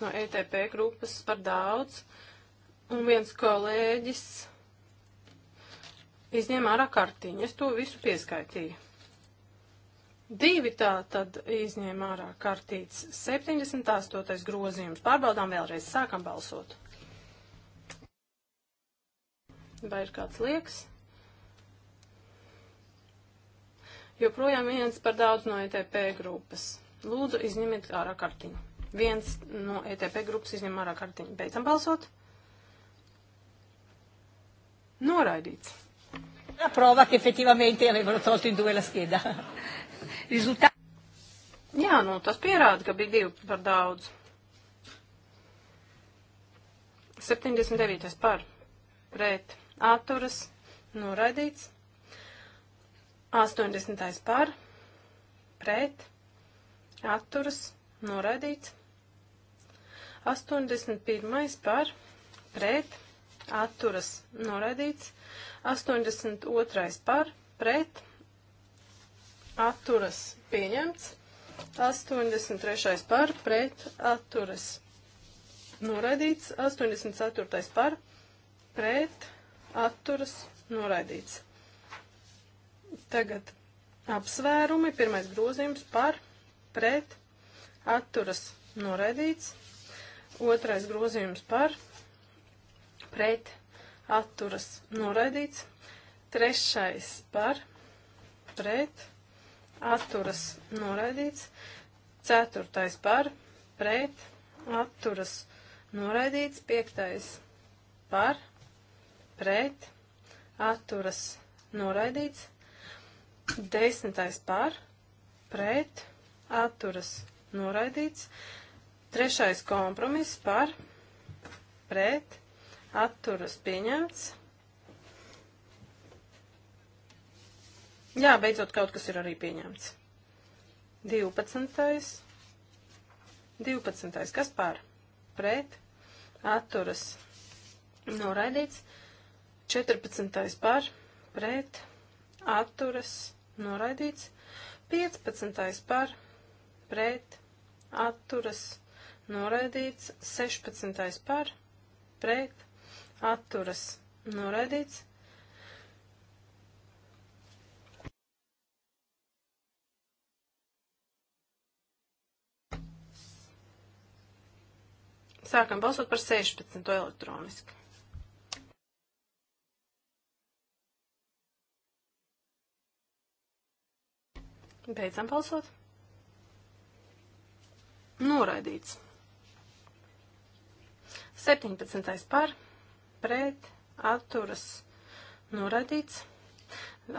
no ETP grupas par daudz, un viens kolēģis izņēma ārā kartiņu. Es to visu pieskaitīju. Divi tā tad izņēma ārā kartītes. 78. grozījums. Pārbaudām vēlreiz. Sākam balsot. Vai ir kāds liekas? Joprojām viens par daudz no ETP grupas. Lūdzu, izņemiet ārā kartiņu. Viens no ETP grupas izņem ārā kartiņu. Beidzam balsot. Noraidīts. La prova che effettivamente avevano tolto in due la scheda. Risultato. Jā, nu tas pierāda, ka bija divi par daudz. 79. par pret atturas noraidīts. 80. par pret atturas noraidīts. 81. par pret atturas noraidīts. 82. par pret atturas pieņemts. 83. par pret atturas noraidīts. 84. par pret atturas noraidīts. Tagad apsvērumi. Pirmais grozījums par pret atturas noraidīts. Otrais grozījums par pret atturas noraidīts. Trešais par pret atturas noraidīts. Ceturtais par pret atturas noraidīts. Piektais par pret atturas noraidīts. Desmitais par pret atturas noraidīts. Trešais kompromiss par pret atturas pieņemts. Jā, beidzot kaut kas ir arī pieņemts. 12. 12. Kas pār? Pret atturas noraidīts. 14. par pret atturas noraidīts. 15. par pret atturas noraidīts noraidīts, 16. par, pret, atturas, noraidīts. Sākam balsot par 16. elektroniski. Beidzam balsot. Noraidīts. 17. par, pret, atturas, noraidīts.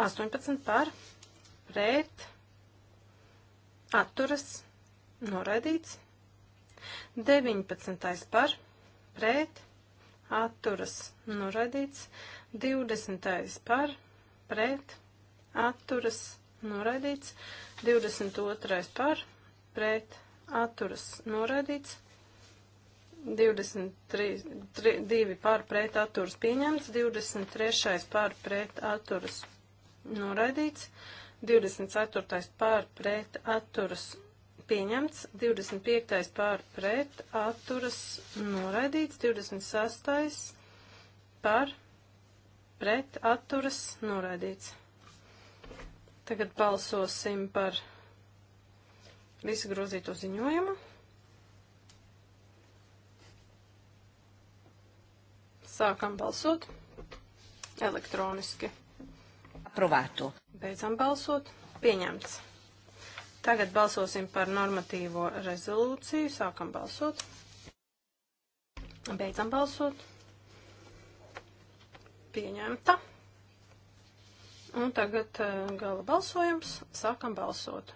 18 par, pret, atturas, noraidīts. 19. par, pret, atturas, noraidīts. 20. par, pret, atturas, noraidīts. 22. par, pret, atturas, noraidīts. 22 pār pret atturas pieņemts, 23 pār pret atturas noraidīts, 24 pār pret atturas pieņemts, 25 pār pret atturas noraidīts, 26 pār pret atturas noraidīts. Tagad balsosim par visu grozīto ziņojumu. Sākam balsot elektroniski. Aprovētu. Beidzam balsot. Pieņemts. Tagad balsosim par normatīvo rezolūciju. Sākam balsot. Beidzam balsot. Pieņemta. Un tagad eh, gala balsojums. Sākam balsot.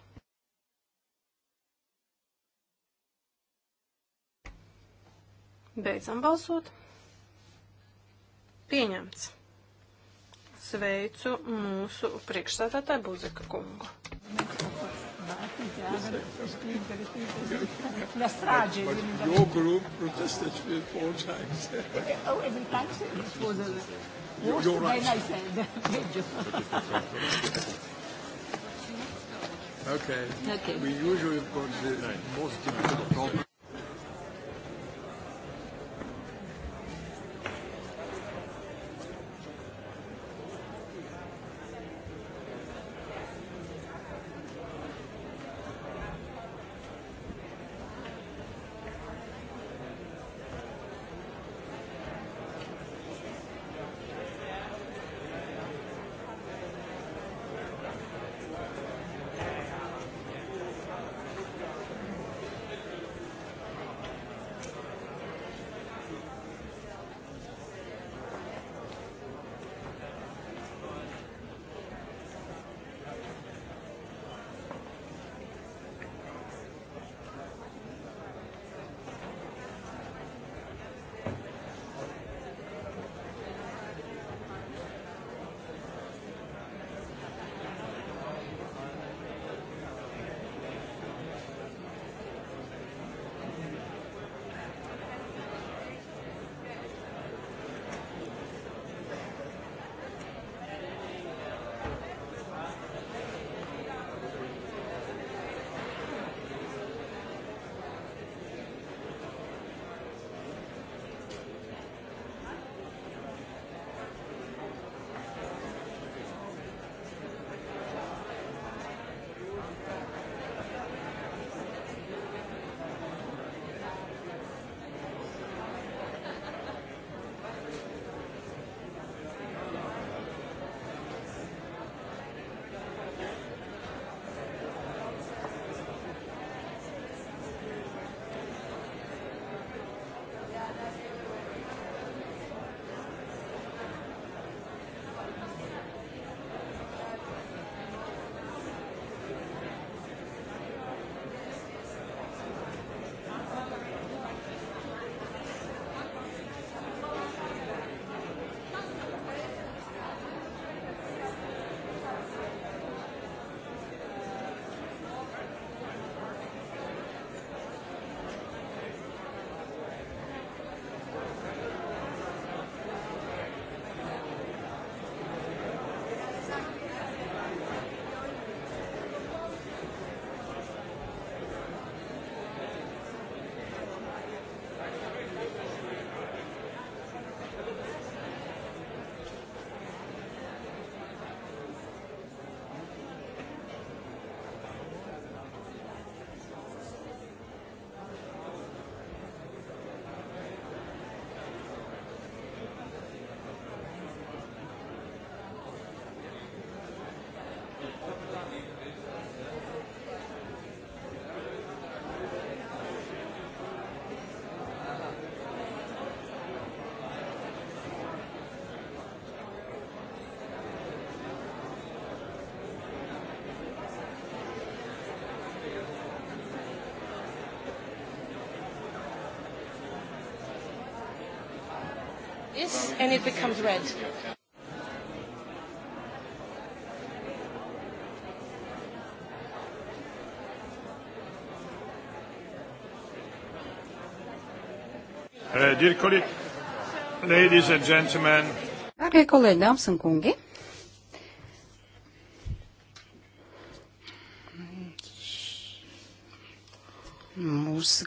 Beidzam balsot. Pieņemts. Sveicu mūsu priekšsādātāju Buzika kungu. La strage. But, but your group protested four times. oh, every time it was a worse You're right. than I said. okay. okay. We usually put the most difficult problem. is and it becomes red. Uh, dear colleague, ladies and gentlemen. Dārgie kolēģi, dāmas un kungi.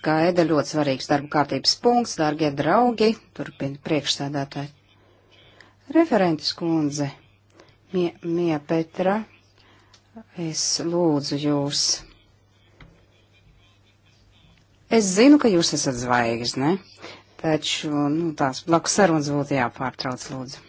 gaida ļoti svarīgs darba kārtības punkts, dārgie draugi, turpina priekšsēdētāji. Referentis kundze, Mie, Mie Petra, es lūdzu jūs. Es zinu, ka jūs esat zvaigzne, taču nu, tās blakus sarunas būtu jāpārtrauc, lūdzu.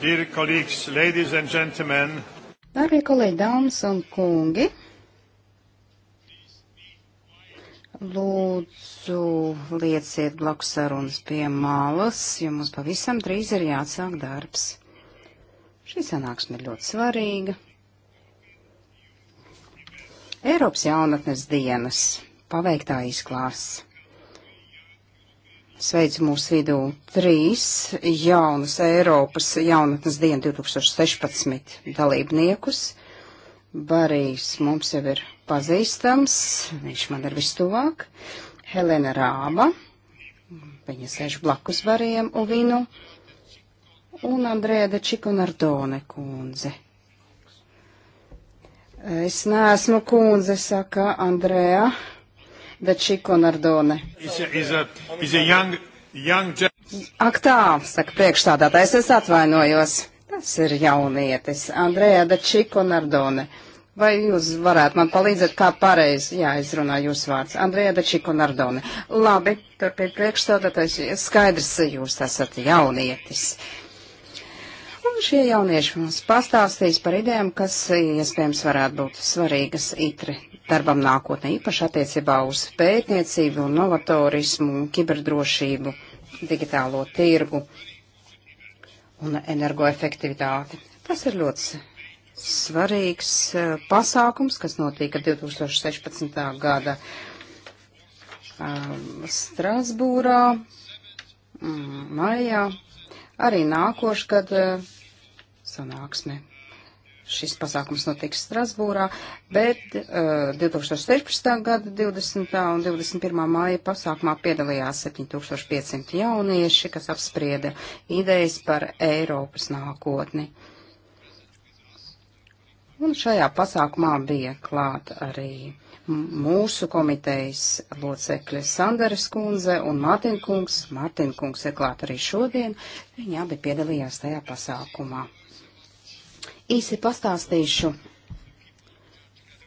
Dear colleagues, ladies and gentlemen. Darbie kolēģi, dāmas un kungi, lūdzu lieciet blakus sarunas pie malas, jo mums pavisam drīz ir jāatsāk darbs. Šī sanāksme ir ļoti svarīga. Eiropas jaunatnes dienas paveiktā izklāsts. Sveicu mūsu vidū trīs jaunas Eiropas jaunatnes dienu 2016 dalībniekus. Barijs mums jau ir pazīstams, viņš man ir vistuvāk. Helena Rāba, viņa sēž blakus Barijam Uvinu, un Andrēda de Čikunardone kundze. Es neesmu kundze, saka Andrēja bet šī konardone. Ak tā, saka priekšstādātais, es atvainojos. Tas ir jaunietis, Andrejā da Čiko Nardone. Vai jūs varētu man palīdzēt, kā pareizi jāizrunā jūsu vārds? Andrejā Dačiko Nardone. Labi, turpin priekšstādātais, skaidrs, jūs esat jaunietis. Uh, Un šie jaunieši mums pastāstīs par idejām, kas iespējams varētu būt svarīgas itri darbam nākotnē, īpaši attiecībā uz pētniecību, novatorismu, kiberdrošību, digitālo tirgu un energoefektivitāti. Tas ir ļoti svarīgs e, pasākums, kas notika 2016. gada um, Strasbūrā, maijā, arī nākošgad e, sanāksme. Šis pasākums notiks Strasbūrā, bet uh, eh, 2016. gada 20. un 21. māja pasākumā piedalījās 7500 jaunieši, kas apsprieda idejas par Eiropas nākotni. Un šajā pasākumā bija klāt arī mūsu komitejas locekļi Sandaras kundze un Mārtiņkungs. Mārtiņkungs ir klāt arī šodien. Viņi abi piedalījās tajā pasākumā. Īsi pastāstīšu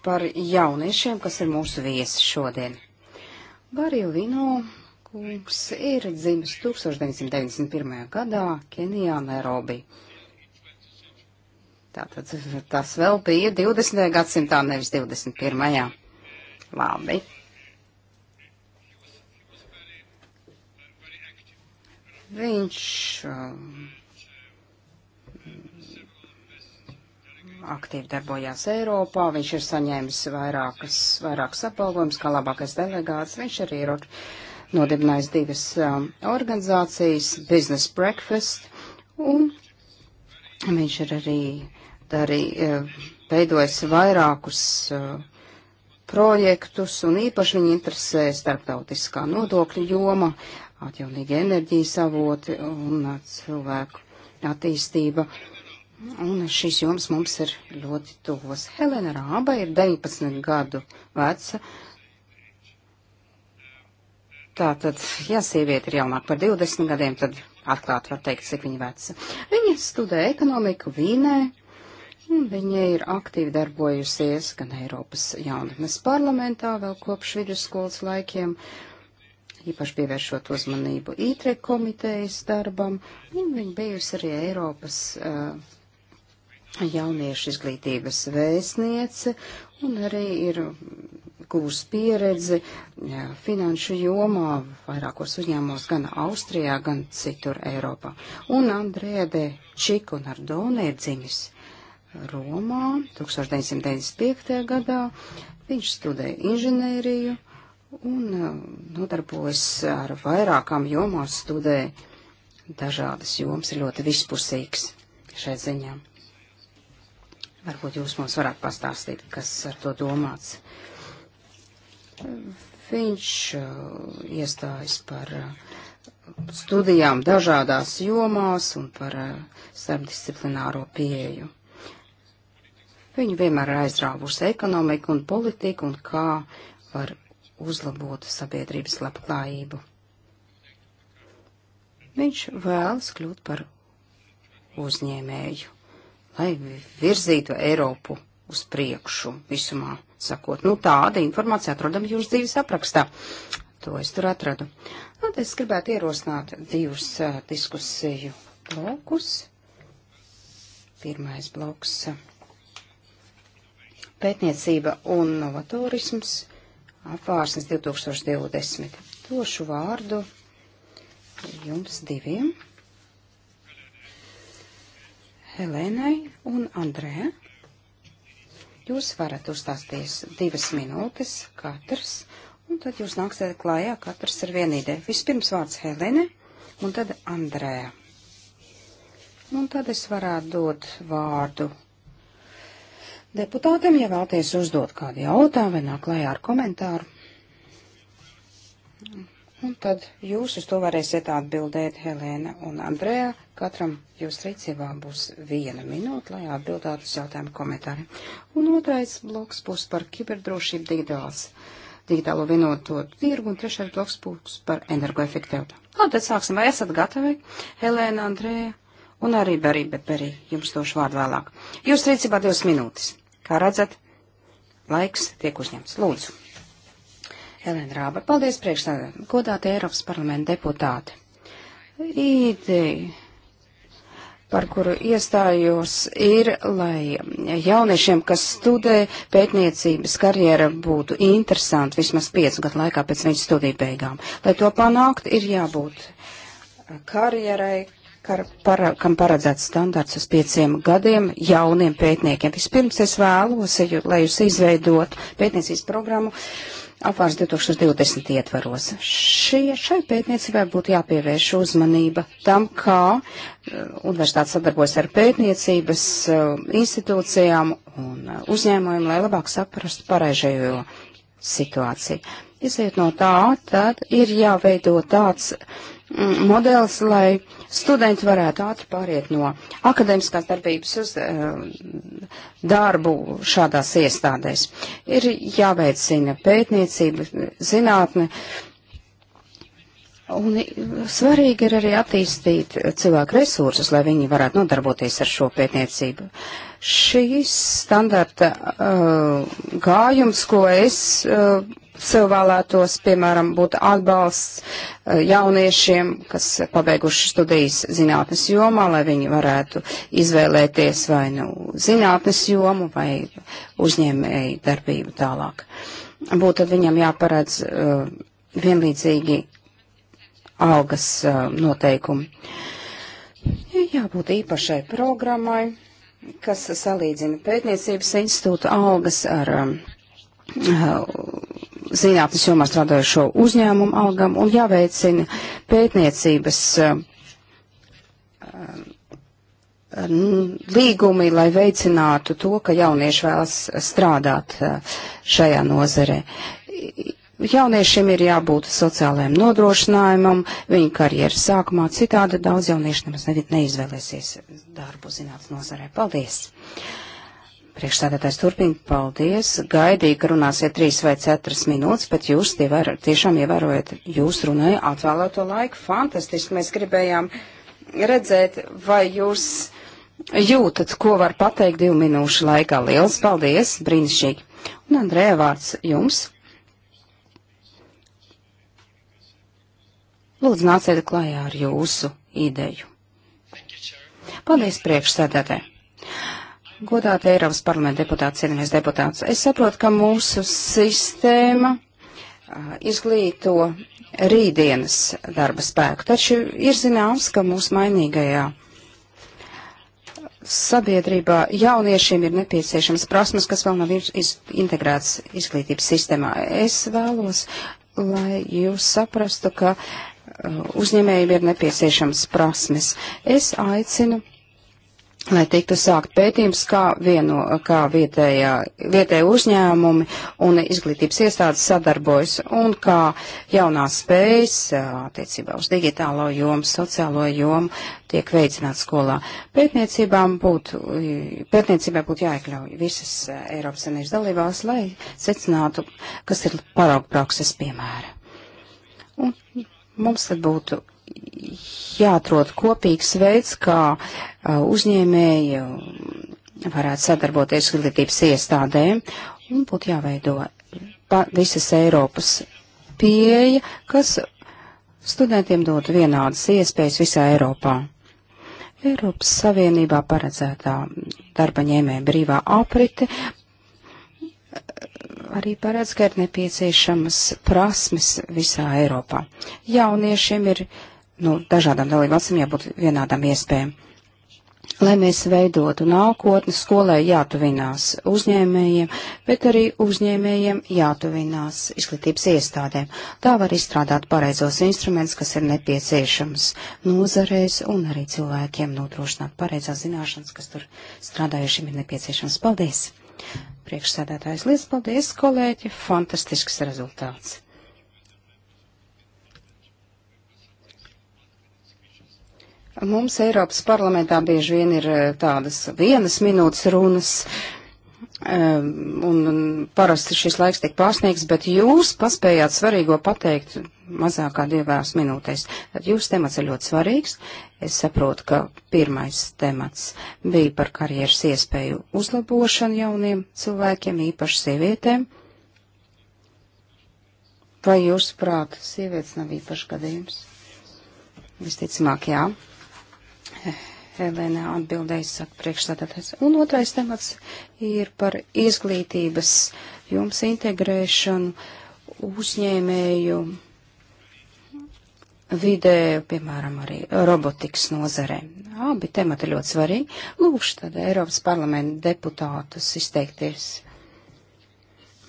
par jauniešiem, kas ir mūsu viesi šodien. Bariju Vino kungs ir dzimis 1991. gadā Kenijā, Nairobi. Tātad tas vēl bija 20. gadsimtā, nevis 21. Labi. Viņš um, aktīvi darbojās Eiropā, viņš ir saņēmis vairākas, vairākas apbalvojums, kā labākais delegāts, viņš arī ir nodibinājis divas um, organizācijas, Business Breakfast, un viņš ir arī, arī uh, veidojis vairākus uh, projektus, un īpaši viņu interesē starptautiskā nodokļa joma, atjaunīga enerģijas avoti un uh, cilvēku attīstība. Un šīs jomas mums ir ļoti tuvas. Helena Rāba ir 19 gadu veca. Tātad, ja sieviete ir jaunāka par 20 gadiem, tad atklāti var teikt, cik viņa veca. Viņa studē ekonomiku Vīnē, un viņa ir aktīvi darbojusies gan Eiropas jaunatnes parlamentā vēl kopš vidusskolas laikiem, īpaši pievēršot uzmanību ITRE komitejas darbam, un viņa bijusi arī Eiropas uh, jauniešu izglītības vēstniece un arī ir gūs pieredzi jā, finanšu jomā vairākos uzņēmumos gan Austrijā, gan citur Eiropā. Un Andrēde Čiku Nardone ir dzimis Romā 1995. gadā. Viņš studēja inženēriju un nodarbojas ar vairākām jomām studē. Dažādas jomas ir ļoti vispusīgs šai ziņām. Varbūt jūs mums varētu pastāstīt, kas ar to domāts. Viņš uh, iestājas par uh, studijām dažādās jomās un par uh, starpdisciplināro pieeju. Viņu vienmēr ir aizrāvusi ekonomika un politika un kā var uzlabot sabiedrības labklājību. Viņš vēlas kļūt par uzņēmēju lai virzītu Eiropu uz priekšu visumā. Sakot, nu tāda informācija atrodama jūsu dzīves aprakstā. To es tur atradu. Nu, es gribētu ierosināt divus uh, diskusiju blokus. Pirmais bloks uh, - pētniecība un novatorisms apvārsnes 2020. Došu vārdu jums diviem. Helēnai un Andrē. Jūs varat uzstāsties divas minūtes katrs, un tad jūs nāksiet klājā katrs ar vienīdē. Vispirms vārds Helēne, un tad Andrē. Nu, un tad es varētu dot vārdu deputātam, ja vēlties uzdot kādu jautājumu vai nāk klājā ar komentāru. Un tad jūs uz to varēsiet atbildēt, Helēna un Andrēja. Katram jūs rīcībā būs viena minūte, lai atbildētu uz jautājumu komentāriem. Un otrais bloks būs par kiberdrošību digitāls, digitālo vienoto tirgu, un trešais bloks būs par energoefektivitāti. Labi, nu, tad sāksim. Vai esat gatavi, Helēna, Andrēja un arī Berī, bet Berī, jums došu vārdu vēlāk. Jūs rīcībā divas minūtes. Kā redzat, laiks tiek uzņemts. Lūdzu. Helēna Rāba. Paldies priekšstādā. Godāti Eiropas parlamenta deputāti. Ideja, par kuru iestājos, ir, lai jauniešiem, kas studē pētniecības karjera, būtu interesanti vismaz piecu gadu laikā pēc viņas studiju beigām. Lai to panākt, ir jābūt karjerai, kar, para, kam paredzēts standarts uz pieciem gadiem jauniem pētniekiem. Vispirms es vēlos, lai jūs izveidot pētniecības programmu, uh, apvārs 2020 ietvaros. Šie, šai pētniecībai būtu jāpievērš uzmanība tam, kā eh, universitāte sadarbojas ar pētniecības eh, institūcijām un eh, uzņēmumiem, lai labāk saprastu pareizējo situāciju. Iziet no tā, tad ir jāveido tāds Mm, modelis, lai studenti varētu ātri pāriet no akadēmiskās darbības uz uh, darbu šādās iestādēs. Ir jāveicina pētniecība, zinātne. Un svarīgi ir arī attīstīt cilvēku resursus, lai viņi varētu nodarboties ar šo pētniecību. Uh, Šīs standarta uh, gājums, ko es uh, sev vēlētos, piemēram, būt atbalsts uh, jauniešiem, kas pabeiguši studijas zinātnes jomā, lai viņi varētu izvēlēties vai nu zinātnes jomu vai uzņēmēju darbību tālāk. Būtu viņam jāparedz uh, vienlīdzīgi algas uh, noteikumi. Jābūt īpašai programmai kas salīdzina pētniecības institūta algas ar um, uh, zinātnes jomā strādājušo uzņēmumu algam un jāveicina pētniecības uh, um, līgumi, lai veicinātu to, ka jaunieši vēlas strādāt uh, šajā nozarē. Jauniešiem ir jābūt sociālajiem nodrošinājumam, viņa karjeras sākumā citādi daudz jauniešu nemaz neizvēlēsies darbu zinātnes nozarē. Paldies! Priekšstādātājs turpina, paldies, gaidīgi, ka runāsiet trīs vai četras minūtes, bet jūs tie var, tiešām ievērojat, jūs runāja atvēlēto laiku, fantastiski, mēs gribējām redzēt, vai jūs jūtat, ko var pateikt divu minūšu laikā. Liels paldies, brīnišķīgi! Un Andrē vārds jums! Lūdzu, nāciet klajā ar jūsu ideju. Paldies priekšsēdētē. Godāta Eiropas parlamenta deputāta, cienījamies deputāts. Es saprotu, ka mūsu sistēma izglīto rītdienas darba spēku, taču ir zināms, ka mūsu mainīgajā sabiedrībā jauniešiem ir nepieciešams prasmes, kas vēl nav iz, integrēts izglītības sistēmā. Es vēlos, lai jūs saprastu, ka uzņēmējiem ir nepieciešams prasmes. Es aicinu, lai tiktu sākt pētījums, kā, vieno, kā vietējā, vietējā uzņēmumi un izglītības iestādes sadarbojas un kā jaunās spējas attiecībā uz digitālo jomu, sociālo jomu tiek veicināts skolā. Pētniecībām būtu, pētniecībai būtu jāiekļauj visas Eiropas Savienības dalībās, lai secinātu, kas ir paraugprakses piemēra. Un Mums tad būtu jāatrod kopīgs veids, kā uzņēmēji varētu sadarboties izglītības iestādēm un būtu jāveido visas Eiropas pieeja, kas studentiem dod vienādas iespējas visā Eiropā. Eiropas Savienībā paredzētā darba ņēmēja brīvā aprite arī paredz, ka ir nepieciešamas prasmes visā Eiropā. Jauniešiem ir nu, dažādām dalībvalstīm jābūt vienādām iespējām. Lai mēs veidotu nākotni, skolai jātuvinās uzņēmējiem, bet arī uzņēmējiem jātuvinās izglītības iestādēm. Tā var izstrādāt pareizos instrumentus, kas ir nepieciešams nozarēs un arī cilvēkiem nodrošināt pareizās zināšanas, kas tur strādājušiem ir nepieciešams. Paldies! Priekšsēdētājs liels paldies, kolēģi, fantastisks rezultāts. Mums Eiropas parlamentā bieži vien ir eh, tādas vienas minūtes runas, uh, un, un parasti šis laiks tiek pārsniegts, bet jūs paspējāt svarīgo pateikt mazākā divās minūtēs. Tad jūsu temats ir ļoti svarīgs. Es saprotu, ka pirmais temats bija par karjeras iespēju uzlabošanu jauniem cilvēkiem, īpaši sievietēm. Vai jūs prāt, sievietes nav īpaši gadījums? Visticamāk, jā. Elēna atbildēs, saka priekšstādātais. Un otrais temats ir par izglītības jums integrēšanu uzņēmēju vidē, piemēram, arī robotikas nozarē. Abi temati ļoti svarīgi. Lūkšu tad Eiropas parlamenta deputātus izteikties.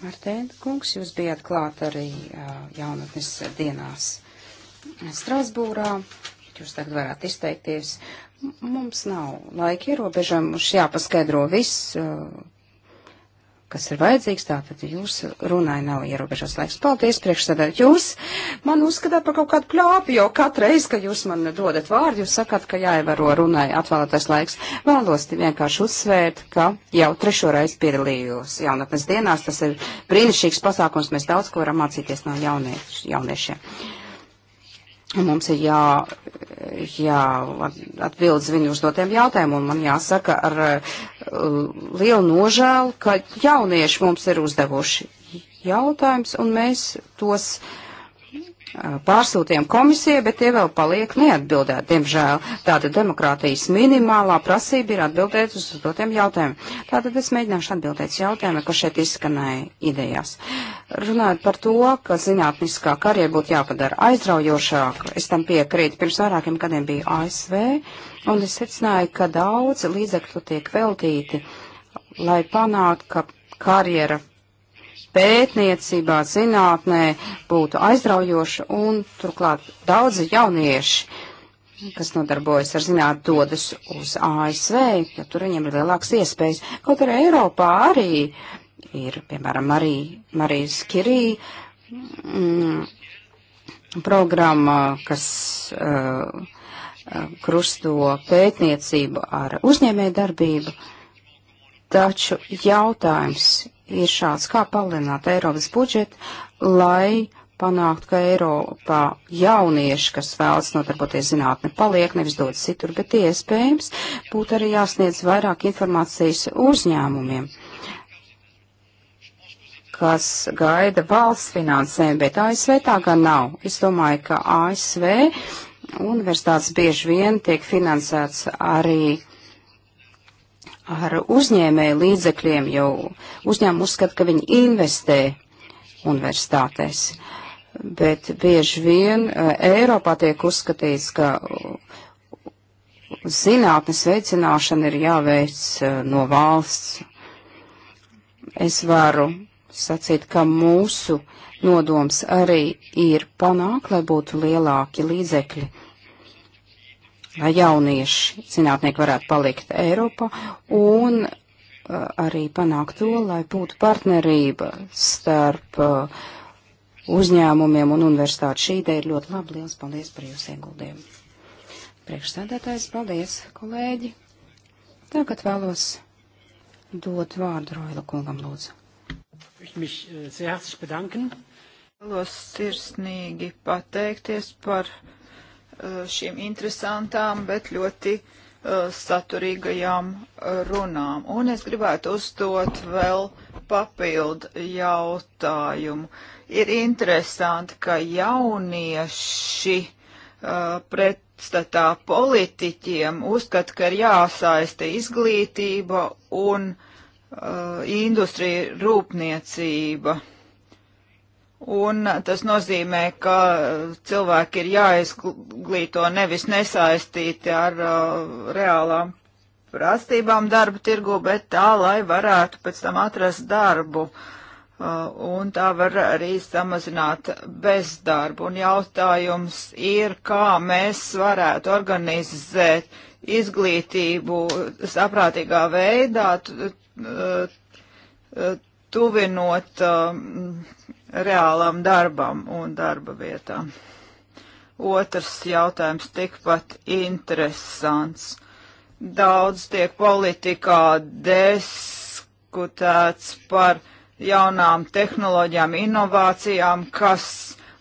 Martēna kungs, jūs bijāt klāt arī jaunatnes dienās Strasbūrā. Jūs tagad varētu izteikties. Mums nav laika ierobežojumi, mums jāpaskaidro viss, uh, kas ir vajadzīgs, tātad jūs runai nav ierobežots laiks. Paldies, priekšsēdēt. Jūs man uzskatāt par kaut kādu kļāpu, jo katru reizi, kad jūs man dodat vārdu, jūs sakat, ka jāievaro runai atvēlētais laiks. Vēlos vienkārši uzsvērt, ka jau trešo reizi piedalījos jaunatnes dienās. Tas ir brīnišķīgs pasākums, mēs daudz ko varam mācīties no jaunie, jauniešiem. Un mums ir jā, jā atbild uz viņu uzdotiem jautājumiem, un man jāsaka ar uh, lielu nožēlu, ka jaunieši mums ir uzdevuši jautājums, un mēs tos uh, pārsūtījām komisijai, bet tie vēl paliek neatbildēt, diemžēl. Tātad demokrātijas minimālā prasība ir atbildēt uz dotiem jautājumiem. Tātad es mēģināšu atbildēt jautājumiem, kas šeit izskanēja idejās. Runājot par to, ka zinātniskā karjera būtu jāpadara aizraujošāk, es tam piekrītu. Pirms vairākiem gadiem biju ASV, un es secināju, ka daudz līdzekļu tiek veltīti, lai panāktu, ka karjera pētniecībā, zinātnē būtu aizraujoša un turklāt daudzi jaunieši, kas nodarbojas ar zināt, dodas uz ASV, jo tur viņiem ir lielāks iespējas. Kaut arī Eiropā arī ir, piemēram, Marija, Marijas Kirī mm, programma, kas uh, uh krusto pētniecību ar uzņēmē darbību. Taču jautājums ir šāds, kā palielināt Eiropas budžetu, lai panākt, ka Eiropā jaunieši, kas vēlas notarboties zinātne, paliek, nevis dodas citur, bet iespējams būtu arī jāsniedz vairāk informācijas uzņēmumiem kas gaida valsts finansēm, bet ASV tā gan nav. Es domāju, ka ASV universitātes bieži vien tiek finansēts arī ar uzņēmēju līdzekļiem, jo uzņēmumi uzskata, ka viņi investē universitātēs. Bet bieži vien uh, Eiropā tiek uzskatīts, ka zinātnes veicināšana ir jāveic uh, no valsts. Es varu sacīt, ka mūsu nodoms arī ir panākt, lai būtu lielāki līdzekļi lai jaunieši zinātnieki varētu palikt Eiropā un uh, arī panākt to, lai būtu partnerība starp uh, uzņēmumiem un universitāti. Šī ideja ir ļoti laba. Liels paldies par jūsu ieguldījumu. Priekšsēdētājs, paldies, kolēģi. Tagad vēlos dot vārdu Roila kungam, lūdzu. Äh, vēlos sirsnīgi pateikties par Eh, šīm interesantām, bet ļoti eh, saturīgajām eh, runām. Un es gribētu uzdot vēl papildu jautājumu. Ir interesanti, ka jaunieši uh, pretstatā politiķiem uzskata, ka ir jāsaista izglītība un uh, industrija rūpniecība. Uh, Un tas nozīmē, ka cilvēki ir jāizglīto nevis nesaistīti ar uh, reālām prastībām darba tirgu, bet tā, lai varētu pēc tam atrast darbu. Uh, un tā var arī samazināt bezdarbu. Un jautājums ir, kā mēs varētu organizēt izglītību saprātīgā veidā, t, t, t, tuvinot um, reālam darbam un darba vietām. Otrs jautājums tikpat interesants. Daudz tiek politikā diskutēts par jaunām tehnoloģijām, inovācijām, kas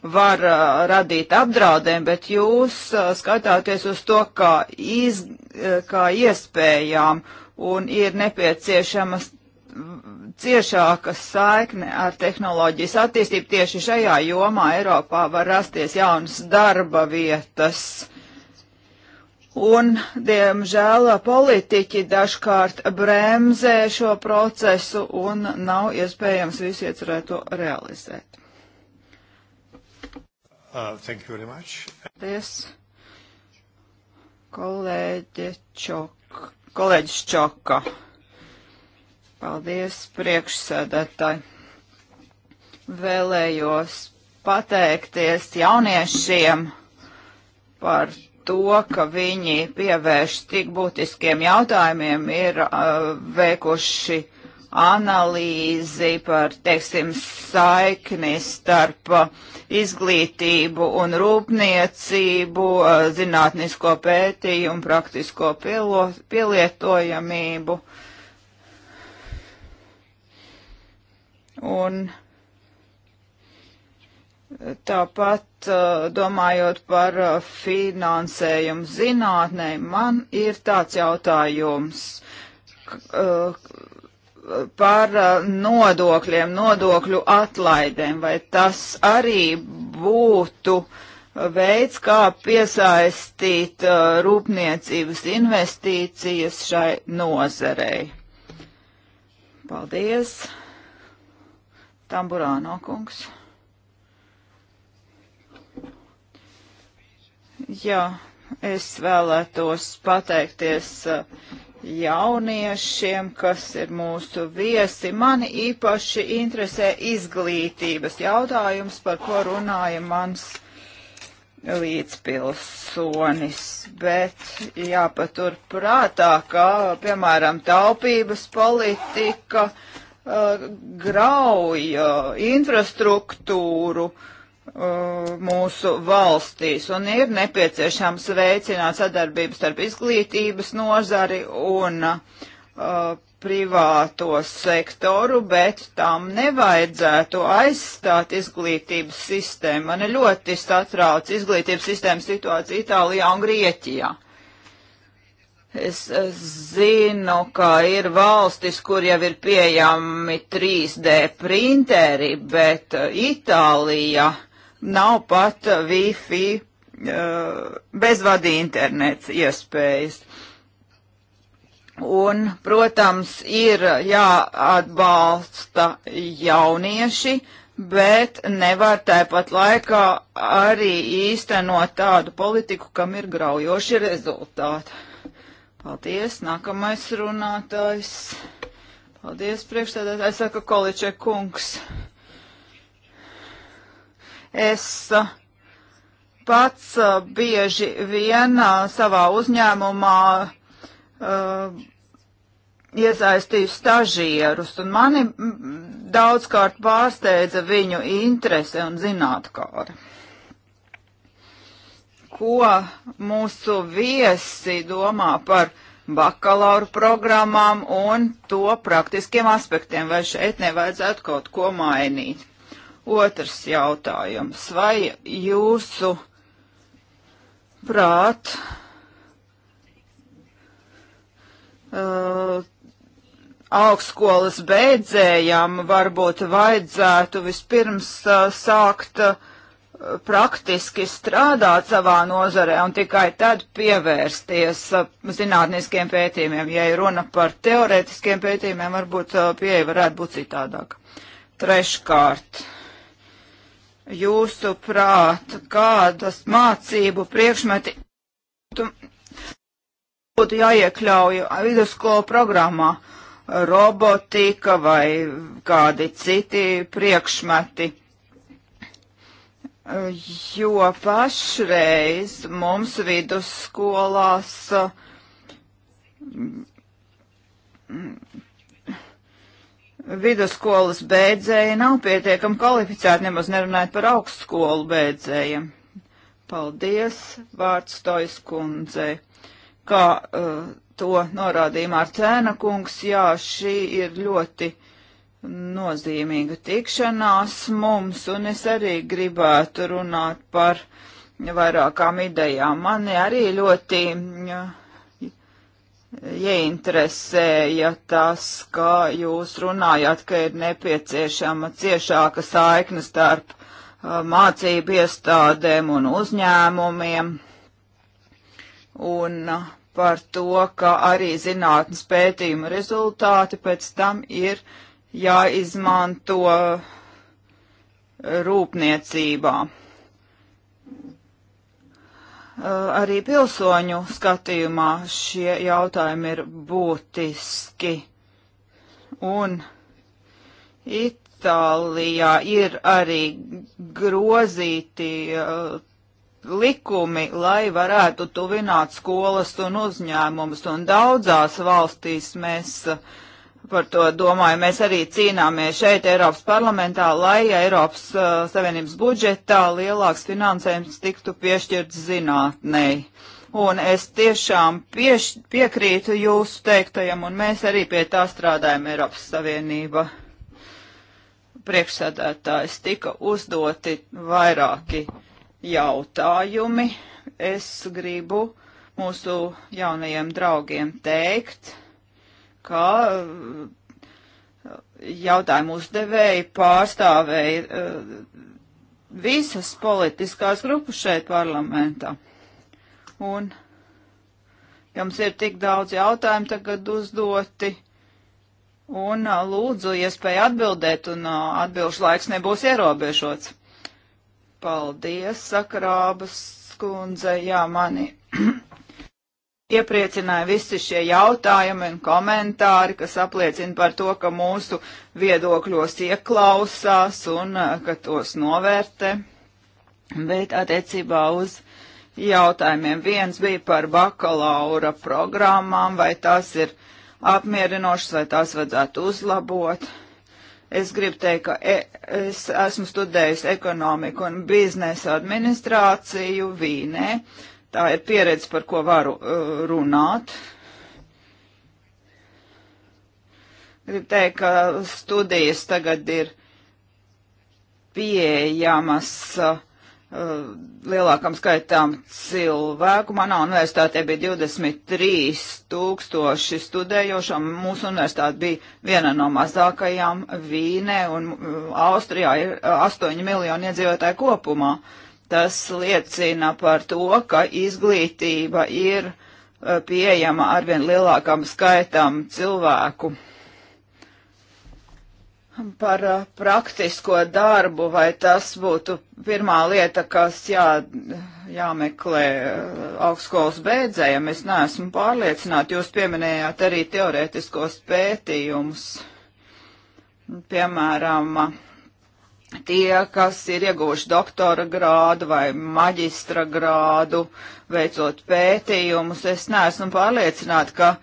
var uh, radīt apdraudēm, bet jūs uh, skatāties uz to kā, iz, uh, kā iespējām un ir nepieciešamas ciešāka saikne ar tehnoloģijas attīstību. Tieši šajā jomā Eiropā var rasties jaunas darba vietas. Un, diemžēl, politiķi dažkārt bremzē šo procesu un nav iespējams visu iecerēto realizēt. Uh, thank you very much. Paldies, kolēģi Čok, kolēģis Čoka. Paldies, priekšsēdētāji. Vēlējos pateikties jauniešiem par to, ka viņi pievērš tik būtiskiem jautājumiem, ir uh, veikuši analīzi par, teiksim, saikni starp uh, izglītību un rūpniecību, uh, zinātnisko pētījumu, praktisko pielo, pielietojamību. Uh, Un tāpat uh, domājot par uh, finansējumu zinātnē, man ir tāds jautājums uh, par nodokļiem, nodokļu atlaidēm, vai tas arī būtu veids, kā piesaistīt rūpniecības investīcijas šai nozarei. Paldies! Tamburāno kungs. Jā, es vēlētos pateikties uh, jauniešiem, kas ir mūsu viesi. Mani īpaši interesē izglītības jautājums, par ko runāja mans līdzpilsonis, bet jāpatur prātā, ka, piemēram, taupības politika Eh, grauja eh, infrastruktūru eh, mūsu valstīs, un ir nepieciešams veicināt sadarbību starp izglītības nozari un uh, privāto sektoru, bet tam nevajadzētu aizstāt izglītības sistēmu. Man ļoti satrauc izglītības sistēmas situācija Itālijā un Grieķijā. Uh, Es, es zinu, ka ir valstis, kur jau ir pieejami 3D printeri, bet uh, Itālija nav pat Wi-Fi uh, bezvadi internets iespējas. Un, protams, ir jāatbalsta jaunieši, bet nevar tāpat laikā arī īstenot tādu politiku, kam ir graujoši rezultāti. Paldies, nākamais runātājs. Paldies, priekšstādātājs, saka Količē kungs. Es uh, pats uh, bieži vien uh, savā uzņēmumā uh, iesaistīju stažierus, un mani daudzkārt pārsteidza viņu interese un zinātkāri ko mūsu viesi domā par bakalauru programmām un to praktiskiem aspektiem, vai šeit nevajadzētu kaut ko mainīt. Otrs jautājums. Vai jūsu prāt uh, augstskolas beidzējām varbūt vajadzētu vispirms uh, sākt uh, praktiski strādāt savā nozarē un tikai tad pievērsties uh, zinātniskiem pētījumiem. Ja ir runa par teorētiskiem pētījumiem, varbūt uh, pieeja varētu būt citādāka. Treškārt, jūsu prāt, kādas mācību priekšmeti būtu jāiekļauj vidusskolu programmā? Robotika vai kādi citi priekšmeti? jo pašreiz mums vidusskolās mm, vidusskolas beidzēji nav pietiekami kvalificēti, nemaz nerunājot par augstskolu beidzējiem. Paldies, vārds Tojas kundzei. Kā uh, to norādīja Mārcēna kungs, jā, šī ir ļoti nozīmīga tikšanās mums, un es arī gribētu runāt par vairākām idejām. Mani arī ļoti ieinteresēja tas, ka jūs runājat, ka ir nepieciešama ciešāka saikne starp uh, mācību iestādēm un uzņēmumiem. Un uh, par to, ka arī zinātnes pētījuma rezultāti pēc tam ir uh, jāizmanto uh, rūpniecībā. Uh, arī pilsoņu skatījumā šie jautājumi ir būtiski. Un Itālijā ir arī grozīti uh, likumi, lai varētu tuvināt skolas un uzņēmumus, un daudzās valstīs mēs uh, par to domāju. Mēs arī cīnāmies šeit Eiropas parlamentā, lai Eiropas uh, Savienības budžetā lielāks finansējums tiktu piešķirts zinātnei. Un es tiešām pieš, piekrītu jūsu teiktajam, un mēs arī pie tā strādājam Eiropas Savienība. Priekšsēdētājs tika uzdoti vairāki jautājumi. Es gribu mūsu jaunajiem draugiem teikt, kā uh, jautājumu uzdevēji pārstāvēja uh, visas politiskās grupas šeit parlamentā. Un jums ir tik daudz jautājumu tagad uzdoti. Un uh, lūdzu, iespēju atbildēt, un atbilžu laiks nebūs ierobežots. Paldies, sakrābas skundze, jā, mani iepriecināja visi šie jautājumi un komentāri, kas apliecina par to, ka mūsu viedokļos ieklausās un uh, ka tos novērtē. Bet attiecībā uz jautājumiem viens bija par bakalaura programmām, vai tās ir apmierinošas, vai tās vajadzētu uzlabot. Es gribu teikt, ka e, es esmu studējusi ekonomiku un biznesa administrāciju Vīnē, Tā ir pieredze, par ko varu uh, runāt. Gribu teikt, ka studijas tagad ir pieejamas uh, lielākam skaitām cilvēku. Manā universitātē bija 23 tūkstoši studējošo, mūsu universitāte bija viena no mazākajām Vīnē, un uh, Austrijā ir 8 uh, miljoni iedzīvotāju kopumā. Uh, Tas liecina par to, ka izglītība ir eh, pieejama arvien lielākam skaitam cilvēku. Par eh, praktisko darbu, vai tas būtu pirmā lieta, kas jā, jāmeklē eh, augstskolas beidzējiem, es neesmu pārliecināta. Jūs pieminējāt arī teorētiskos pētījumus. Piemēram, tie, kas ir ieguvuši doktora grādu vai maģistra grādu, veicot pētījumus. Es neesmu pārliecināta, ka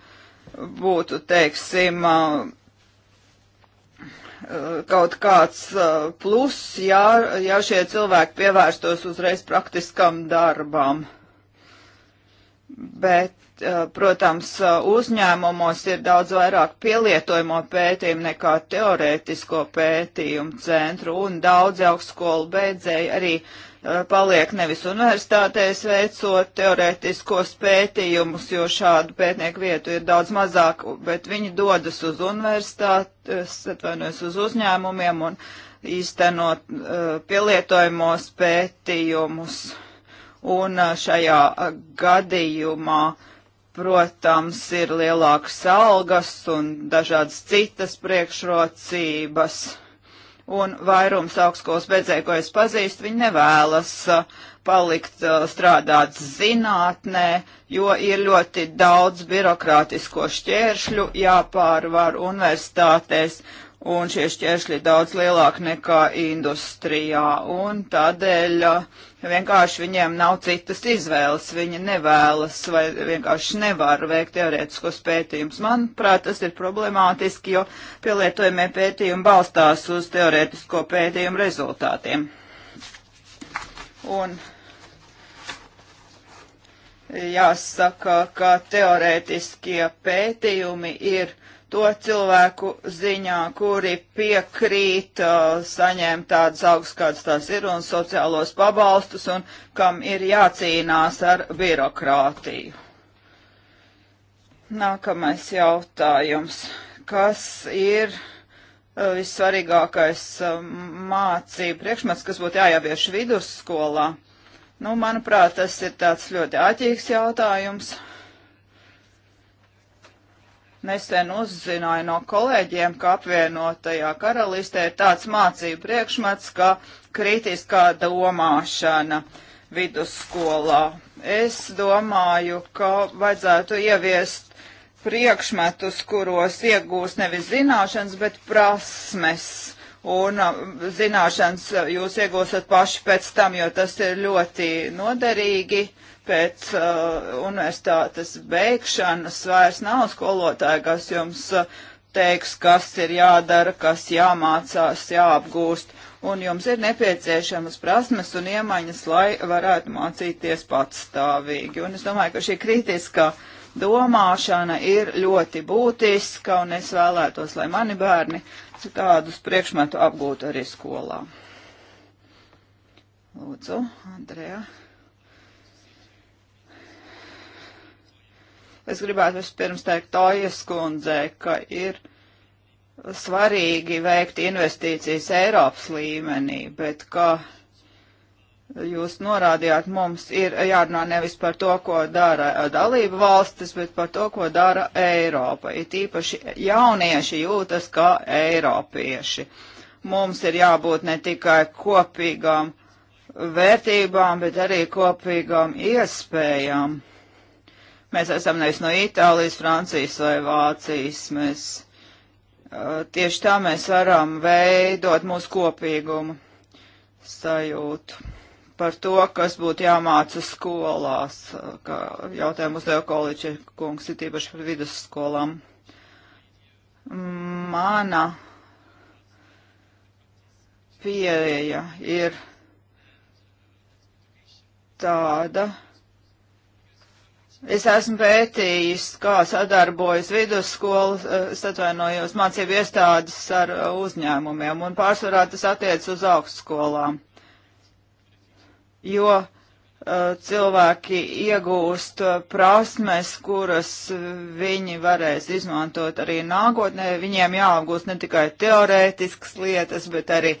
būtu, teiksim, uh, kaut kāds uh, pluss, ja, ja šie cilvēki pievērstos uzreiz praktiskam darbam. Bet Eh, protams, eh, uzņēmumos ir daudz vairāk pielietojumo pētījumu nekā teorētisko pētījumu centru, un daudz augstskolu beidzēji arī eh, paliek nevis universitātēs veicot teorētiskos pētījumus, jo šādu pētnieku vietu ir daudz mazāk, bet viņi dodas uz universitātes, atvainojas uz uzņēmumiem un īstenot pielietojumos pētījumus. Un šajā gadījumā uh, protams, ir lielākas algas un dažādas citas priekšrocības. Un vairums augstskolas beidzēju, ko es pazīstu, viņi nevēlas uh, palikt uh, strādāt zinātnē, jo ir ļoti daudz birokrātisko šķēršļu jāpārvar universitātēs un šie šķēršļi daudz lielāki nekā industrijā, un tādēļ uh, vienkārši viņiem nav citas izvēles, viņi nevēlas vai vienkārši nevar veikt teorētiskos pētījumus. Manuprāt, tas ir problemātiski, jo pielietojumie pētījumi balstās uz teorētisko pētījumu rezultātiem. Un jāsaka, ka teorētiskie pētījumi ir to cilvēku ziņā, kuri piekrīt uh, saņemt tādas augstas, kādas tās ir, un sociālos pabalstus, un kam ir jācīnās ar birokrātiju. Nākamais jautājums. Kas ir uh, vissvarīgākais uh, mācību priekšmets, kas būtu jāievieš vidusskolā? Nu, manuprāt, tas ir tāds ļoti āķīgs jautājums. Uh, nesen uzzināju no kolēģiem, ka apvienotajā karalistē ir tāds mācību priekšmets, kā kritiskā domāšana vidusskolā. Es domāju, ka vajadzētu ieviest priekšmetus, kuros iegūs nevis zināšanas, bet prasmes. Un uh, zināšanas jūs iegūstat paši pēc tam, jo tas ir ļoti noderīgi pēc uh, universitātes beigšanas vairs nav skolotāja, kas jums uh, teiks, kas ir jādara, kas jāmācās, jāapgūst, un jums ir nepieciešamas prasmes un iemaņas, lai varētu mācīties patstāvīgi. Un es domāju, ka šī kritiskā domāšana ir ļoti būtiska, un es vēlētos, lai mani bērni tādus priekšmetu apgūtu arī skolā. Lūdzu, Andrejā. Es gribētu vispirms teikt Tojas kundzē, ka ir svarīgi veikt investīcijas Eiropas līmenī, bet ka jūs norādījāt, mums ir jārunā nevis par to, ko dara dalība valstis, bet par to, ko dara Eiropa. It īpaši jaunieši jūtas kā eiropieši. Mums ir jābūt ne tikai kopīgām vērtībām, bet arī kopīgām iespējām. Mēs esam nevis no Itālijas, Francijas vai Vācijas. Mēs, uh, tieši tā mēs varam veidot mūsu kopīgumu sajūtu par to, kas būtu jāmāca skolās, kā jautājumu uzdeva koliķa kungs, ir tīpaši par vidusskolām. Mana pieeja ir tāda, Es esmu pētījis, kā sadarbojas vidusskolas, eh, es atvainojos, mācību iestādes ar eh, uzņēmumiem, un pārsvarā tas attiec uz augstskolām. Jo uh, cilvēki iegūst prasmes, kuras viņi varēs izmantot arī nākotnē, viņiem jāapgūst ne tikai teorētiskas lietas, bet arī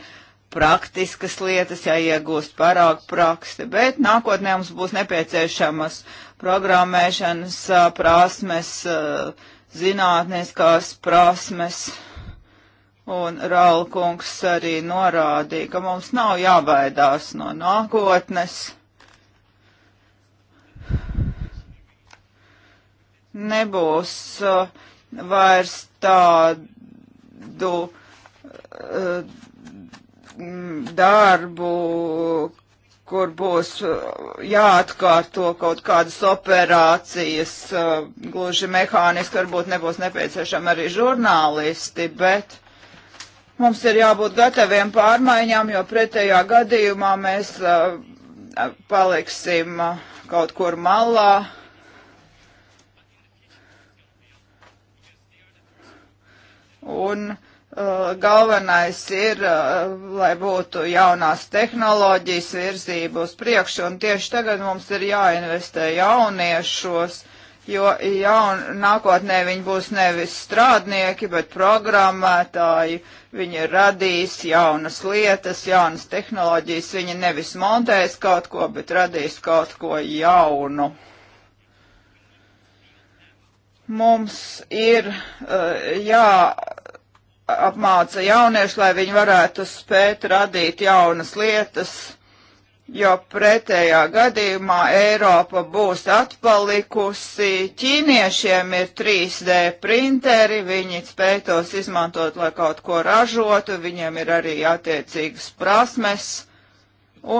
praktiskas lietas, jāiegūst parāk praksti, bet nākotnē mums būs nepieciešamas uh, programmēšanas prasmes, zinātniskās prasmes. Un Raulkungs arī norādīja, ka mums nav jābaidās no nākotnes. Nebūs uh, vairs tādu uh, darbu, kur būs uh, jāatkārto kaut kādas operācijas, uh, gluži mehāniski varbūt nebūs nepieciešami arī žurnālisti, bet mums ir jābūt gataviem pārmaiņām, jo pretējā gadījumā mēs uh, paliksim kaut kur malā. Un Uh, galvenais ir, uh, lai būtu jaunās tehnoloģijas virzība uz priekšu, un tieši tagad mums ir jāinvestē jauniešos, jo jaun, nākotnē viņi būs nevis strādnieki, bet programmētāji, viņi radīs jaunas lietas, jaunas tehnoloģijas, viņi nevis montēs kaut ko, bet radīs kaut ko jaunu mums ir uh, jā apmāca jaunieši, lai viņi varētu spēt radīt jaunas lietas, jo pretējā gadījumā Eiropa būs atpalikusi. Ķīniešiem ir 3D printeri, viņi spēj tos izmantot, lai kaut ko ražotu, viņiem ir arī attiecīgas prasmes.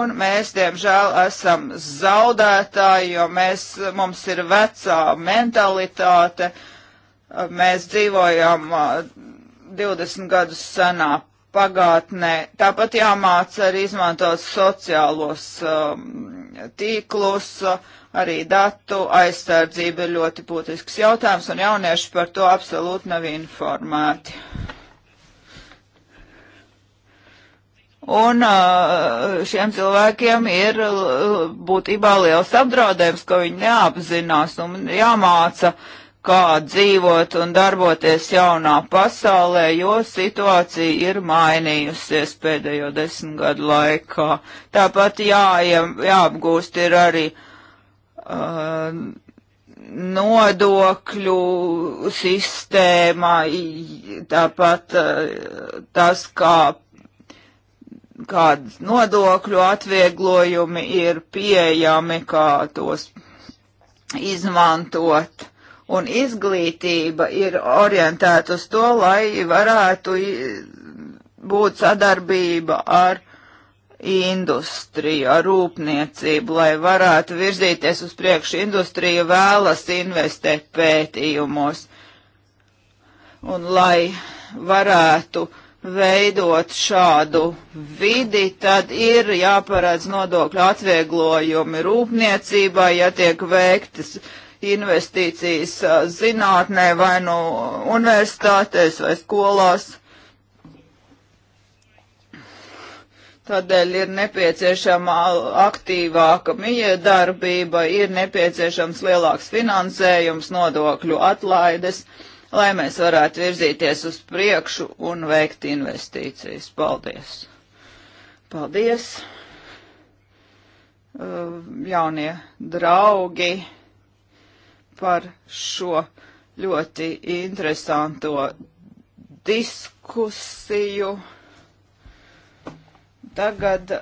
Un mēs, diemžēl, esam zaudētāji, jo mēs, mums ir vecā mentalitāte, mēs dzīvojam 20 gadus senā pagātnē. Tāpat jāmāca arī izmantot sociālos um, tīklus, arī datu aizsardzība ir ļoti būtisks jautājums, un jaunieši par to absolūti nav informēti. Un uh, šiem cilvēkiem ir uh, būtībā liels apdraudējums, ka viņi neapzinās un jāmāca uh, kā dzīvot un darboties jaunā pasaulē, jo situācija ir mainījusies pēdējo desmit gadu laikā. Tāpat jāie, jāapgūst ir arī uh, nodokļu sistēma, tāpat uh, tas, kā kādas nodokļu atvieglojumi ir pieejami, kā tos izmantot un izglītība ir orientēta uz to, lai varētu būt sadarbība ar industriju, ar rūpniecību, lai varētu virzīties uz priekšu. Industrija vēlas investēt pētījumos un lai varētu veidot šādu vidi, tad ir jāparādz nodokļu atvieglojumi rūpniecībai, ja tiek veiktas uh, investīcijas zinātnē vai no nu universitātēs vai skolās. Tādēļ ir nepieciešama aktīvāka miedarbība, ir nepieciešams lielāks finansējums, nodokļu atlaides, lai mēs varētu virzīties uz priekšu un veikt investīcijas. Paldies! Paldies! Jaunie draugi! par šo ļoti interesanto diskusiju. Tagad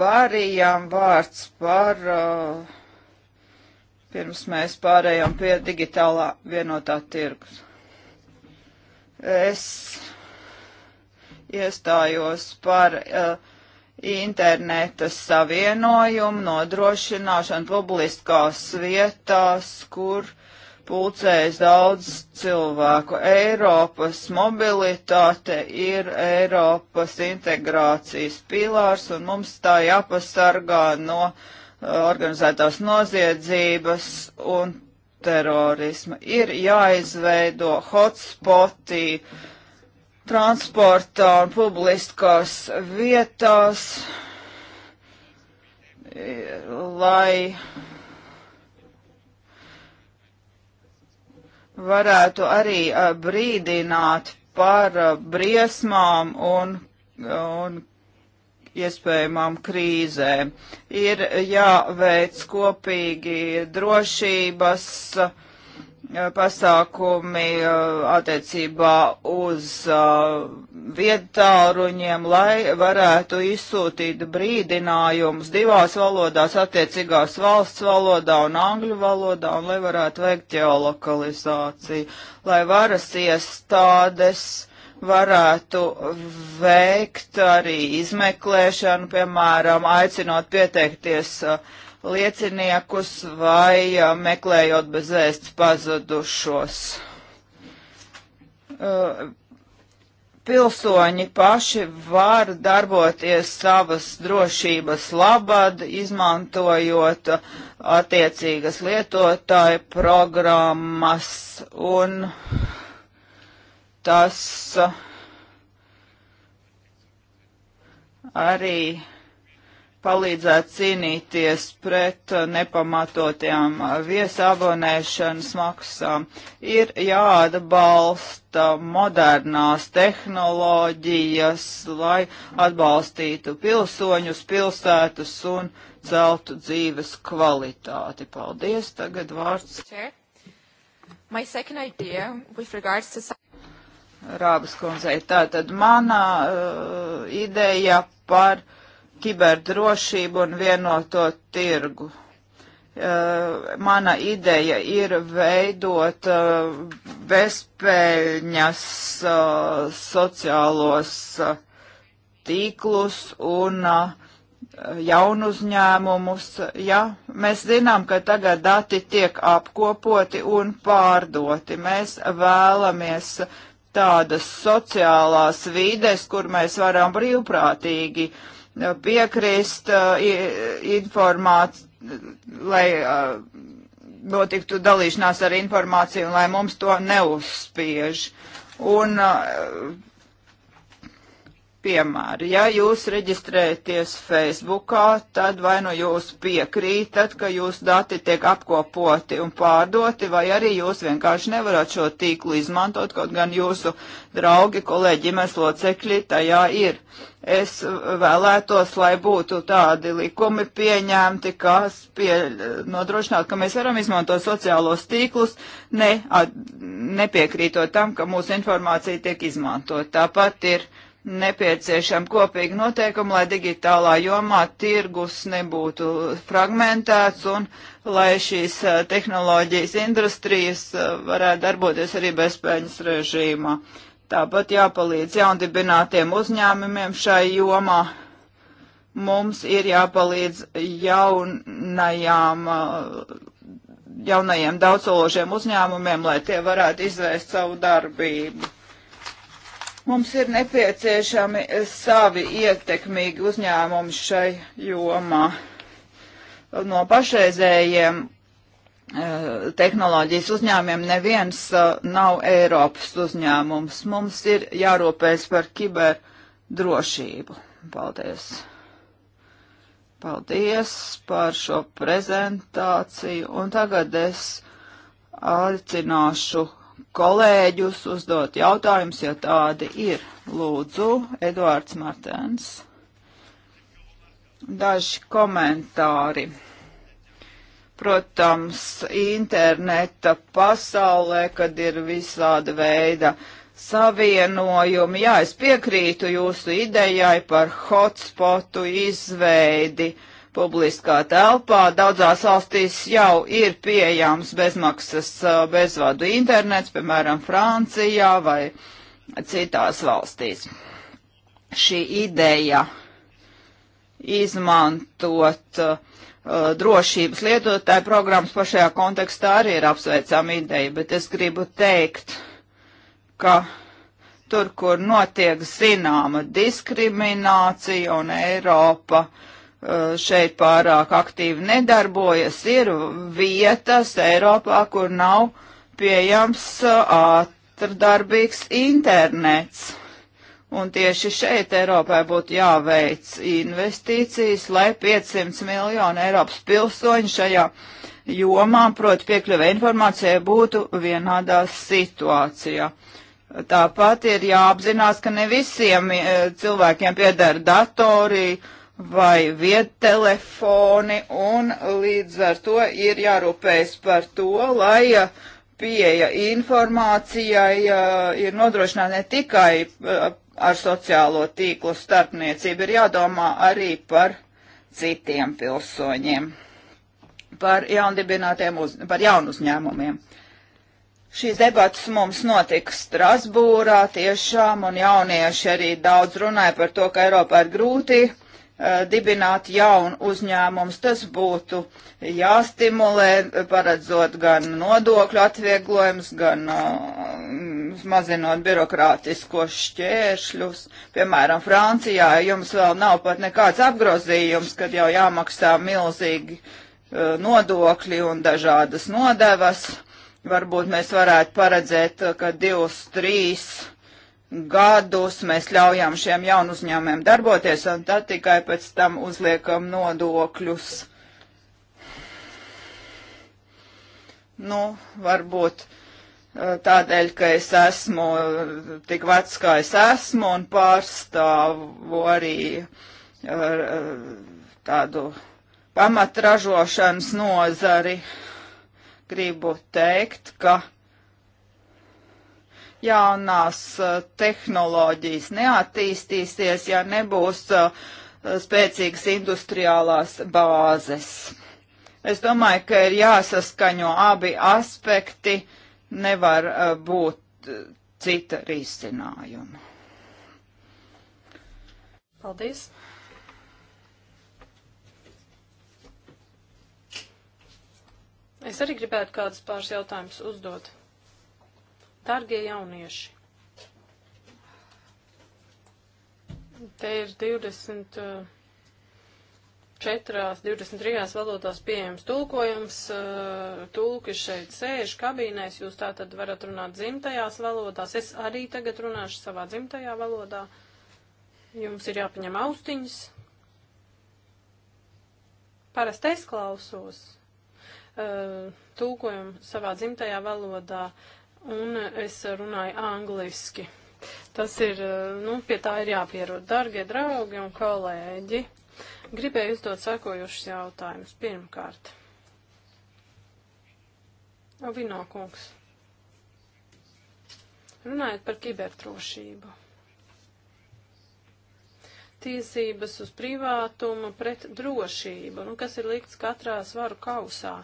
Bārijām vārds par, uh, pirms mēs pārējām pie digitālā vienotā tirgus. Es iestājos par uh, interneta savienojumu nodrošināšanu publiskās vietās, kur pulcējas daudz cilvēku. Eiropas mobilitāte ir Eiropas integrācijas pilārs, un mums tā jāpasargā no uh, organizētās noziedzības un terorisma. Ir jāizveido hotspotī, uh, transportā un publiskās vietās, lai varētu arī brīdināt par briesmām un, un iespējamām krīzēm. Ir jāveic kopīgi drošības, uh, Eh, pasākumi eh, attiecībā uz eh, vietāruņiem, lai varētu izsūtīt brīdinājumus divās valodās, attiecīgās valsts valodā un angļu valodā, un lai varētu veikt ģeolokalizāciju, lai varas iestādes varētu veikt arī izmeklēšanu, piemēram, aicinot pieteikties uh, lieciniekus vai meklējot bez vēsts pazudušos. Pilsoņi paši var darboties savas drošības labad, izmantojot attiecīgas lietotāju programmas un tas arī palīdzētu cīnīties pret uh, nepamatotajām uh, viesabonēšanas maksām. Ir jāatbalsta modernās tehnoloģijas, lai atbalstītu pilsoņus, pilsētas un celtu dzīves kvalitāti. Paldies, tagad vārds. To... Rābas kundzei, tātad mana uh, ideja par uh, kiberdrošību un vienoto tirgu. Uh, mana ideja ir veidot uh, bezpēļņas uh, sociālos uh, tīklus un uh, jaunu uzņēmumus. Ja? Mēs zinām, ka tagad dati tiek apkopoti un pārdoti. Mēs vēlamies tādas sociālās vides, kur mēs varam brīvprātīgi uh, piekrist uh, informāt, lai uh, notiktu dalīšanās ar informāciju, lai mums to neuzspiež. Un uh, Piemēri, ja jūs reģistrējaties Facebookā, tad vai nu jūs piekrītat, ka jūsu dati tiek apkopoti un pārdoti, vai arī jūs vienkārši nevarat šo tīklu izmantot, kaut gan jūsu draugi, kolēģi, ģimenes locekļi tajā ir. Es vēlētos, lai būtu tādi likumi pieņemti, kas pie, nodrošinātu, ka mēs varam izmantot sociālos tīklus, ne, a, nepiekrītot tam, ka mūsu informācija tiek izmantot. Tāpat ir nepieciešama kopīga noteikuma, lai digitālā jomā tirgus nebūtu fragmentēts un lai šīs tehnoloģijas industrijas varētu darboties arī bezpēļņas režīmā. Tāpat jāpalīdz jaundibinātiem uzņēmumiem šai jomā. Mums ir jāpalīdz jaunajām, jaunajiem daudzsološiem uzņēmumiem, lai tie varētu izvērst savu darbību Mums ir nepieciešami eh, savi ietekmīgi uzņēmumi šai jomā. No pašreizējiem eh, tehnoloģijas uzņēmumiem neviens eh, nav Eiropas uzņēmums. Mums ir jārūpēs par kiberdrošību. Paldies! Paldies par šo prezentāciju, un tagad es aicināšu kolēģus, uzdot jautājumus, ja tādi ir. Lūdzu, Eduards Martens. Daži komentāri. Protams, interneta pasaulē, kad ir visāda veida savienojumi, jā, es piekrītu jūsu idejai par hotspotu izveidi. Uh, publiskā telpā. Daudzās valstīs jau ir pieejams bezmaksas bezvadu internets, piemēram, Francijā vai citās valstīs. Šī ideja izmantot uh, drošības lietotāju programmas pašajā kontekstā arī ir apsveicama ideja, bet es gribu teikt, ka tur, kur notiek zināma diskriminācija un Eiropa uh, Eh, šeit pārāk aktīvi nedarbojas. Ir vietas Eiropā, kur nav pieejams eh, ātrdarbīgs internets. Un tieši šeit Eiropai būtu jāveic investīcijas, lai 500 miljonu Eiropas pilsoņu šajā jomā, proti piekļuve informācijai, būtu vienādā situācijā. Tāpat ir jāapzinās, ka ne visiem eh, cilvēkiem pieder datori, uh, vai viedtelefoni, un līdz ar to ir jārūpējas par to, lai pieeja informācijai ir nodrošināta ne tikai eh, ar sociālo tīklu starpniecību, ir jādomā arī par citiem pilsoņiem, par jaundibinātiem, uz, par jaunu uzņēmumiem. Šīs debatas mums notika Strasbūrā tiešām, un jaunieši arī daudz runāja par to, ka Eiropā ir grūti Eh, dibināt jaunu uzņēmumus. Tas būtu jāstimulē, paredzot gan nodokļu atvieglojumus, gan uh, mazinot birokrātiskos šķēršļus. Piemēram, Francijā jums vēl nav pat nekāds apgrozījums, kad jau jāmaksā milzīgi uh, nodokļi un dažādas nodevas. Varbūt mēs varētu paredzēt, ka divas, trīs gadus mēs ļaujam šiem jaunu uzņēmumiem darboties, un tad tikai pēc tam uzliekam nodokļus. Nu, varbūt eh, tādēļ, ka es esmu eh, tik vecs, kā es esmu, un pārstāvu arī ar, eh, tādu pamatražošanas nozari, gribu teikt, ka jaunās eh, tehnoloģijas neattīstīsies, ja nebūs eh, spēcīgas industriālās bāzes. Es domāju, ka ir jāsaskaņo abi aspekti, nevar eh, būt cita risinājuma. Paldies! Es arī gribētu kādus pāris jautājumus uzdot. Dargie jaunieši, te ir 24, 23 valodās pieejams tulkojums, eh, tulki šeit sēž kabīnēs, jūs tā tad varat runāt dzimtajās valodās, es arī tagad runāšu savā dzimtajā valodā, jums ir jāpaņem austiņas. Parasti es klausos eh, tulkojumu savā dzimtajā valodā. Uh, un es runāju angliski. Tas ir, eh, nu, pie tā ir jāpierod. Dargie draugi un kolēģi, gribēju uzdot sakojušus jautājumus. Pirmkārt, Avino kungs, runājot par kiberdrošību tiesības uz privātumu pret drošību, nu, kas ir likts katrā svaru kausā.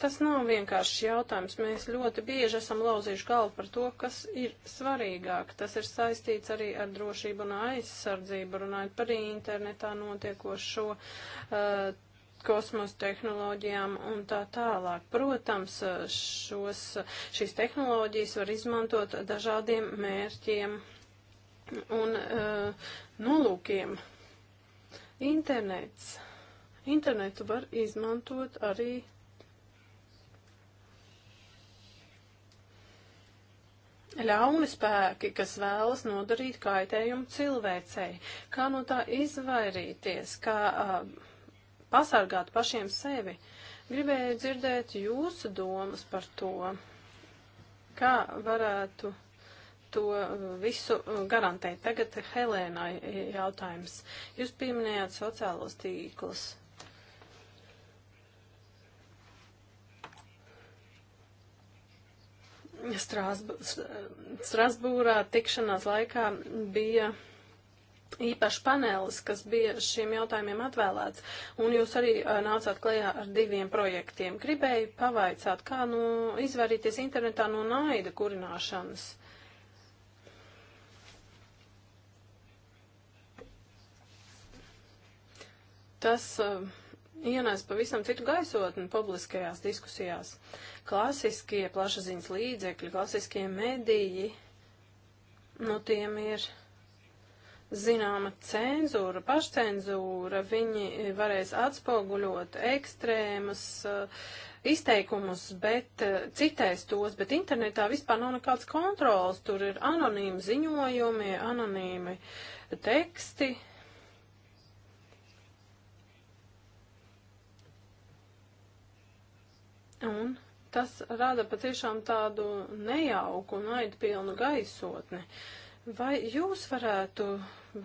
Tas nav vienkāršs jautājums. Mēs ļoti bieži esam lauzījuši galvu par to, kas ir svarīgāk. Tas ir saistīts arī ar drošību un aizsardzību, runājot par internetā notiekošo. Uh, kosmosa tehnoloģijām un tā tālāk. Protams, uh, šos, šīs tehnoloģijas var izmantot dažādiem mērķiem un uh, nolūkiem. Internets. Internetu var izmantot arī ļauni spēki, kas vēlas nodarīt kaitējumu cilvēcei. Kā no tā izvairīties, kā uh, pasargāt pašiem sevi? Gribēju dzirdēt jūsu domas par to, kā varētu to uh, visu uh, garantēt. Tagad Helēnai uh, jautājums. Jūs pieminējāt sociālos tīklus. Strasb Strasbūrā tikšanās laikā bija īpašs panelis, kas bija šiem jautājumiem atvēlēts, un jūs arī nācāt klajā ar diviem projektiem. Gribēju pavaicāt, kā nu izvairīties internetā no naida kurināšanas. Tas uh, ienes pavisam citu gaisotni publiskajās diskusijās. Klasiskie plašaziņas līdzekļi, klasiskie mediji, nu tiem ir zināma cenzūra, pašcenzūra, viņi varēs atspoguļot ekstrēmas uh, izteikumus, bet uh, citēs tos, bet internetā vispār nav nekāds kontrols, tur ir anonīmi ziņojumi, anonīmi teksti, uh, Un tas rada patiešām tādu nejauku un aidpilnu gaisotni. Vai jūs varētu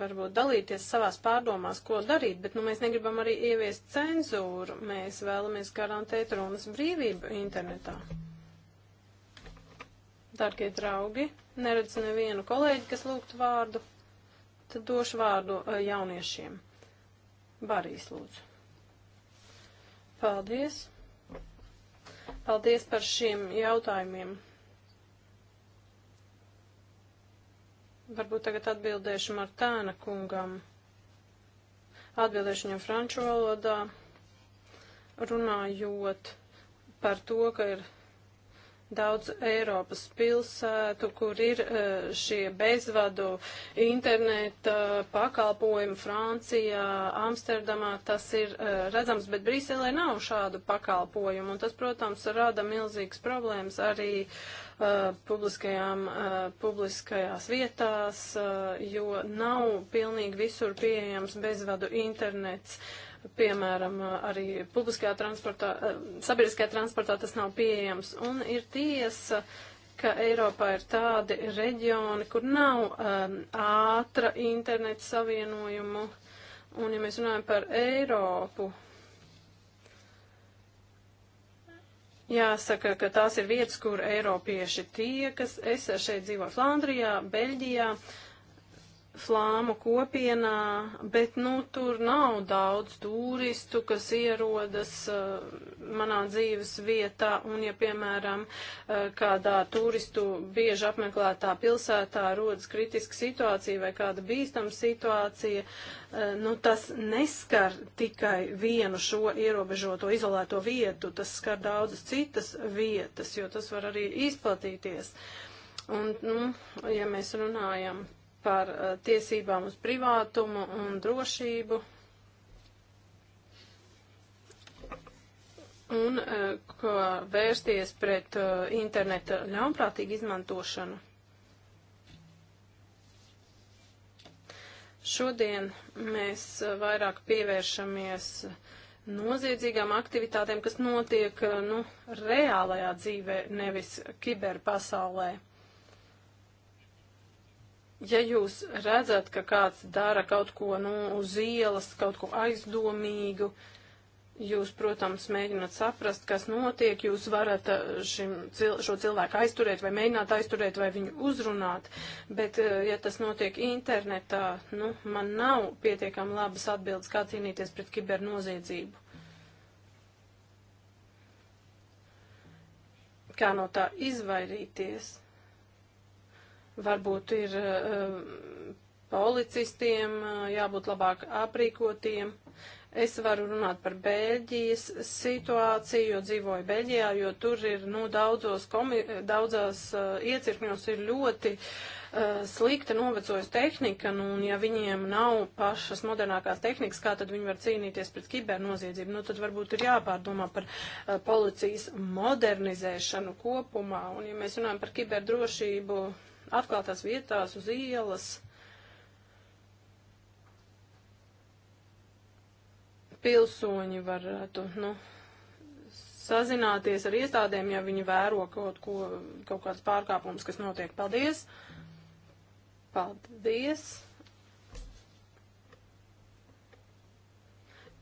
varbūt dalīties savās pārdomās, ko darīt, bet nu, mēs negribam arī ieviest cenzūru, mēs vēlamies garantēt runas brīvību internetā. Dargie draugi, neredzu nevienu kolēģi, kas lūgtu vārdu, tad došu vārdu eh, jauniešiem. Barīs lūdzu. Paldies! Paldies par šiem jautājumiem. Varbūt tagad atbildēšu Martāna kungam. Atbildēšu viņam franču valodā, runājot par to, ka ir daudz Eiropas pilsētu, kur ir eh, šie bezvadu interneta pakalpojumi Francijā, Amsterdamā, tas ir eh, redzams, bet Brīselē nav šādu pakalpojumu, un tas, protams, rada milzīgas problēmas arī uh, publiskajām, uh, publiskajās vietās, uh, jo nav pilnīgi visur pieejams bezvadu internets. Uh, piemēram, arī publiskajā transportā, eh, sabiedriskajā transportā tas nav pieejams. Un ir tiesa, ka Eiropā ir tādi reģioni, kur nav um, ātra interneta savienojumu. Un, ja mēs runājam par Eiropu, jāsaka, ka tās ir vietas, kur Eiropieši tiekas. Es šeit dzīvoju Flandrijā, Beļģijā. Uh, flāmu kopienā, bet nu, tur nav daudz turistu, kas ierodas uh, manā dzīves vietā. Un, ja, piemēram, uh, kādā turistu bieži apmeklētā pilsētā rodas kritiska situācija vai kāda bīstama situācija, uh, nu, tas neskar tikai vienu šo ierobežoto izolēto vietu, tas skar daudzas citas vietas, jo tas var arī izplatīties. Un, nu, ja mēs runājam par eh, tiesībām uz privātumu un drošību. Un eh, kā vērsties pret eh, interneta ļaunprātīgu izmantošanu. Šodien mēs vairāk pievēršamies noziedzīgām aktivitātēm, kas notiek nu, reālajā dzīvē, nevis kiberpasaulē. pasaulē ja jūs redzat, ka kāds dara kaut ko nu, uz ielas, kaut ko aizdomīgu, jūs, protams, mēģināt saprast, kas notiek, jūs varat uh, šim, cil, šo cilvēku aizturēt vai mēģināt aizturēt vai viņu uzrunāt, bet, uh, ja tas notiek internetā, nu, man nav pietiekami labas atbildes, kā cīnīties pret kibernoziedzību. Kā no tā izvairīties? Varbūt ir eh, policistiem eh, jābūt labāk aprīkotiem. Es varu runāt par Bēļģijas situāciju, jo dzīvoju Bēļģijā, jo tur ir, nu, daudzos, komi, daudzās uh, iecirkņos ir ļoti uh, slikta novecojusi tehnika, nu, un ja viņiem nav pašas modernākās tehnikas, kā tad viņi var cīnīties pret kibernoziedzību, nu, tad varbūt ir jāpārdomā par uh, policijas modernizēšanu kopumā, un ja mēs runājam par kiberdrošību, atklātās vietās, uz ielas. Pilsoņi varētu, nu, sazināties ar iestādēm, ja viņi vēro kaut ko, kaut kāds pārkāpums, kas notiek. Paldies! Paldies!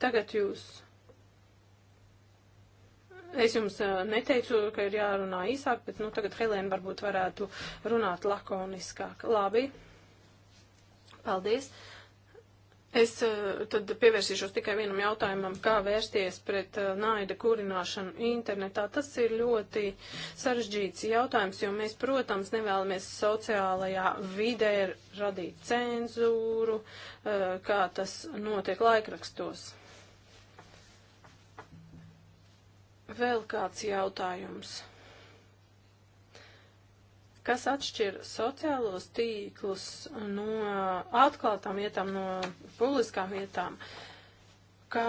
Tagad jūs Es jums neteicu, ka ir jārunā īsāk, bet nu, tagad Helēna varbūt varētu runāt lakoniskāk. Labi, paldies. Es tad pievērsīšos tikai vienam jautājumam, kā vērsties pret naida kurināšanu internetā. Tas ir ļoti sarežģīts jautājums, jo mēs, protams, nevēlamies sociālajā vidē radīt cenzūru, kā tas notiek laikrakstos. Vēl kāds jautājums. Kas atšķir sociālos tīklus no atklātām vietām, no publiskām vietām? Kā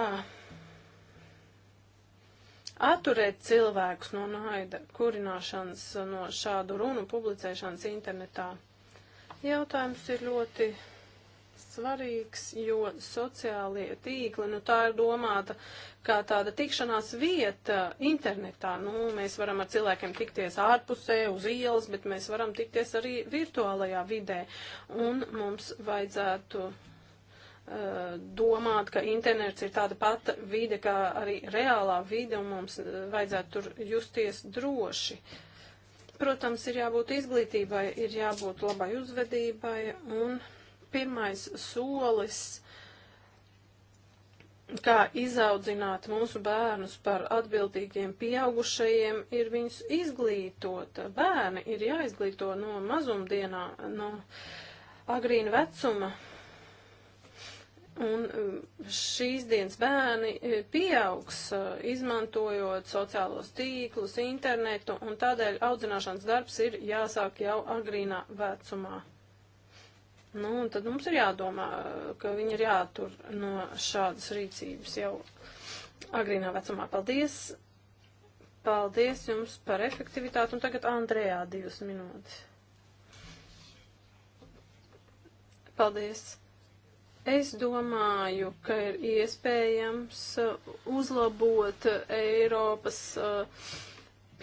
atturēt cilvēkus no naida kurināšanas, no šādu runu publicēšanas internetā? Jautājums ir ļoti svarīgs, jo sociālie tīkli, nu tā ir domāta kā tāda tikšanās vieta internetā. Nu, mēs varam ar cilvēkiem tikties ārpusē, uz ielas, bet mēs varam tikties arī virtuālajā vidē. Un mums vajadzētu eh, domāt, ka internets ir tāda pata vide, kā arī reālā vide, un mums eh, vajadzētu tur justies droši. Protams, ir jābūt izglītībai, ir jābūt labai uzvedībai, un pirmais solis, kā izaudzināt mūsu bērnus par atbildīgiem pieaugušajiem, ir viņus izglītot. Bērni ir jāizglīto no mazumdienā, no agrīna vecuma. Un um, šīs dienas bērni eh, pieaugs, eh, izmantojot sociālos tīklus, internetu, un tādēļ audzināšanas darbs ir jāsāk jau agrīnā vecumā. Nu, un tad mums ir jādomā, ka viņi ir jātur no šādas rīcības jau agrīnā vecumā. Paldies! Paldies jums par efektivitāti. Un tagad Andrejā divas minūtes. Paldies! Es domāju, ka ir iespējams uzlabot Eiropas uh,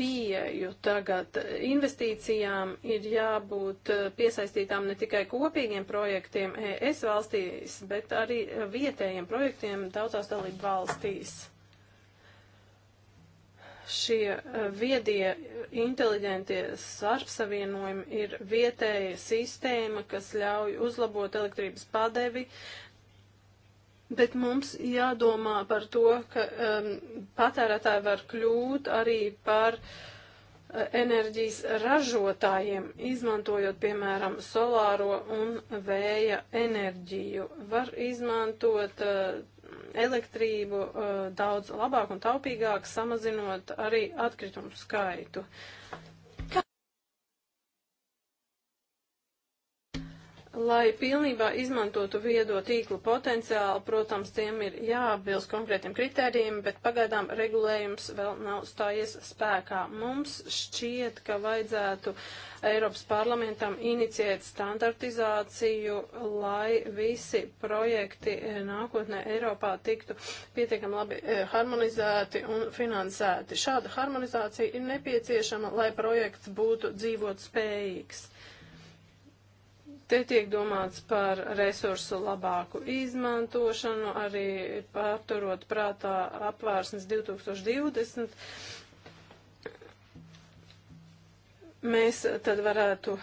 pieju tagad. Investīcijām ir jābūt eh, piesaistītām ne tikai kopīgiem projektiem ES valstīs, bet arī vietējiem projektiem daudzās dalību valstīs. Šie eh, viedie inteliģentie starpsavienojumi ir vietēja sistēma, kas ļauj uzlabot elektrības padevi, uh, Bet mums jādomā par to, ka um, patērētāji var kļūt arī par uh, enerģijas ražotājiem, izmantojot, piemēram, solāro un vēja enerģiju. Var izmantot uh, elektrību uh, daudz labāk un taupīgāk, samazinot arī atkritumu skaitu. Uh, Lai pilnībā izmantotu viedo tīklu potenciālu, protams, tiem ir jāatbilst konkrētiem kritērijiem, bet pagaidām regulējums vēl nav stājies spēkā. Mums šķiet, ka vajadzētu Eiropas parlamentam inicijēt standartizāciju, lai visi projekti eh, nākotnē Eiropā tiktu pietiekami labi eh, harmonizēti un finansēti. Šāda harmonizācija ir nepieciešama, lai projekts būtu dzīvot spējīgs. Te tiek domāts par resursu labāku izmantošanu, arī pārturot prātā apvērsnes 2020. Mēs tad varētu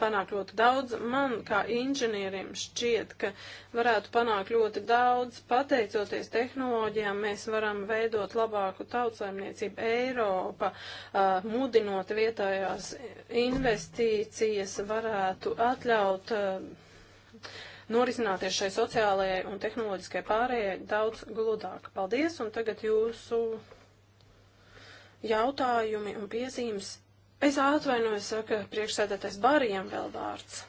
panākt ļoti daudz. Man kā inženierim šķiet, ka varētu panākt ļoti daudz. Pateicoties tehnoloģijām, mēs varam veidot labāku tautsaimniecību Eiropa, uh, mudinot vietējās investīcijas, varētu atļaut. Uh, Norisināties šai sociālajai un tehnoloģiskai pārējai daudz gludāk. Paldies, un tagad jūsu jautājumi un piezīmes Es atvainojos, saka priekšsēdētais Barijam vēl vārds.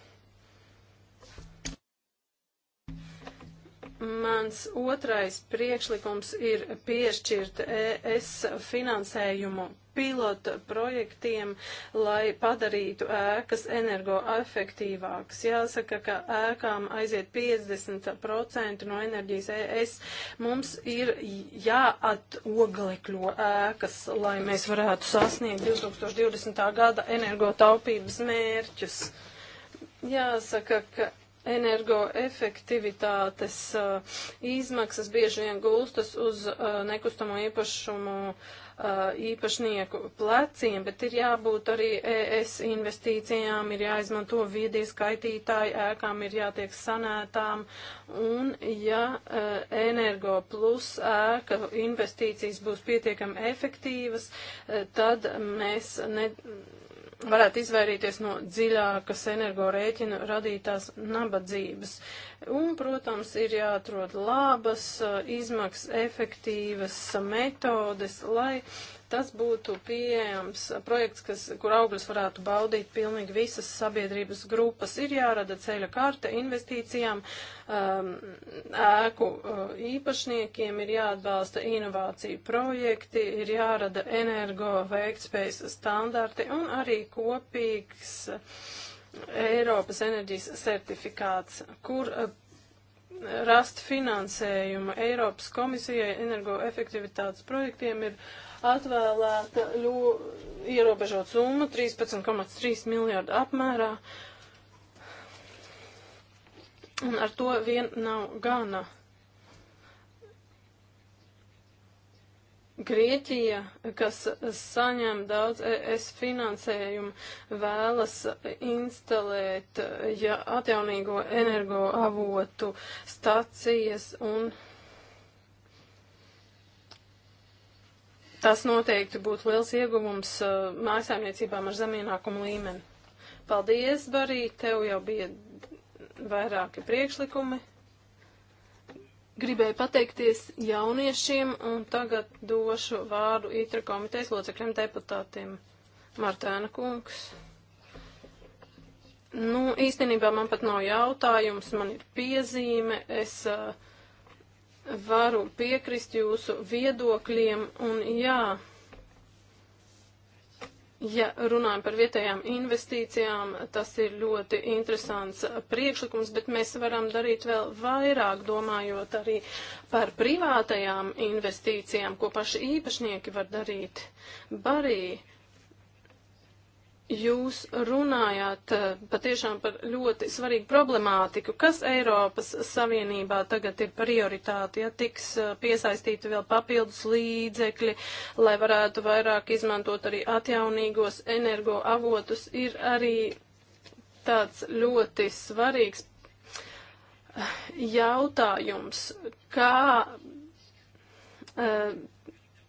Mans otrais priekšlikums ir piešķirt ES finansējumu pilota projektiem, lai padarītu ēkas energoefektīvākas. Jāsaka, ka ēkām aiziet 50% no enerģijas ES. Mums ir jāatoglekļo ēkas, lai mēs varētu sasniegt 2020. gada energotaupības mērķus. Jāsaka, ka energoefektivitātes uh, izmaksas bieži vien gulstas uz uh, nekustamo īpašumu uh, Uh, īpašnieku pleciem, bet ir jābūt arī ES investīcijām, ir jāizmanto viedie skaitītāji, ēkām ir jātiek sanētām, un ja uh, energo plus ēka investīcijas būs pietiekami efektīvas, uh, tad mēs ne, varētu izvairīties no dziļākas energorēķina radītās nabadzības. Un, protams, ir jāatrod labas, eh, izmaksas efektīvas eh, metodes, lai tas būtu pieejams projekts, kas, kur augļus varētu baudīt pilnīgi visas sabiedrības grupas. Ir jārada ceļa karta investīcijām, um, ēku uh, īpašniekiem ir jāatbalsta inovāciju projekti, ir jārada energo veiktspējas standarti un arī kopīgs Eiropas enerģijas certifikāts, kur uh, rast finansējumu Eiropas komisijai energoefektivitātes projektiem ir atvēlēta ļo, ierobežot summa 13,3 miljārdu apmērā. Un ar to vien nav gana. Grieķija, kas saņem daudz ES finansējumu, vēlas instalēt ja, atjaunīgo energoavotu stacijas un tas noteikti būtu liels ieguvums uh, mājasēmniecībām ar zemienākumu līmeni. Paldies, Barī, tev jau bija vairāki priekšlikumi. Gribēju pateikties jauniešiem un tagad došu vārdu ITRA komitejas locekļiem deputātiem. Martēna kungs. Nu, īstenībā man pat nav jautājums, man ir piezīme. Es uh, varu piekrist jūsu viedokļiem un jā. Ja runājam par vietējām investīcijām, tas ir ļoti interesants priekšlikums, bet mēs varam darīt vēl vairāk, domājot arī par privātajām investīcijām, ko paši īpašnieki var darīt. Barī Jūs runājāt eh, patiešām par ļoti svarīgu problemātiku. Kas Eiropas Savienībā tagad ir prioritāte, ja tiks eh, piesaistīti vēl papildus līdzekļi, lai varētu vairāk izmantot arī atjaunīgos energoavotus, ir arī tāds ļoti svarīgs eh, jautājums, kā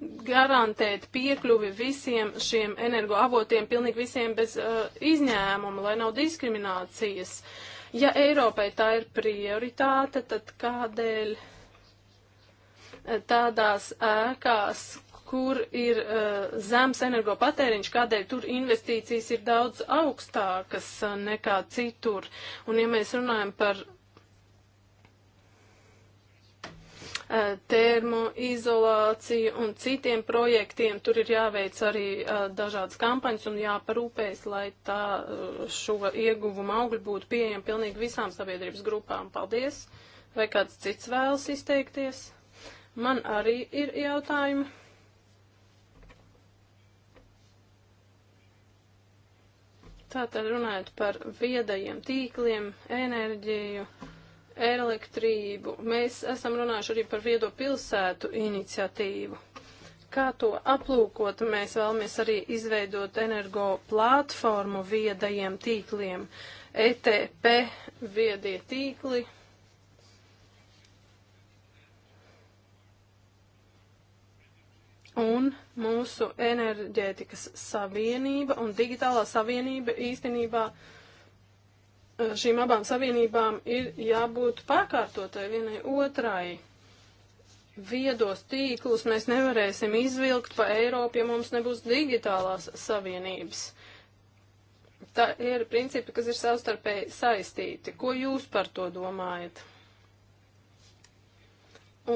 garantēt piekļuvi visiem šiem energoavotiem, pilnīgi visiem bez uh, izņēmuma, lai nav diskriminācijas. Ja Eiropai tā ir prioritāte, tad kādēļ uh, tādās ēkās, kur ir uh, zems energopatēriņš, kādēļ tur investīcijas ir daudz augstākas uh, nekā citur. Un ja mēs runājam par Eh, termoizolāciju un citiem projektiem. Tur ir jāveic arī eh, dažādas kampaņas un jāparūpējas, lai tā eh, šo ieguvumu augļu būtu pieejama pilnīgi visām sabiedrības grupām. Paldies! Vai kāds cits vēlas izteikties? Man arī ir jautājumi. Tātad runājot par viedajiem tīkliem, enerģiju elektrību. Mēs esam runājuši arī par viedo pilsētu iniciatīvu. Kā to aplūkot, mēs vēlamies arī izveidot energo platformu viedajiem tīkliem, ETP viedie tīkli. Un mūsu enerģētikas savienība un digitālā savienība īstenībā uh, šīm abām savienībām ir jābūt pārkārtotai vienai otrai. Viedos tīklus mēs nevarēsim izvilkt pa Eiropu, ja mums nebūs digitālās savienības. Tā ir principi, kas ir savstarpēji saistīti. Ko jūs par to domājat?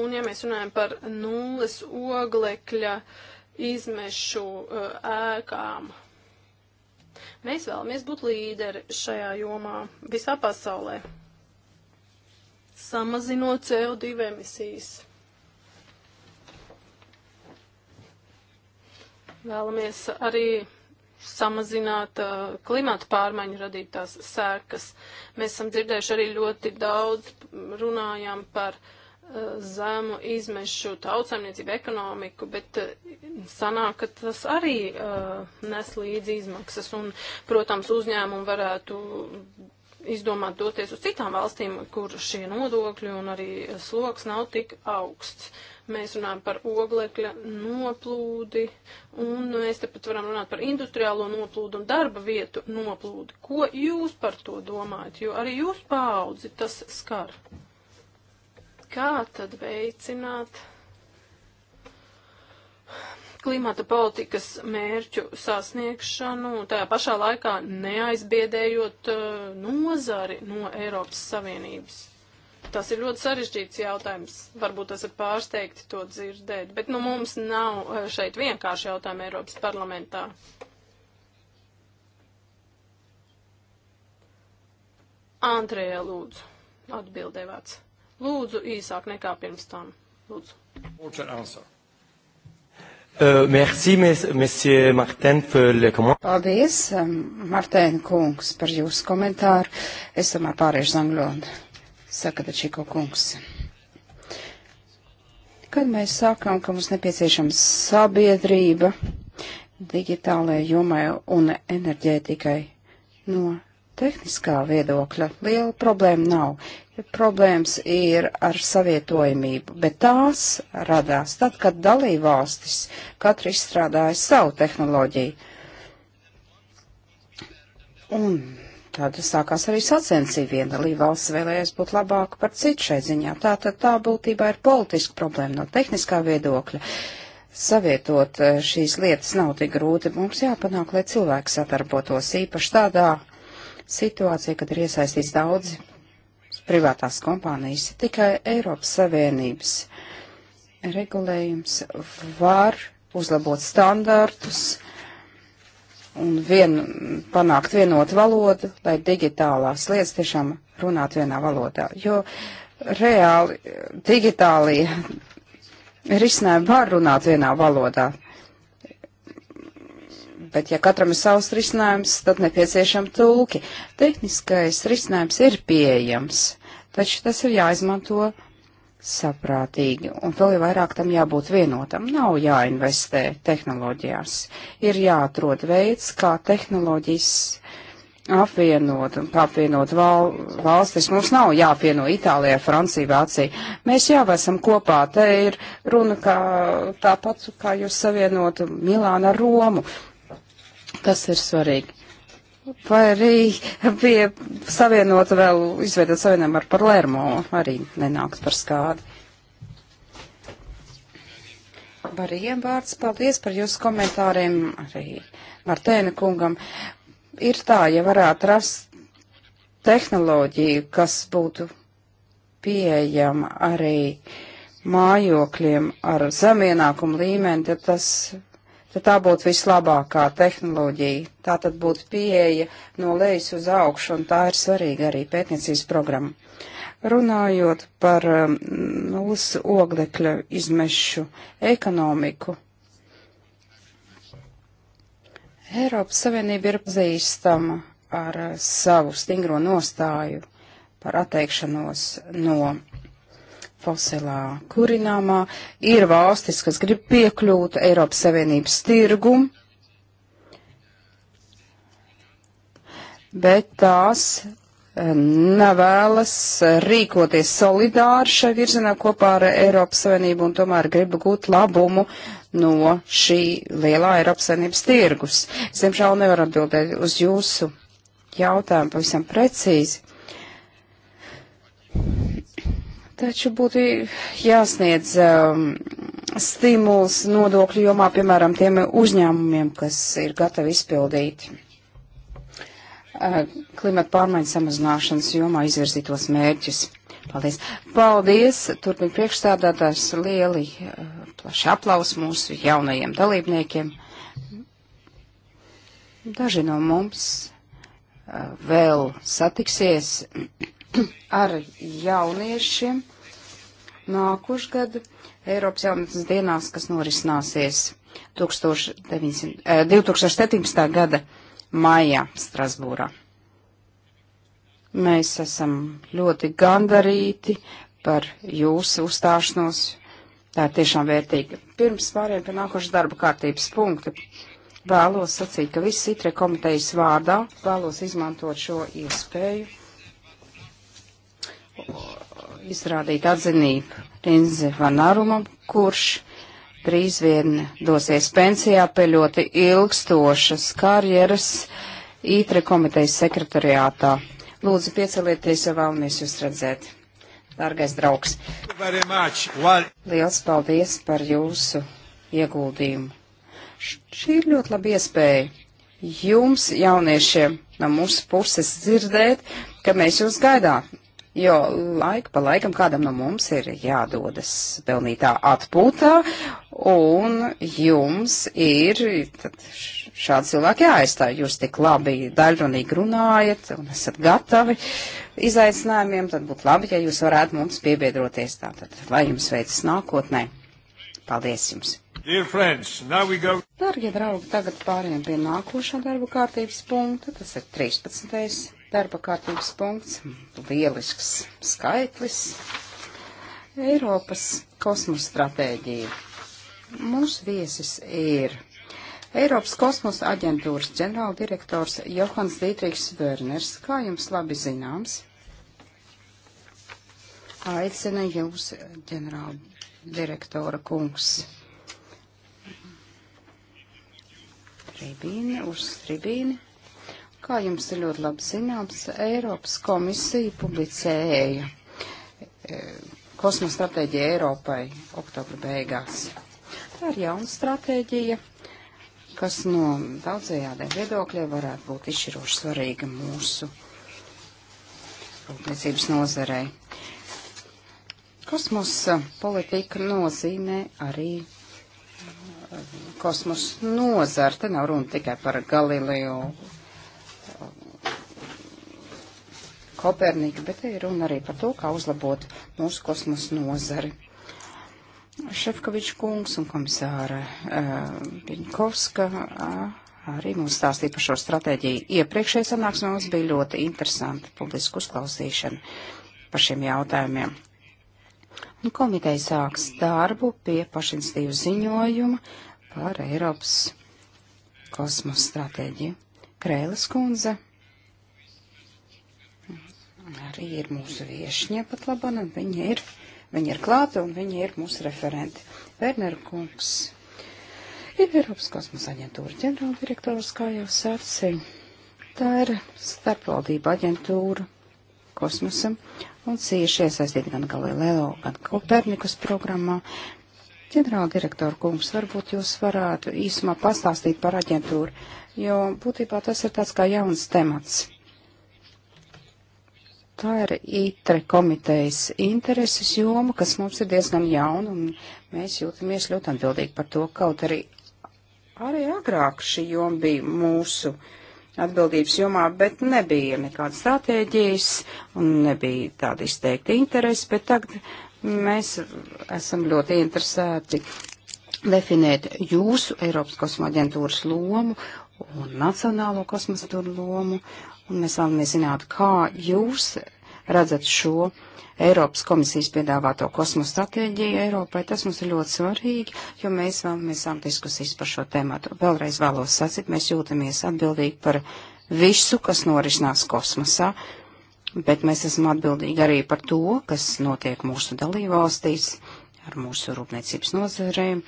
Un ja mēs runājam par nulles oglekļa izmešu uh, ēkām. Uh, Mēs vēlamies būt līderi šajā jomā visā pasaulē, samazinot CO2 emisijas. Vēlamies arī samazināt uh, klimata pārmaiņu radītās sēkas. Mēs esam dzirdējuši arī ļoti daudz runājām par uh, zemu izmešu tautsaimniecību ekonomiku, bet eh, sanāk, ka tas arī uh, nes līdzi izmaksas un, protams, uzņēmumi varētu izdomāt doties uz citām valstīm, kur šie nodokļi un arī sloks nav tik augsts. Mēs runājam par oglekļa noplūdi, un mēs tepat varam runāt par industriālo noplūdu un darba vietu noplūdi. Ko jūs par to domājat? Jo arī jūs paudzi tas skar. Kā tad veicināt klimata politikas mērķu sasniegšanu, tajā pašā laikā neaizbiedējot uh, nozari no Eiropas Savienības? Tas ir ļoti sarežģīts jautājums. Varbūt tas ir pārsteigti to dzirdēt, bet nu, mums nav uh, šeit vienkārši jautājumi Eiropas parlamentā. Andrejā lūdzu, atbildē vārds. Lūdzu, īsāk nekā pirms tam. Lūdzu. Uh, merci, monsieur Martin, par le commentaire. Paldies, um, Martēn kungs, par jūsu komentāru. Es tomēr pāriešu uz angļodu. Saka Dačiko kungs. Kad mēs sākam, ka mums nepieciešama sabiedrība digitālajai jomai un enerģētikai no tehniskā viedokļa liela problēma nav. Problēmas ir ar savietojamību, bet tās radās tad, kad dalībvalstis katra izstrādāja savu tehnoloģiju. Un tad sākās arī sacensība. Viena dalībvalsts vēlējās būt labāka par citu šai ziņā. Tā tad tā būtībā ir politiska problēma no tehniskā viedokļa. Savietot eh, šīs lietas nav tik grūti. Mums jāpanāk, lai cilvēki sadarbotos īpaši tādā Situācija, kad ir iesaistīts daudz privātās kompānijas, tikai Eiropas Savienības regulējums var uzlabot standartus un vien, panākt vienotu valodu, lai digitālās lietas tiešām runāt vienā valodā. Jo reāli digitālie risinājumi var runāt vienā valodā bet ja katram ir savs risinājums, tad nepieciešam tulki. Tehniskais risinājums ir pieejams, taču tas ir jāizmanto saprātīgi, un vēl jau vairāk tam jābūt vienotam. Nav jāinvestē tehnoloģijās, ir jāatrod veids, kā tehnoloģijas apvienot un apvienot val, valstis. Mums nav jāapvieno Itālijā, Francija, Vācija. Mēs jau esam kopā. Te ir runa kā tāpat, kā jūs savienotu Milānu ar Romu. Tas ir svarīgi. Vai arī bija savienota vēl, izveidot savienojumu ar Palermo, arī nenāks par skādi. Bariem vārds, paldies par jūsu komentāriem, arī Martēna kungam. Ir tā, ja varētu rast tehnoloģiju, kas būtu pieejama arī mājokļiem ar zemienākumu līmeni, tad tas tad tā būtu vislabākā tehnoloģija. Tā tad būtu pieeja no lejas uz augšu, un tā ir svarīga arī pētniecības programma. Runājot par um, nulles oglekļa izmešu ekonomiku, Eiropas Savienība ir pazīstama ar savu stingro nostāju par atteikšanos no fosilā kurināmā. Ir valstis, kas grib piekļūt Eiropas Savienības tirgumu, bet tās eh, nevēlas rīkoties solidāri šai virzienā kopā ar Eiropas Savienību un tomēr grib gūt labumu no šī lielā Eiropas Savienības tirgus. Es, diemžēl, nevaru atbildēt uz jūsu jautājumu pavisam precīzi. Taču būtu jāsniedz um, stimuls nodokļu jomā, piemēram, tiem uzņēmumiem, kas ir gatavi izpildīt uh, klimata pārmaiņu samazināšanas jomā izvirzītos mērķus. Paldies. Paldies, turpin priekšstādātājs, lieli uh, plaši aplaus mūsu jaunajiem dalībniekiem. Daži no mums uh, vēl satiksies ar jauniešiem nākušgad Eiropas jaunatnes dienās, kas norisināsies 1900, 2017. Eh, gada maijā Strasbūrā. Mēs esam ļoti gandarīti par jūsu uzstāšanos. Tā ir tiešām vērtīga. Pirms pāriem pie nākošas darba kārtības punkta vēlos sacīt, ka viss itre komitejas vārdā vēlos izmantot šo iespēju izrādīt atzinību Rinze Vanārumam, kurš drīz vien dosies pensijā pie ļoti ilgstošas karjeras ITRE komitejas sekretariātā. Lūdzu, piecelieties, ja vēlamies jūs redzēt. Dārgais draugs, liels paldies par jūsu ieguldījumu. Šī ir ļoti laba iespēja jums, jauniešiem, no mūsu puses dzirdēt, ka mēs jūs gaidām jo laika pa laikam kādam no mums ir jādodas pelnītā atpūtā, un jums ir šādi cilvēki jāaizstāj. Jūs tik labi daļrunīgi runājat un esat gatavi izaicinājumiem, tad būtu labi, ja jūs varētu mums piebiedroties tātad. Lai jums veicas nākotnē. Paldies jums! Darbie draugi, tagad pārējām pie nākošā darba kārtības punkta, tas ir 13 darba kārtības punkts, lielisks skaitlis, Eiropas kosmosa stratēģija. Mūsu viesis ir Eiropas kosmosa aģentūras ģenerāldirektors Johans Dītrīks Vērners, kā jums labi zināms. Aicina jūs, ģenerāldirektora kungs. Tribīne uz tribīni. Kā jums ir ļoti labi zināms, Eiropas komisija publicēja e, kosmosa stratēģiju Eiropai oktobra beigās. Tā ir jauna stratēģija, kas no daudzējādiem viedokļiem varētu būt izšķiroši svarīga mūsu rūpniecības nozarei. Kosmosa politika nozīmē arī e, kosmosa nozara. Te nav runa tikai par Galileo Kopernika, bet te ir runa arī par to, kā uzlabot mūsu kosmosa nozari. Šefkoviča kungs un komisāra eh, Piņkovska uh, arī mums stāstīja par šo stratēģiju. Iepriekšējā sanāksmē mums bija ļoti interesanti publisku uzklausīšana par šiem jautājumiem. Un nu, komiteja sāks darbu pie pašinstīvu ziņojuma par Eiropas kosmosa stratēģiju. Krēlas kundze arī ir mūsu viešņa pat laban, un viņa ir, viņa ir klāta, un viņa ir mūsu referenti. Werner kungs ir Eiropas kosmosa aģentūra ģenerāldirektors, kā jau sacīja. Tā ir starpvaldība aģentūra kosmosam un cieši iesaistīta gan Galileo, gan Kopernikas programmā. Ģenerāldirektora kungs, varbūt jūs varētu īsumā pastāstīt par aģentūru, jo būtībā tas ir tāds kā jauns temats tā ir ITRE komitejas intereses joma, kas mums ir diezgan jauna, un mēs jūtamies ļoti atbildīgi par to, kaut arī arī agrāk šī joma bija mūsu atbildības jomā, bet nebija nekādas stratēģijas un nebija tāda izteikta interese, bet tagad mēs esam ļoti interesēti definēt jūsu Eiropas kosmoģentūras lomu un Nacionālo kosmostūru lomu, un mēs vēlamies zināt, kā jūs redzat šo Eiropas komisijas piedāvāto kosmosa stratēģiju Eiropai. Tas mums ir ļoti svarīgi, jo mēs vēlamies sākt diskusijas par šo tēmatu. Vēlreiz vēlos sacīt, mēs jūtamies atbildīgi par visu, kas norisinās kosmosā, bet mēs esam atbildīgi arī par to, kas notiek mūsu dalībvalstīs ar mūsu rūpniecības nozarēm,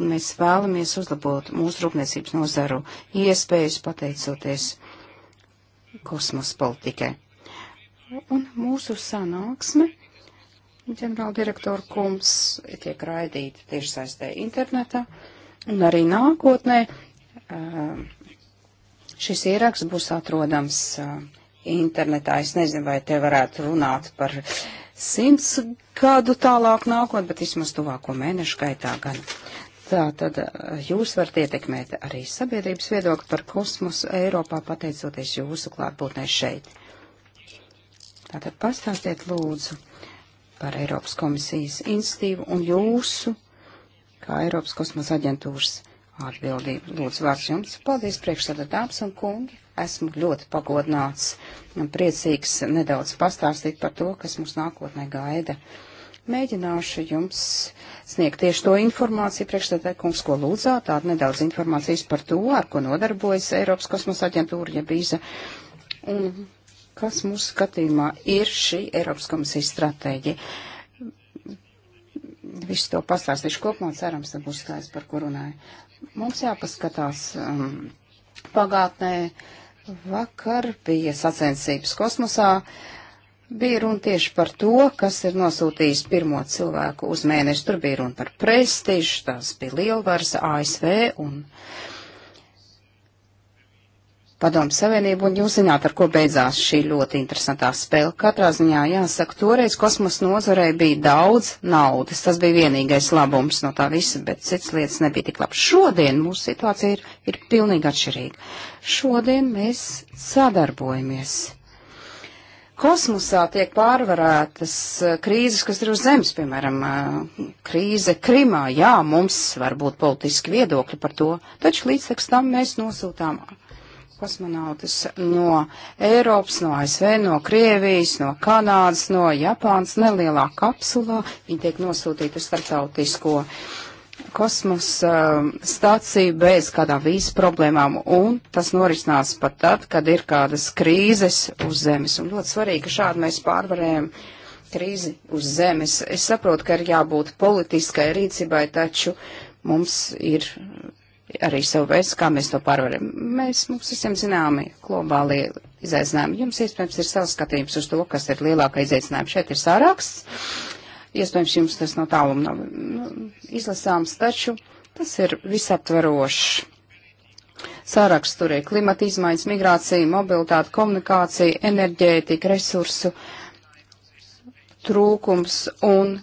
un mēs vēlamies uzlabot mūsu rūpniecības nozaru iespējas pateicoties kosmos politikai. Un mūsu sanāksme, ģenerāldirektora kungs, tiek raidīta tiešsaistē internetā, un arī nākotnē šis ieraksts būs atrodams internetā. Es nezinu, vai te varētu runāt par simts gadu tālāk nākotnē, bet vismaz tuvāko mēnešu gaitā gan. Tā tad eh, jūs varat ietekmēt arī sabiedrības viedokli par kosmosu Eiropā, pateicoties jūsu klātbūtnē šeit. Tātad pastāstiet lūdzu par Eiropas komisijas institīvu un jūsu, kā Eiropas kosmosa aģentūras atbildību. Lūdzu, vārds jums. Paldies, priekšsēdētājs un kungi esmu ļoti pagodināts un priecīgs nedaudz pastāstīt par to, kas mums nākotnē gaida. Mēģināšu jums sniegt tieši to informāciju, priekšstādāja kungs, ko lūdzāt, tādu nedaudz informācijas par to, ar ko nodarbojas Eiropas kosmosa aģentūra, ja bīza. Un kas mūsu skatījumā ir šī Eiropas komisijas stratēģija? Visu to pastāstīšu kopumā, cerams, tad būs skaidrs, par ko runāju. Mums jāpaskatās um, pagātnē, uh, Vakar bija sacensības kosmosā. Bija runa tieši par to, kas ir nosūtījis pirmo cilvēku uz mēnesi. Tur bija runa par prestižu, tās bija lielvaras ASV un uh, Padomu Savienību, un jūs zināt, ar ko beidzās šī ļoti interesantā spēle. Katrā ziņā jāsaka, toreiz kosmos nozarei bija daudz naudas. Tas bija vienīgais labums no tā visa, bet cits lietas nebija tik labs. Šodien mūsu situācija ir, ir pilnīgi atšķirīga. Šodien mēs sadarbojamies. Kosmosā tiek pārvarētas eh, krīzes, kas ir uz zemes, piemēram, eh, krīze Krimā. Jā, mums var būt politiski viedokļi par to, taču līdz tam mēs nosūtām kosmonautus no Eiropas, no ASV, no Krievijas, no Kanādas, no Japānas nelielā kapsulā. Viņi tiek nosūtīti uz starptautisko kosmosa um, stāciju bez kādām vīzas problēmām, un tas norisinās pat tad, kad ir kādas krīzes uz Zemes. Un ļoti svarīgi, ka šādi mēs pārvarējam krīzi uz Zemes. Es saprotu, ka ir jābūt politiskai rīcībai, taču mums ir arī savu veidu, kā mēs to pārvaram. Mēs, mums visiem zināmi globālie izaicinājumi. Jums, iespējams, ir savs skatījums uz to, kas ir lielākā izaicinājuma. Šeit ir sāraksts. Iespējams, jums tas no tāluma nav nu, izlasāms, taču tas ir visaptvarošs. Sāraksts tur ir klimata izmaiņas, migrācija, mobilitāte, komunikācija, enerģētika, resursu trūkums un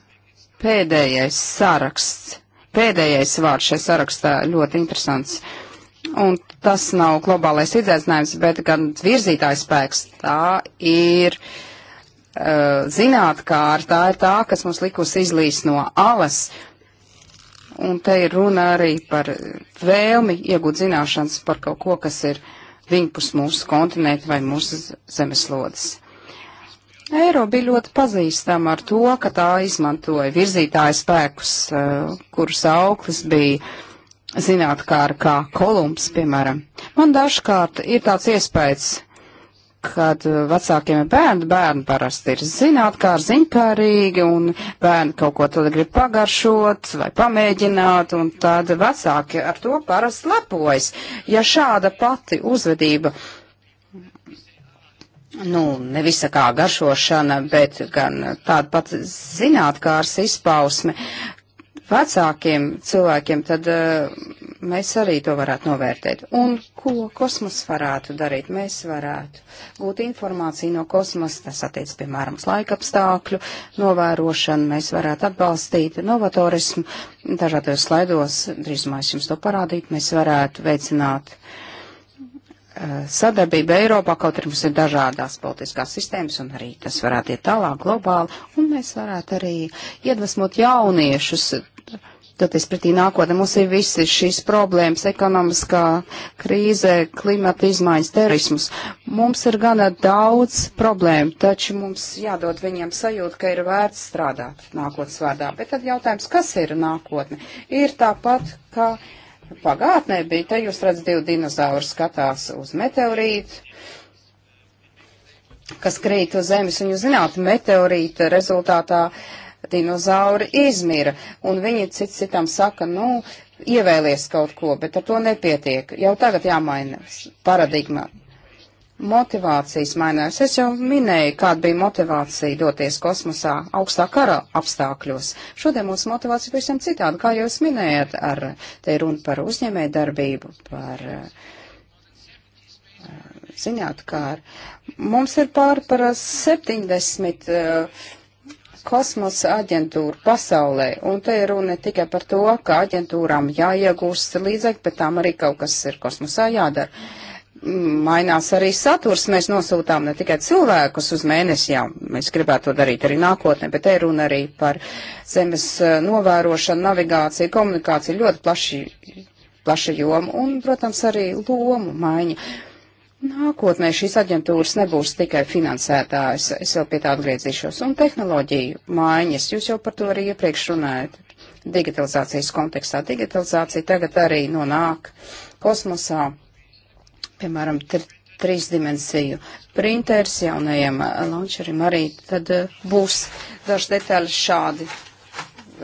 pēdējais saraksts pēdējais vārds šajā sarakstā ļoti interesants. Un tas nav globālais izaicinājums, bet gan virzītājs spēks. Tā ir uh, eh, zinātkār, tā ir tā, kas mums likus izlīst no alas. Un te ir runa arī par vēlmi iegūt zināšanas par kaut ko, kas ir viņpus mūsu kontinēta vai mūsu zemeslodes. Eiro bija ļoti pazīstama ar to, ka tā izmantoja virzītāju spēkus, eh, kurus auklis bija zinātkār kā kolumps, piemēram. Man dažkārt ir tāds iespējas, kad eh, vecākiem ir bērni, bērni parasti ir zinātkār, ziņkārīgi, un bērni kaut ko tad grib pagaršot vai pamēģināt, un tad vecāki ar to parasti lepojas. Ja šāda pati uzvedība nu, nevis kā garšošana, bet gan tāda pat zinātkārs izpausme vecākiem cilvēkiem, tad uh, mēs arī to varētu novērtēt. Un ko kosmos varētu darīt? Mēs varētu gūt informāciju no kosmosa, tas attiec, piemēram, uz laikapstākļu novērošanu, mēs varētu atbalstīt novatorismu, dažādos slaidos, drīzumā es jums to parādītu, mēs varētu veicināt uh, sadarbība Eiropā, kaut arī mums ir dažādās politiskās sistēmas, un arī tas varētu iet tālāk globāli, un mēs varētu arī iedvesmot jauniešus. Tāpēc pretī nākotnē mums ir visi šīs problēmas, ekonomiskā krīze, klimata izmaiņas, terorismus. Mums ir gana daudz problēmu, taču mums jādod viņiem sajūta, ka ir vērts strādāt nākotnes vārdā. Bet tad jautājums, kas ir nākotne? Ir tāpat, ka. Kā pagātnē bija, te jūs redzat, divi dinozauri skatās uz meteorītu, kas krīt uz zemes, un jūs zināt, meteorīta rezultātā dinozauri izmira, un viņi cits citam saka, nu, ievēlies kaut ko, bet ar to nepietiek. Jau tagad jāmaina paradigma motivācijas mainās. Es jau minēju, kāda bija motivācija doties kosmosā augstā kara apstākļos. Šodien mūsu motivācija pavisam citāda, kā jūs minējat, ar te runu par uzņēmē darbību, par eh, ziņāt kāru. Mums ir pār par 70 uh, eh, kosmosa aģentūru pasaulē, un te ir runa ne tikai par to, ka aģentūrām jāiegūst līdzekļi, bet tām arī kaut kas ir kosmosā jādara mainās arī saturs. Mēs nosūtām ne tikai cilvēkus uz mēnesi, jā, mēs gribētu to darīt arī nākotnē, bet te runa arī par zemes eh, novērošanu, navigāciju, komunikāciju, ļoti plaši, plaša joma un, protams, arī lomu maiņa. Nākotnē šīs aģentūras nebūs tikai finansētājas, es vēl pie tā atgriezīšos, un tehnoloģiju maiņas, jūs jau par to arī iepriekš runājat. Digitalizācijas kontekstā digitalizācija tagad arī nonāk kosmosā, piemēram, trīsdimensiju printers jaunajiem launcherim arī tad eh, būs dažs detaļas šādi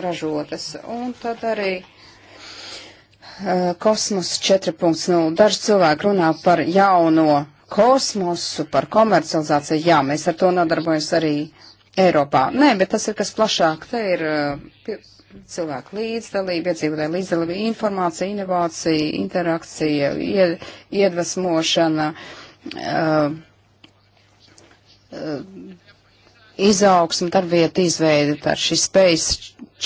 ražotas. Un tad arī uh, kosmos 4.0. Daži cilvēki runā par jauno kosmosu, par komercializāciju. Jā, mēs ar to nodarbojamies arī Eiropā. Nē, bet tas ir kas plašāk. Te ir uh, cilvēku līdzdalība, iedzīvotāju līdzdalība, informācija, inovācija, interakcija, iedvesmošana, uh, uh, izaugsme, darbvieta izveida, tā šis spējas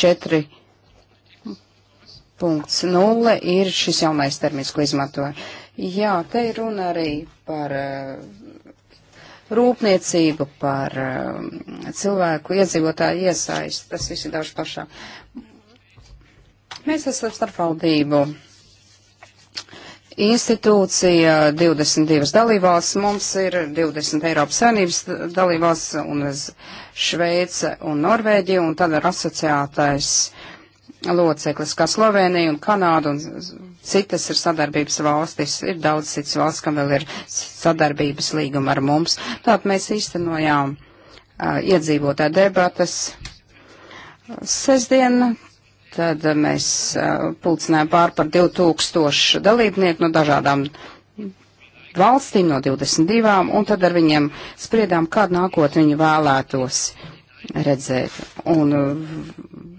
4.0 ir šis jaunais termins, ko izmantoju. Jā, te ir runa arī par uh, rūpniecību, par um, cilvēku iedzīvotāju iesaistu. Tas viss ir daudz plašāk. Mēs esam starpvaldību institūcija, 22 dalībvalsts, mums ir 20 Eiropas saimnības dalībvalsts un Šveice un Norvēģija, un tad ir asociētais loceklis kā Slovenija un Kanāda un citas ir sadarbības valstis, ir daudz citas valsts, kam vēl ir sadarbības līguma ar mums. Tātad mēs īstenojām uh, iedzīvotāju debatas. Sesdien tad mēs uh, pulcinājām pār par 2000 dalībnieku no dažādām valstīm, no 22, un tad ar viņiem spriedām, kādu nākotni viņi vēlētos redzēt. Un uh,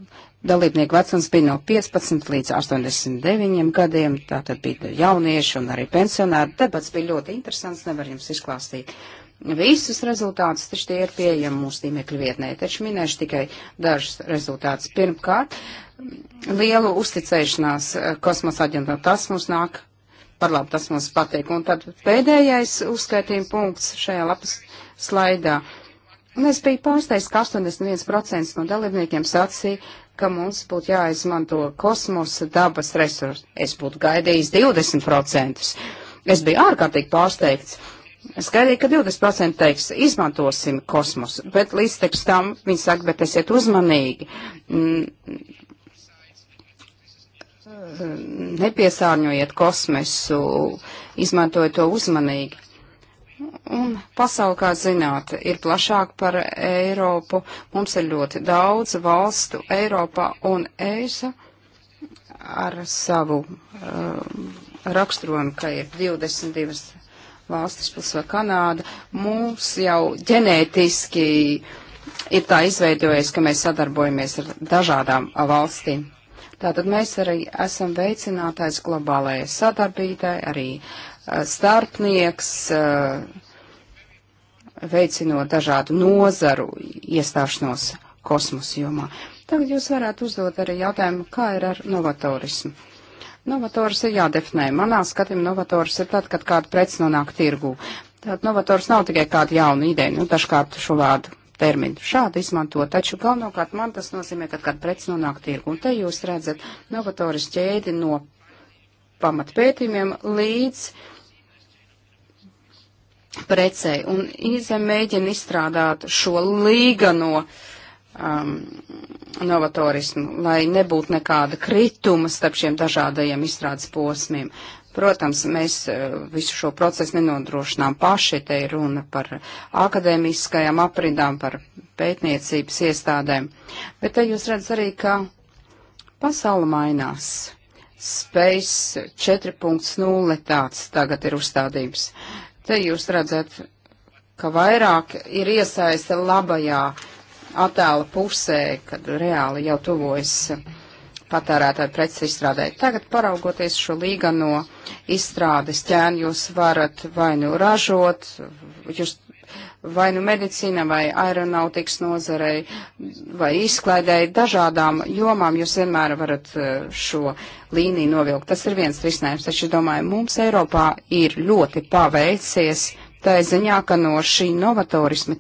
dalībnieku vecums bija no 15 līdz 89 gadiem, tātad bija jaunieši un arī pensionāri. Debats bija ļoti interesants, nevar jums izklāstīt. Visus rezultātus taču tie ir pieejami mūsu tīmekļa vietnē, taču minēšu tikai dažus rezultātus. Pirmkārt, lielu uzticēšanās eh, kosmosa aģentam tas mums nāk par labu, tas mums patīk. Un tad pēdējais uzskaitījuma punkts šajā lapas slaidā. Un es biju pārsteigts, ka 81% no dalībniekiem sacīja, ka mums būtu jāizmanto kosmosa dabas resursi. Es būtu gaidījis 20%. Es biju ārkārtīgi pārsteigts. Es gaidīju, ka 20% teiks, izmantosim kosmosu, bet līdz tam viņi saka, bet esiet uzmanīgi. Mm, mm, nepiesārņojiet kosmesu, izmantojiet to uzmanīgi. Un pasauli, kā zināt, ir plašāk par Eiropu. Mums ir ļoti daudz valstu Eiropā un ESA ar savu um, raksturojumu, ka ir 22 valstis plus vai Kanāda. Mums jau ģenētiski ir tā izveidojies, ka mēs sadarbojamies ar dažādām valstīm. Tātad mēs arī esam veicinātājs globālajai sadarbībai, arī uh, starpnieks, veicinot dažādu nozaru iestāšanos kosmosa jomā. Tagad jūs varētu uzdot arī jautājumu, kā ir ar novatorismu. Novators ir jādefinē. Manā skatījumā novators ir tad, kad kāda preci nonāk tirgū. Tātad novators nav tikai kāda jauna ideja, nu dažkārt šo vārdu terminu šādi izmanto, taču galvenokārt man tas nozīmē, kad kāda preci nonāk tirgū. Un te jūs redzat novatoris ķēdi no pamatpētījumiem līdz uh, precei. Un Īze mēģina izstrādāt šo līgano um, novatorismu, lai nebūtu nekāda krituma starp šiem dažādajiem izstrādes posmiem. Protams, mēs uh, visu šo procesu nenodrošinām paši, te ir runa par akadēmiskajām aprindām, par pētniecības iestādēm, bet te jūs redzat arī, ka pasaule mainās. Space 4.0 tāds tagad ir uzstādības. Uh, Te jūs redzat, ka vairāk ir iesaista labajā attēla pusē, kad reāli jau tuvojas patērētāju preces izstrādē. Tagad paraugoties šo līgano izstrādes ķēni, jūs varat vai nu ražot, jūs vai nu medicīna, vai aeronautikas nozarei, vai izklaidēji dažādām jomām, jūs vienmēr varat eh, šo līniju novilkt. Tas ir viens risinājums, taču domāju, mums Eiropā ir ļoti paveicies, tā ir ziņā, ka no šī novatorisma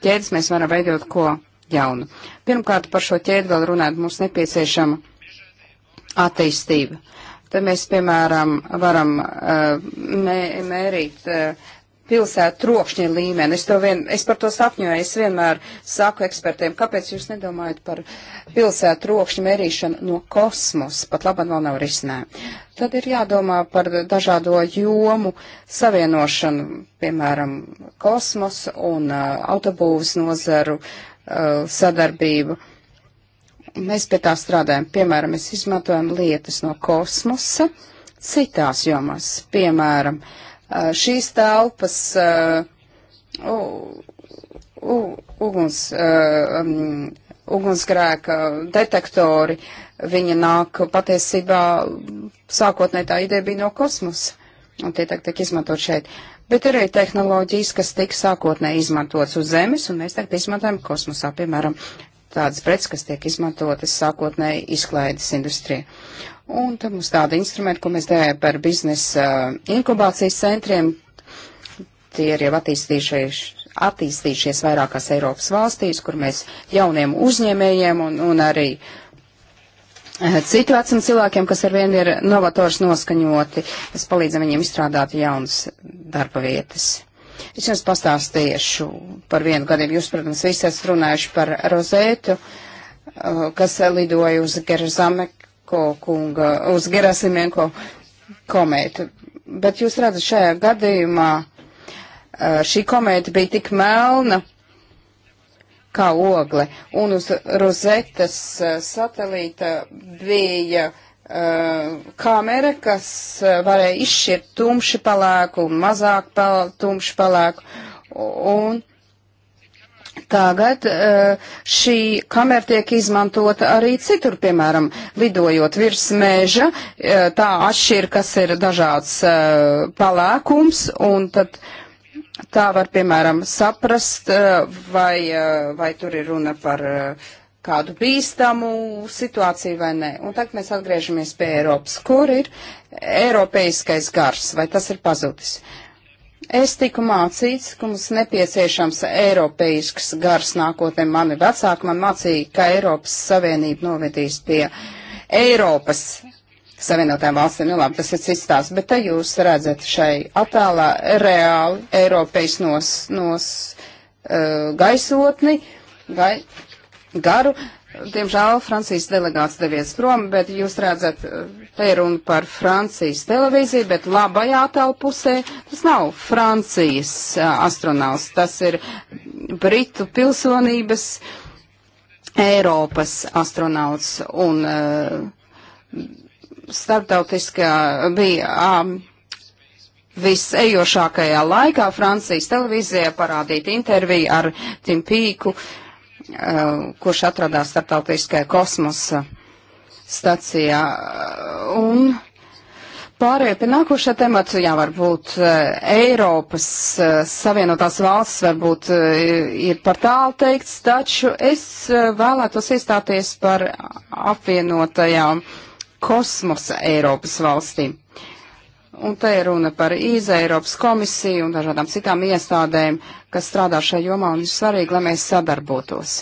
ķēdes mēs varam veidot ko jaunu. Pirmkārt, par šo ķēdi vēl runāt, mums nepieciešama attīstība. Te mēs, piemēram, varam uh, mē, mērīt uh, pilsētu trokšņa līmeni. Es, vien, es par to sapņoju, es vienmēr saku ekspertiem, kāpēc jūs nedomājat par pilsētu trokšņa mērīšanu no kosmosa, pat labam vēl nav risinājumi. Tad ir jādomā par dažādo jomu savienošanu, piemēram, kosmos un uh, autobūvas nozaru uh, sadarbību. Mēs pie tā strādājam, piemēram, mēs izmantojam lietas no kosmosa citās jomās, piemēram, uh, Uh, šīs telpas uh, uguns, uh, um, ugunsgrēka detektori, viņa nāk patiesībā, sākotnēji tā ideja bija no kosmosa, un tie tagad tiek izmantot šeit. Bet ir arī tehnoloģijas, kas tika sākotnēji izmantotas uz Zemes, un mēs tagad izmantojam kosmosā, piemēram, tādas preces, kas tiek izmantotas sākotnēji izklaides industrijā. Un tad mums tādi instrumenti, ko mēs dēvējam par biznesa uh, inkubācijas centriem, tie ir jau attīstījušies, attīstījušies vairākās Eiropas valstīs, kur mēs jauniem uzņēmējiem un, un arī uh, citu vecumu cilvēkiem, kas ar vienu ir novators noskaņoti, mēs palīdzam viņiem izstrādāt jaunas darba vietas. Es jums pastāstīšu par vienu gadiem. Jūs, protams, visi esat runājuši par rozētu, uh, kas lidoja uz Gerzamek Gerasimenko kunga, uz Gerasimenko komētu. Bet jūs redzat, šajā gadījumā šī komēta bija tik melna kā ogle, un uz rozetas satelīta bija kamera, kas varēja izšķirt tumši palēku un mazāk pal tumši palēku. Un, un Tagad eh, šī kamera tiek izmantota arī citur, piemēram, lidojot virs mēža, eh, tā atšķir, kas ir dažāds eh, palēkums, un tad tā var, piemēram, saprast, vai, vai tur ir runa par kādu bīstamu situāciju vai nē. Un tagad mēs atgriežamies pie Eiropas, kur ir eiropeiskais gars, vai tas ir pazudis. Uh, Es tiku mācīts, ka mums nepieciešams eiropeisks gars nākotnē. Mani vecāki man mācīja, ka Eiropas Savienība novedīs pie Eiropas Savienotām valstīm. Nu labi, tas ir cits tās, bet te jūs redzat šai attālā reāli eiropeis nos, nos uh, gaisotni, gai, garu. Uh, Diemžēl Francijas delegāts devies prom, bet jūs redzat, te ir runa par Francijas televīziju, bet labajā telpusē tas nav Francijas astronauts, tas ir Britu pilsonības Eiropas astronauts un uh, starptautiskā bija. Um, Visejošākajā laikā Francijas televīzijā parādīt interviju ar Tim Pīku, uh, Uh, kurš atradās starptautiskajā kosmosa stacijā. Uh, un pārējie pie nākošā temata, jā, varbūt uh, Eiropas Savienotās valsts varbūt ir par tālu teikts, taču es vēlētos iestāties par apvienotajām kosmosa Eiropas valstīm. Uh, Un te ir runa par īze Eiropas komisiju un dažādām citām iestādēm, kas strādā šajā jomā un ir svarīgi, lai mēs sadarbotos.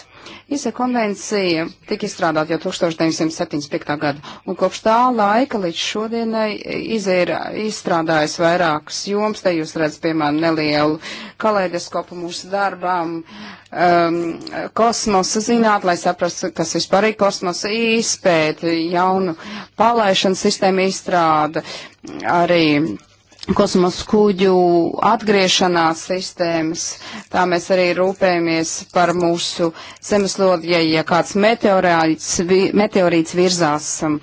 Īze konvencija tika izstrādāta jau 1975. gada, un kopš tā laika līdz šodienai Īze ir izstrādājis vairākas jomas, te jūs redzat, piemēram, nelielu kaleidoskopu mūsu darbām, uh, um, kosmosa zināt, lai saprastu, kas vispār ir kosmosa izpēta, jaunu palaišanas sistēmu izstrāda, arī kosmosa kuģu atgriešanās sistēmas. Tā mēs arī rūpējamies par mūsu zemeslodi, ja, ja kāds meteorīts, vi, meteorīts virzās um,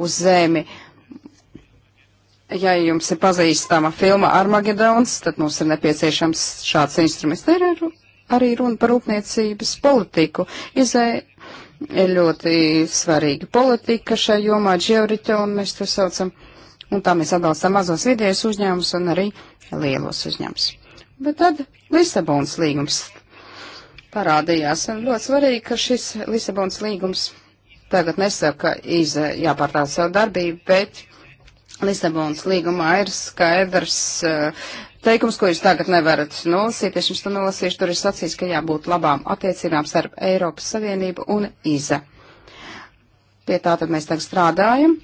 uz Zemi. Ja jums ir pazīstama filma Armagedons, tad mums ir nepieciešams šāds instruments. Te ir arī runa par rūpniecības politiku. Izai ir ļoti svarīga politika šai jomā, džeoriķonu mēs to saucam, un tā mēs atbalstam mazos vidējos uzņēmumus un arī lielos uzņēmumus. Bet tad Lisabonas līgums parādījās, un ļoti svarīgi, ka šis Lisabonas līgums tagad nesaka, ka iza jāpārtāda savu darbību, bet Lisabonas līgumā ir skaidrs uh, teikums, ko jūs tagad nevarat nolasīt, es jums to nolasīšu, tur ir sacīts, ka jābūt labām attiecībām starp Eiropas Savienību un IZA. Pie tā tad mēs tagad strādājam,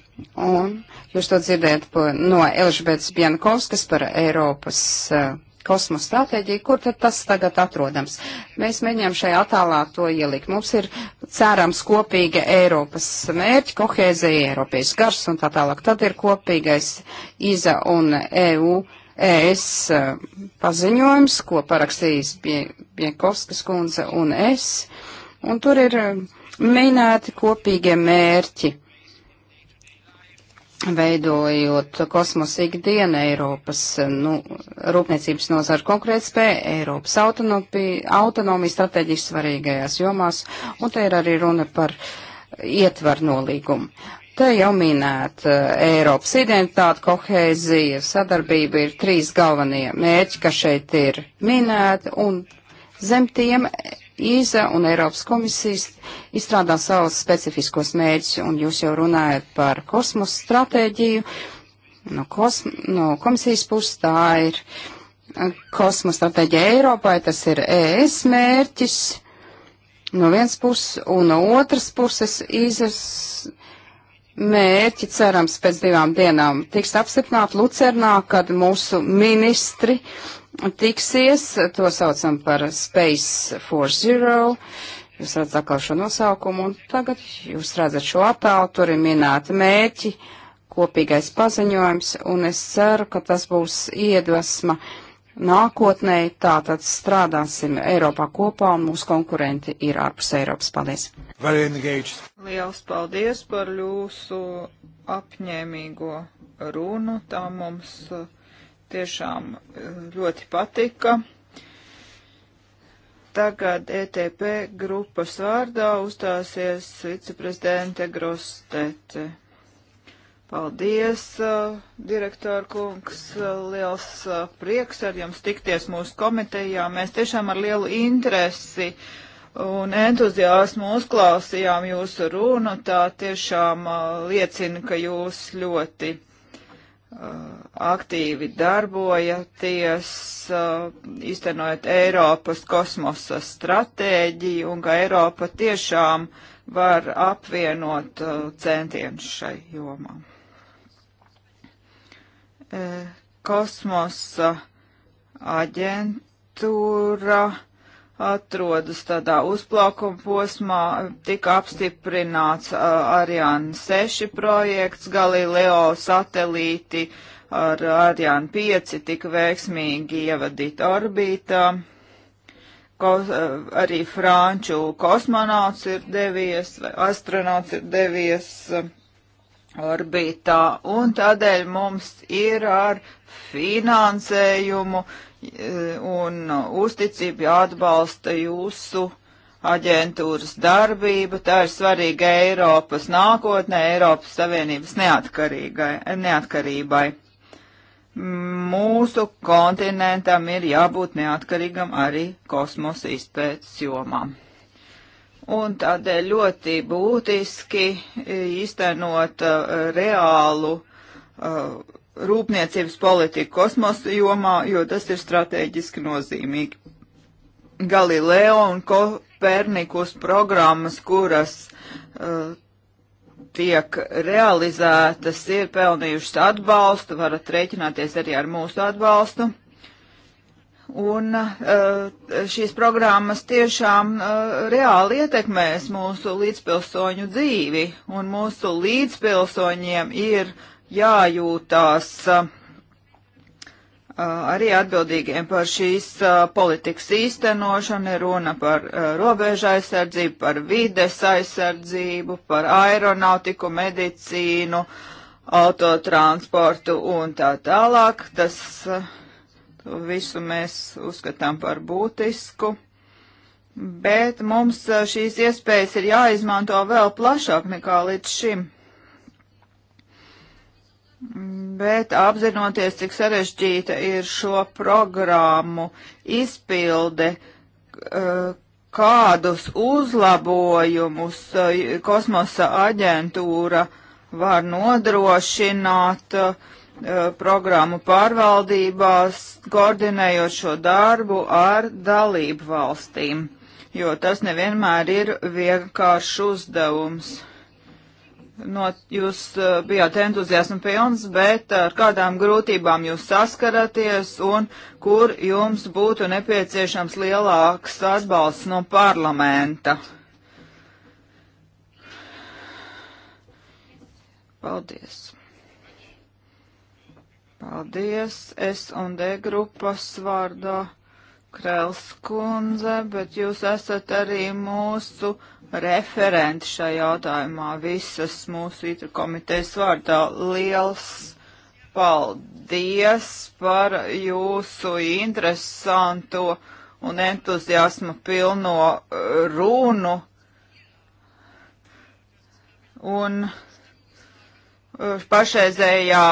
un jūs to dzirdējat no Elžbetas Bienkovskas par Eiropas uh, kosmosa stratēģiju, kur tad tas tagad atrodams. Mēs mēģinām šajā attālā to ielikt. Mums ir cerams kopīga Eiropas mērķi, kohēzija, Eiropijas gars un tā tālāk. Tad ir kopīgais IZA un EU ES paziņojums, ko parakstījis Bienkovskas kundze un es, un tur ir minēti kopīgie mērķi, veidojot kosmosa ikdienu Eiropas nu, rūpniecības nozaru konkrētspēju, Eiropas autonomiju strateģiski svarīgajās jomās, un te ir arī runa par ietvaru nolīgumu. Te jau minēt eh, Eiropas identitāti, kohēzija, sadarbība ir trīs galvenie mērķi, kas šeit ir minēti, un zem tiem IZA un Eiropas komisijas izstrādā savus specifiskos mērķus, un jūs jau runājat par kosmosa stratēģiju. No, kosm no komisijas puses tā ir eh, kosmosa stratēģija Eiropai, tas ir ES mērķis no vienas puses, un no otras puses IZAS mērķi, cerams, pēc divām dienām tiks apstiprināti Lucernā, kad mūsu ministri tiksies, to saucam par Space for Zero. Jūs redzat atkal šo nosaukumu, un tagad jūs redzat šo attēlu, tur ir minēti mērķi, kopīgais paziņojums, un es ceru, ka tas būs iedvesma nākotnē, tātad strādāsim Eiropā kopā un mūsu konkurenti ir ārpus Eiropas. Paldies! Liels paldies par jūsu apņēmīgo runu. Tā mums uh, tiešām uh, ļoti patika. Tagad ETP grupas vārdā uzstāsies viceprezidente Grostete. Paldies, uh, direktor kungs, uh, liels uh, prieks ar jums tikties mūsu komitejā. Mēs tiešām ar lielu interesi un entuziasmu uzklausījām jūsu runu. Tā tiešām liecina, ka jūs ļoti aktīvi darbojaties, iztenojot Eiropas kosmosa stratēģiju un ka Eiropa tiešām var apvienot centienus šai jomām kosmosa aģentūra atrodas tādā uzplaukuma posmā, tika apstiprināts Ariane 6 projekts, Galileo satelīti ar Ariane 5 tika veiksmīgi ievadīti orbītā. Kos, arī franču kosmonauts ir devies, vai astronauts ir devies orbītā, un tādēļ mums ir ar finansējumu e, un uzticību jāatbalsta jūsu aģentūras darbība. Tā ir svarīga Eiropas nākotnē, Eiropas Savienības neatkarībai. Mūsu kontinentam ir jābūt neatkarīgam arī kosmosa izpētes jomām un tādēļ ļoti būtiski īstenot uh, reālu uh, rūpniecības politiku kosmosa jomā, jo tas ir strateģiski nozīmīgi. Galileo un Kopernikus programmas, kuras uh, tiek realizētas, ir pelnījušas atbalstu, varat rēķināties arī ar mūsu atbalstu. Un eh, šīs programmas tiešām eh, reāli ietekmēs mūsu līdzpilsoņu dzīvi, un mūsu līdzpilsoņiem ir jājūtās eh, arī atbildīgiem par šīs politikas īstenošanu, ir runa par robežu aizsardzību, par vides aizsardzību, par aeronautiku, medicīnu, autotransportu un tā tālāk. Tas uh, To visu mēs uzskatām par būtisku. Bet mums šīs iespējas ir jāizmanto vēl plašāk nekā līdz šim. Bet apzinoties, cik sarežģīta ir šo programmu izpilde, kādus uzlabojumus kosmosa aģentūra var nodrošināt, uh, Uh, programmu pārvaldībās, koordinējot šo darbu ar dalību valstīm, jo tas nevienmēr ir vienkāršs uzdevums. No, jūs uh, bijāt entuziasma pilns, bet ar kādām grūtībām jūs saskaraties un kur jums būtu nepieciešams lielāks atbalsts no parlamenta? Paldies! Paldies, S un D grupas vārdā Krēls kundze, bet jūs esat arī mūsu referenti šajā jautājumā visas mūsu itra komitejas vārdā. Liels paldies par jūsu interesanto un entuziasma pilno uh, runu. Un Eh, pašreizējā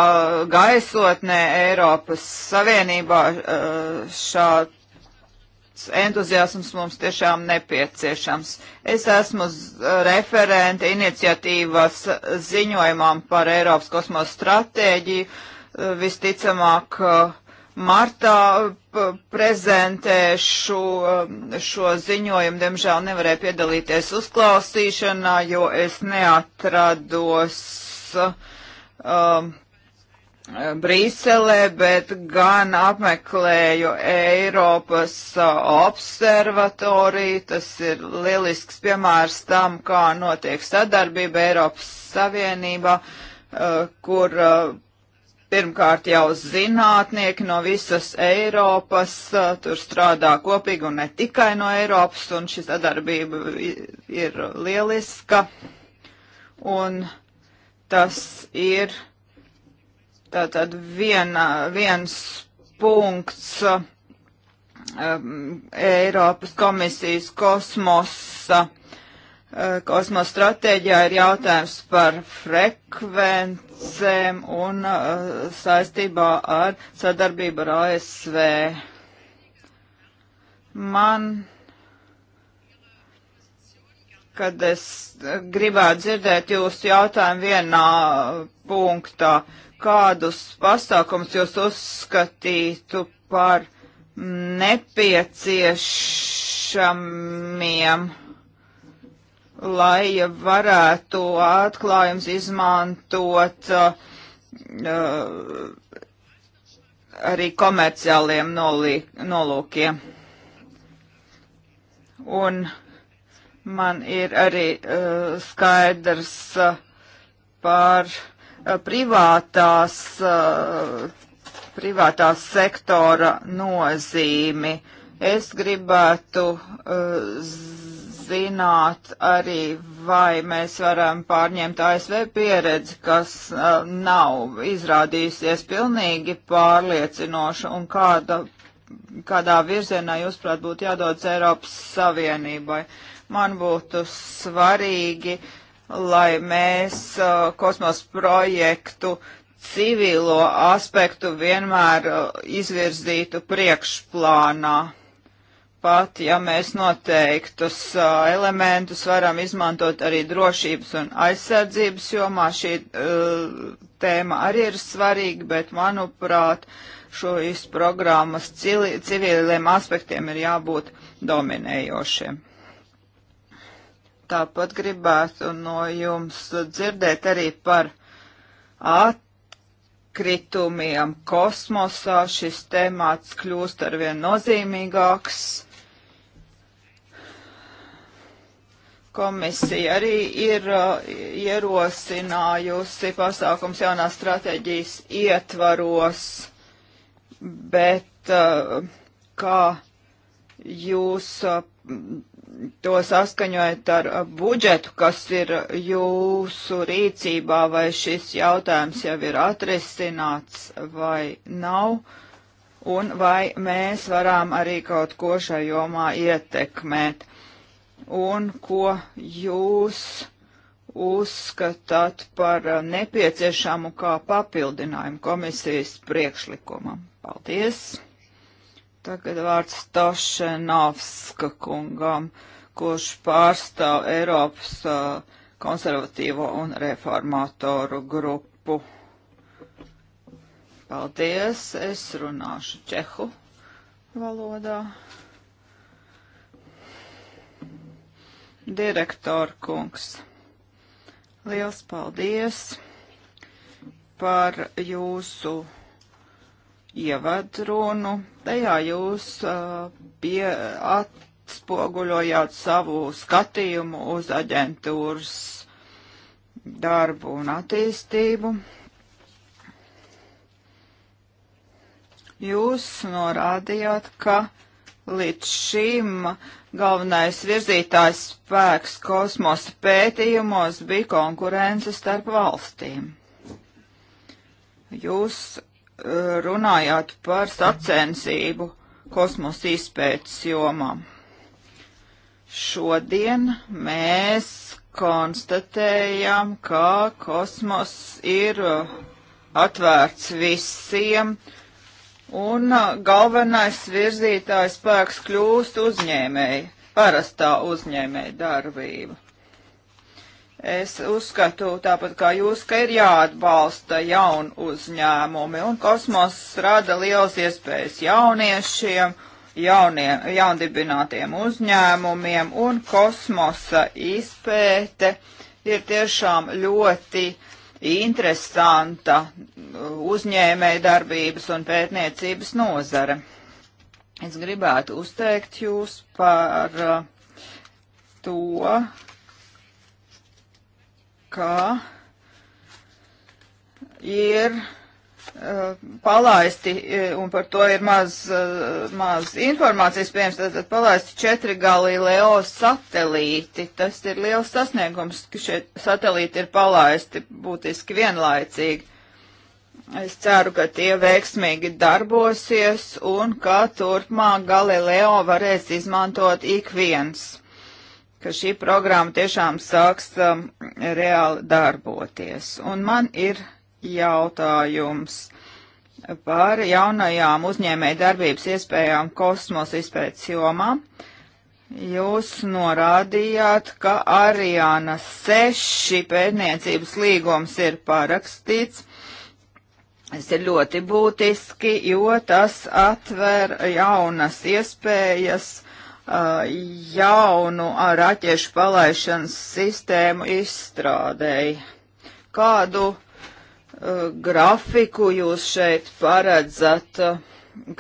gaisotnē Eiropas Savienībā eh, šāds entuziasms mums tiešām nepieciešams. Es esmu eh, referente iniciatīvas ziņojumam par Eiropas kosmosa stratēģiju. Visticamāk, martā prezentēšu šo ziņojumu. Diemžēl nevarēju piedalīties uzklausīšanā, jo es neatrados uh, um, Brīselē, bet gan apmeklēju Eiropas uh, observatoriju. Tas ir lielisks piemērs tam, kā notiek sadarbība Eiropas Savienībā, uh, kur uh, pirmkārt jau zinātnieki no visas Eiropas tur strādā kopīgi un ne tikai no Eiropas, un šī sadarbība ir lieliska. Un, uh, tas ir tātad viena, viens punkts um, Eiropas komisijas kosmosa. Uh, kosmosa stratēģijā ir jautājums par frekvencēm un uh, saistībā ar sadarbību ar ASV. Man kad es gribētu dzirdēt jūsu jautājumu vienā punktā, kādus pasākums jūs uzskatītu par nepieciešamiem, lai varētu atklājums izmantot uh, arī komerciāliem nolūkiem. Un uh, Man ir arī uh, skaidrs uh, par uh, privātās, uh, privātās sektora nozīmi. Es gribētu uh, zināt arī, vai mēs varam pārņemt ASV pieredzi, kas uh, nav izrādījusies pilnīgi pārliecinoša un kāda, kādā virzienā, jūsuprāt, būtu jādodas Eiropas Savienībai. Uh, man būtu svarīgi, lai mēs uh, kosmos projektu civilo aspektu vienmēr uh, izvirzītu priekšplānā. Pat ja mēs noteiktus uh, elementus varam izmantot arī drošības un aizsardzības jomā, šī uh, tēma arī ir svarīga, bet manuprāt, šīs programmas civil, civiliem aspektiem ir jābūt dominējošiem. Tāpat gribētu no jums dzirdēt arī par atkritumiem kosmosā. Šis temats kļūst arvien nozīmīgāks. Komisija arī ir uh, ierosinājusi pasākums jaunās stratēģijas ietvaros, bet uh, kā jūs uh, to saskaņojat ar uh, budžetu, kas ir uh, jūsu rīcībā, vai šis jautājums jau ir atrisināts vai nav, un vai mēs varam arī kaut ko šajā jomā ietekmēt, un ko jūs uzskatāt par uh, nepieciešamu kā papildinājumu komisijas priekšlikumam. Paldies! Tagad vārds Tošenovska kungam, kurš pārstāv Eiropas uh, konservatīvo un reformatoru grupu. Paldies, es runāšu čehu valodā. Direktor kungs, liels paldies par jūsu ievadrunu. Tajā jūs pie, atspoguļojāt savu skatījumu uz aģentūras darbu un attīstību. Jūs norādījāt, ka līdz šim galvenais virzītājs spēks kosmosa pētījumos bija konkurence starp valstīm. Jūs runājāt par sacensību kosmosa izpētes jomā. Šodien mēs konstatējam, ka kosmos ir atvērts visiem, un galvenais virzītājs spēks kļūst uzņēmēji, parastā uzņēmēja darbība. Es uzskatu, tāpat kā jūs, ka ir jāatbalsta jaunu uzņēmumi, un kosmos rada liels iespējas jauniešiem, jaunie, jaundibinātiem uzņēmumiem, un kosmosa izpēte ir tiešām ļoti interesanta uzņēmēja darbības un pētniecības nozare. Es gribētu uzteikt jūs par uh, to, ka ir uh, palaisti, eh, un par to ir maz, uh, maz informācijas, piemēram, tad, tad palaisti četri Galileo satelīti. Tas ir liels sasniegums, ka šie satelīti ir palaisti būtiski vienlaicīgi. Es ceru, ka tie veiksmīgi darbosies un ka turpmāk Galileo varēs izmantot ik viens ka šī programma tiešām sāks um, reāli darboties. Un man ir jautājums par jaunajām uzņēmēja darbības iespējām kosmosa izpētes jomā. Jūs norādījāt, ka Ariana 6 pētniecības līgums ir parakstīts. Tas ir ļoti būtiski, jo tas atver jaunas iespējas Uh, jaunu uh, raķešu palaišanas sistēmu izstrādēji. Kādu uh, grafiku jūs šeit paredzat,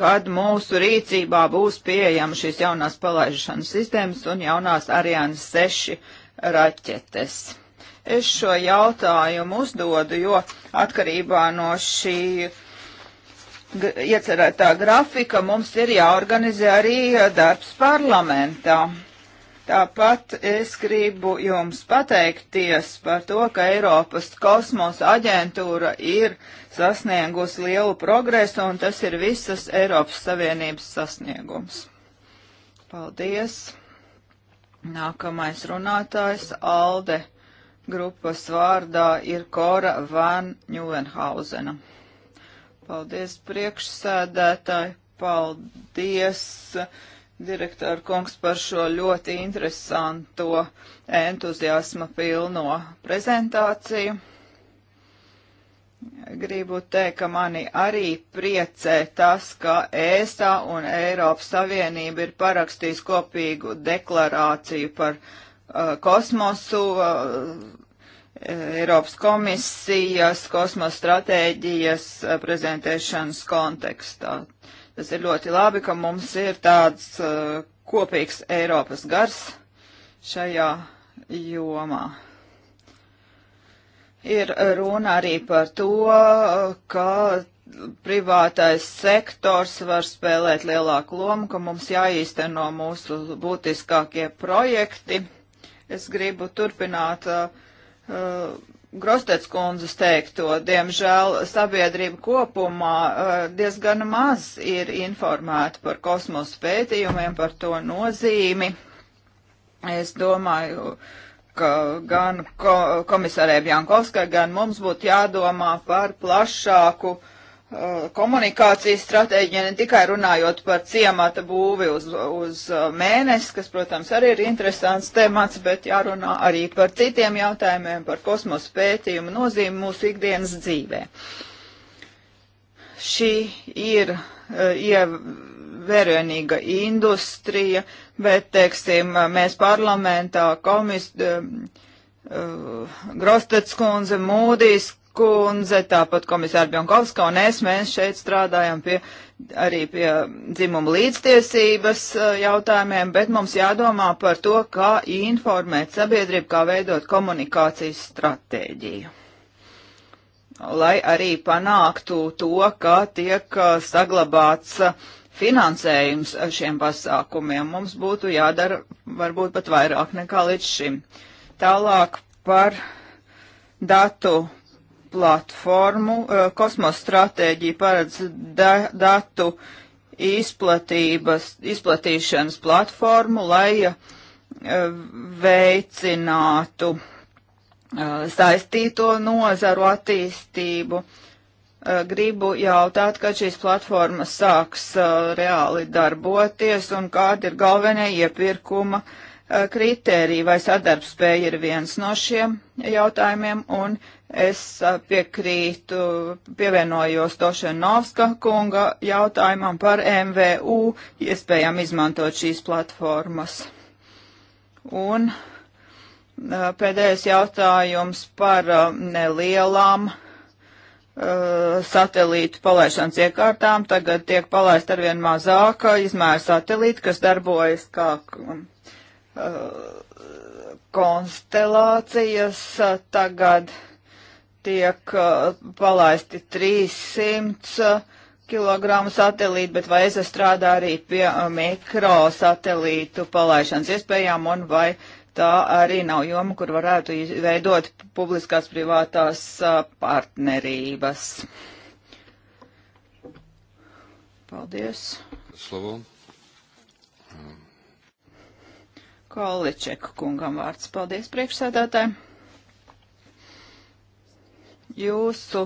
kad mūsu rīcībā būs pieejama šīs jaunās palaišanas sistēmas un jaunās Ariane 6 raķetes? Es šo jautājumu uzdodu, jo atkarībā no šī uh, iecerētā grafika mums ir jāorganizē arī eh, darbs parlamentā. Tāpat es gribu jums pateikties par to, ka Eiropas kosmosa aģentūra ir sasniegusi lielu progresu, un tas ir visas Eiropas Savienības sasniegums. Paldies! Nākamais runātājs Alde grupas vārdā ir Kora Van Ņuvenhauzena. Paldies, priekšsēdētāji. Paldies, direktora kungs, par šo ļoti interesanto entuziasma pilno prezentāciju. Gribu teikt, ka mani arī priecē tas, ka ESA un Eiropas Savienība ir parakstījis kopīgu deklarāciju par uh, kosmosu, uh, Eiropas komisijas kosmosa stratēģijas eh, prezentēšanas kontekstā. Tas ir ļoti labi, ka mums ir tāds uh, kopīgs Eiropas gars šajā jomā. Ir runa arī par to, eh, ka privātais sektors var spēlēt lielāku lomu, ka mums jāīsteno mūsu būtiskākie projekti. Es gribu turpināt uh, uh, Grostets kundzes teikto, diemžēl sabiedrība kopumā uh, diezgan maz ir informēta par kosmosa pētījumiem, par to nozīmi. Es domāju, ka gan ko komisarē Bjankovskai, gan mums būtu jādomā par plašāku uh, Uh, komunikācijas stratēģija, ne tikai runājot par ciemata būvi uz, uz uh, mēnesi, kas, protams, arī ir interesants temats, bet jārunā arī par citiem jautājumiem, par kosmosa pētījumu nozīmi mūsu ikdienas dzīvē. Šī ir uh, ievērojīga industrija, bet, teiksim, mēs parlamentā komis. Uh, Grostets kundze, Mūdīs kundze, tāpat komisāra Bjankovska un es, mēs šeit strādājam pie, arī pie dzimuma līdztiesības e, jautājumiem, bet mums jādomā par to, kā informēt sabiedrību, kā veidot komunikācijas stratēģiju. Lai arī panāktu to, kā tiek e, saglabāts e, finansējums šiem pasākumiem, mums būtu jādara varbūt pat vairāk nekā līdz šim. Tālāk par datu platformu. Eh, Kosmos stratēģija paredz da datu izplatības, izplatīšanas platformu, lai eh, veicinātu eh, saistīto nozaru attīstību. Gribu jautāt, kad šīs platformas sāks reāli darboties un kādi ir galvenie iepirkuma kritēriji vai sadarbspēja ir viens no šiem jautājumiem. Un Es piekrītu, pievienojos Tošenovska kunga jautājumam par MVU iespējām izmantot šīs platformas. Un pēdējais jautājums par nelielām satelītu palaišanas iekārtām. Tagad tiek palaist arvien mazāka izmēra satelīta, kas darbojas kā uh, konstelācijas. Tagad uh, tiek uh, palaisti 300 uh, kg satelīti, bet vai ESA strādā arī pie uh, mikro satelītu palaišanas iespējām un vai tā arī nav joma, kur varētu veidot publiskās privātās partnerības. Paldies. Slovo. Količeka kungam vārds. Paldies priekšsēdētājiem. Jūsu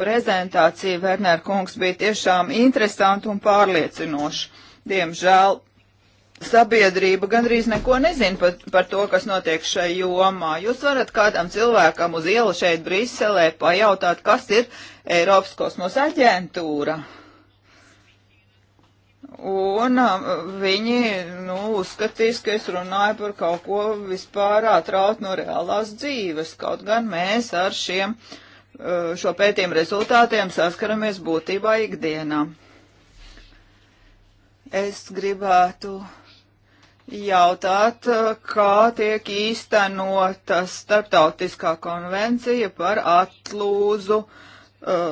prezentācija, Werner kungs, bija tiešām interesanta un pārliecinoša. Diemžēl sabiedrība gandrīz neko nezina par, par to, kas notiek šai jomā. Jūs varat kādam cilvēkam uz ielu šeit Briselē pajautāt, kas ir Eiropas kosmosa aģentūra. Un um, viņi, nu, uzskatīs, ka es runāju par kaut ko vispār atraut no reālās dzīves, kaut gan mēs ar šiem uh, Eh, šo pētījumu rezultātiem saskaramies būtībā ikdienā. Es gribētu jautāt, eh, kā tiek īstenota starptautiskā konvencija par atlūzu uh,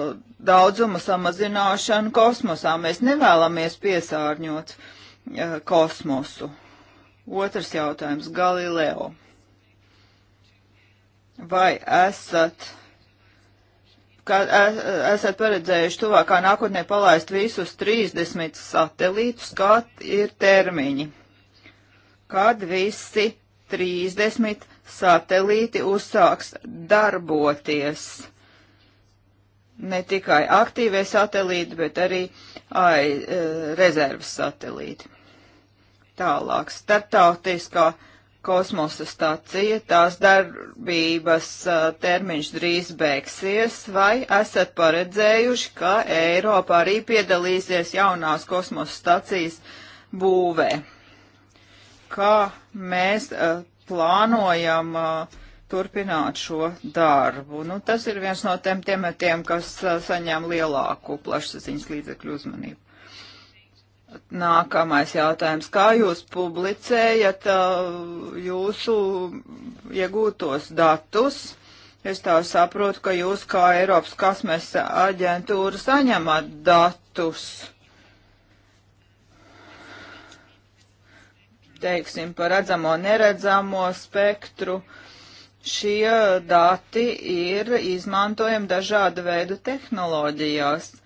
daudzuma samazināšanu kosmosā. Mēs nevēlamies piesārņot uh, kosmosu. Otrs jautājums - Galileo. Vai esat ka esat paredzējuši tuvākā nākotnē palaist visus 30 satelītus, kad ir termiņi, kad visi 30 satelīti uzsāks darboties. Ne tikai aktīvie satelīti, bet arī ai, eh, rezerves satelīti. Tālāk, starptautiskā uh, kosmosa stacija, tās darbības termiņš drīz beigsies, vai esat paredzējuši, ka Eiropa arī piedalīsies jaunās kosmosa stacijas būvē? Kā mēs uh, plānojam uh, turpināt šo darbu? Nu, tas ir viens no tiem tematiem, kas uh, saņem lielāku plašsaziņas līdzekļu uzmanību. Nākamais jautājums. Kā jūs publicējat uh, jūsu iegūtos datus? Es tā saprotu, ka jūs kā Eiropas kasmes aģentūra saņemat datus. Teiksim, par redzamo, neredzamo spektru. Šie dati ir izmantojami dažāda veida tehnoloģijās. Uh,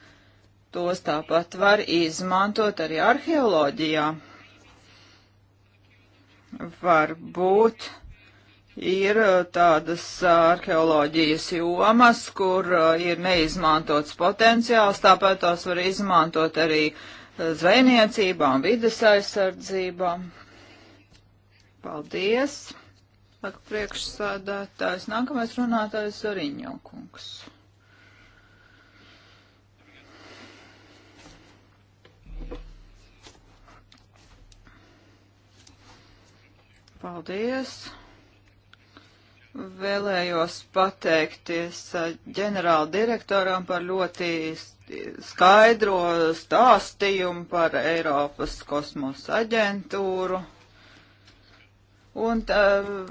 Tos tāpat var izmantot arī arheoloģijā. Varbūt ir uh, tādas uh, arheoloģijas jomas, kur uh, ir neizmantots potenciāls, tāpēc tos var izmantot arī zvejniecībā un vides aizsardzībā. Paldies! Saka priekšsādātājs. Nākamais runātājs Zariņokungs. Paldies! Vēlējos pateikties uh, ģenerāla direktoram par ļoti skaidro stāstījumu par Eiropas kosmosa aģentūru. Un tā, uh,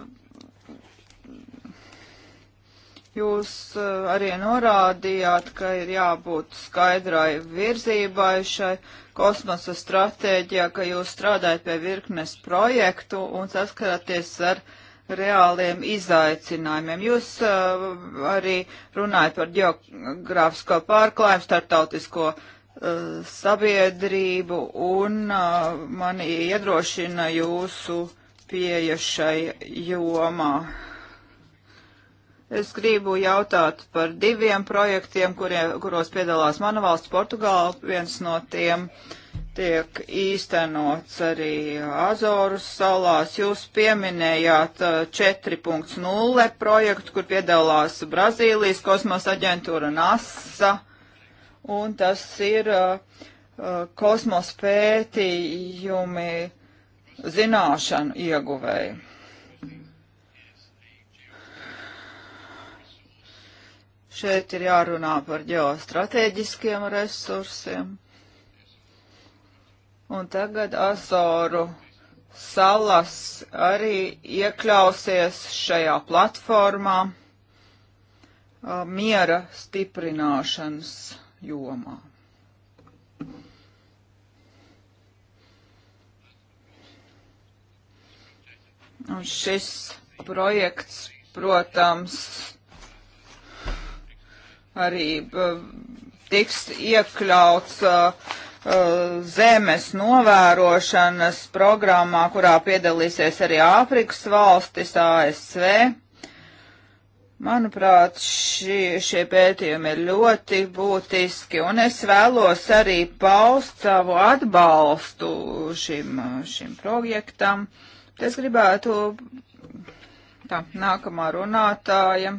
Jūs eh, arī norādījāt, ka ir jābūt skaidrai virzībai šai kosmosa stratēģijā, ka jūs strādājat pie virknes projektu un saskaraties ar reāliem izaicinājumiem. Jūs uh, arī runājat par geogrāfisko pārklājumu, startautisko uh, eh, sabiedrību un uh, mani iedrošina jūsu pieeja šai jomā. Es gribu jautāt par diviem projektiem, kurie, kuros piedalās mana valsts Portugāla. Viens no tiem tiek īstenots arī Azoru salās. Jūs pieminējāt 4.0 uh, projektu, kur piedalās Brazīlijas kosmosa aģentūra NASA. Un tas ir uh, uh kosmos pētījumi zināšanu ieguvēji. Šeit ir jārunā par ģeostrateģiskiem resursiem. Un tagad Azoru salas arī iekļausies šajā platformā a, uh, miera stiprināšanas jomā. Un šis projekts, protams, arī uh, tiks iekļauts uh, uh, zemes novērošanas programmā, kurā piedalīsies arī Āfrikas valstis, ASV. Manuprāt, šie, šie pētījumi ir ļoti būtiski, un es vēlos arī paust savu atbalstu šim, šim projektam. Es gribētu, tā, nākamā runātāja.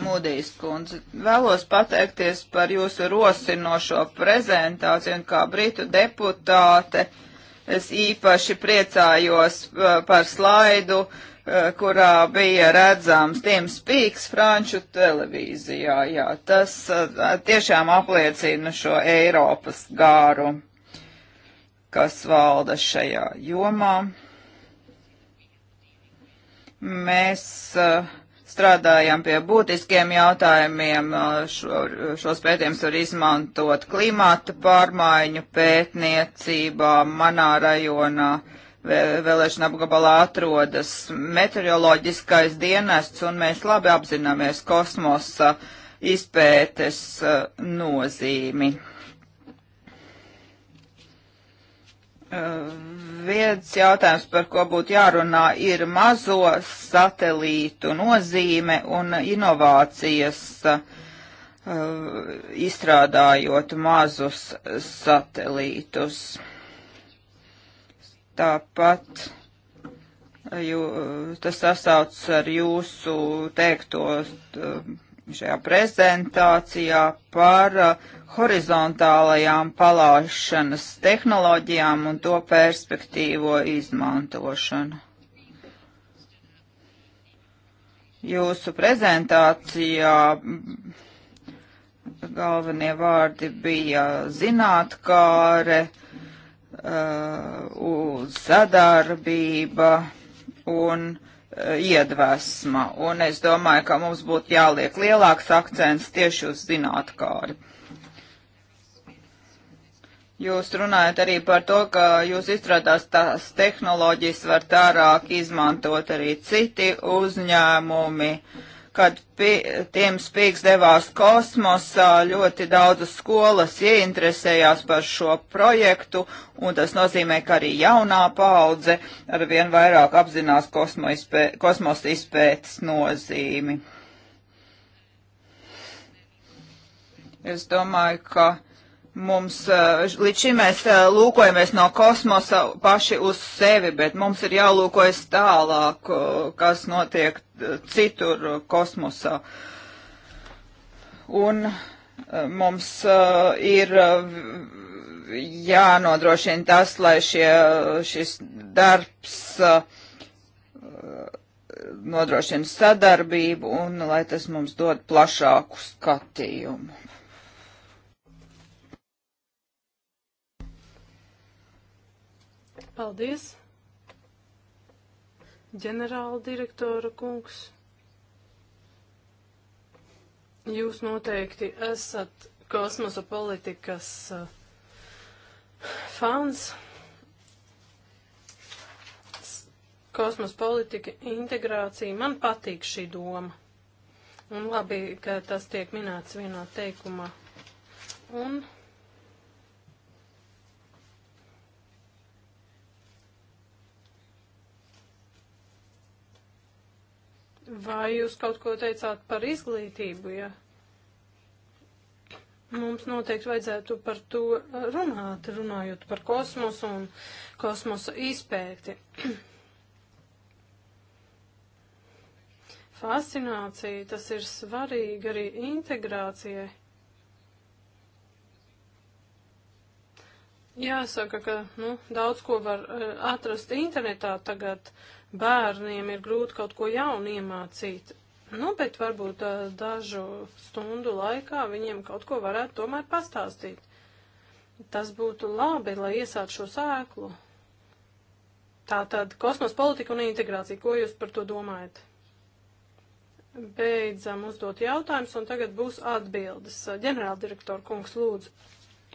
Mūdīs kundze, vēlos pateikties par jūsu rosinošo prezentāciju un kā britu deputāte. Es īpaši priecājos uh, par slaidu, uh, kurā bija redzams Tims Pīks franču televīzijā. Jā, tas uh, tiešām apliecina šo Eiropas gāru, kas valda šajā jomā. Mēs uh, strādājam pie būtiskiem jautājumiem. Šo, šos pētījumus var izmantot klimata pārmaiņu pētniecībā manā rajonā. Vēlēšana apgabalā atrodas meteoroloģiskais dienests, un mēs labi apzināmies kosmosa izpētes nozīmi viens jautājums, par ko būtu jārunā, ir mazo satelītu nozīme un inovācijas uh, izstrādājot mazus satelītus. Tāpat uh, jū, tas sasauc ar jūsu teikto uh, šajā prezentācijā par uh, horizontālajām palāšanas tehnoloģijām un to perspektīvo izmantošanu. Jūsu prezentācijā galvenie vārdi bija zinātkāre, uh, sadarbība un uh, Eh, iedvesma, un es domāju, ka mums būtu jāliek lielāks akcents tieši uz zinātkāri. Jūs runājat arī par to, ka jūs izstrādās tās tehnoloģijas var tārāk izmantot arī citi uzņēmumi. Uh, kad pie, tiem spīgs devās kosmosā, ļoti daudzas skolas ieinteresējās par šo projektu, un tas nozīmē, ka arī jaunā paudze arvien vairāk apzinās izpē, kosmosa izpētes nozīmi. Es domāju, ka Mums eh, līdz šim mēs eh, lūkojamies no kosmosa paši uz sevi, bet mums ir jālūkojas tālāk, eh, kas notiek citur kosmosā. Un mums ir jānodrošina tas, lai šie, šis darbs nodrošina sadarbību un lai tas mums dod plašāku skatījumu. Paldies, ģenerāla direktora kungs. Jūs noteikti esat kosmosa politikas eh, fans. Kosmosa politika, integrācija, man patīk šī doma. Un labi, ka tas tiek minēts vienā teikumā. Un Vai jūs kaut ko teicāt par izglītību, ja? Mums noteikti vajadzētu par to runāt, runājot par kosmosu un kosmosa izpēti. Fascinācija, tas ir svarīgi arī integrācijai. Jāsaka, ka nu, daudz ko var eh, atrast internetā tagad. Uh, bērniem ir grūti kaut ko jaunu iemācīt. Nu, bet varbūt dažu stundu laikā viņiem kaut ko varētu tomēr pastāstīt. Tas būtu labi, lai iesākt šo sēklu. Tātad kosmos politika un integrācija, ko jūs par to domājat? Beidzam uzdot jautājumus, un tagad būs atbildes. Ģenerāldirektora kungs lūdzu.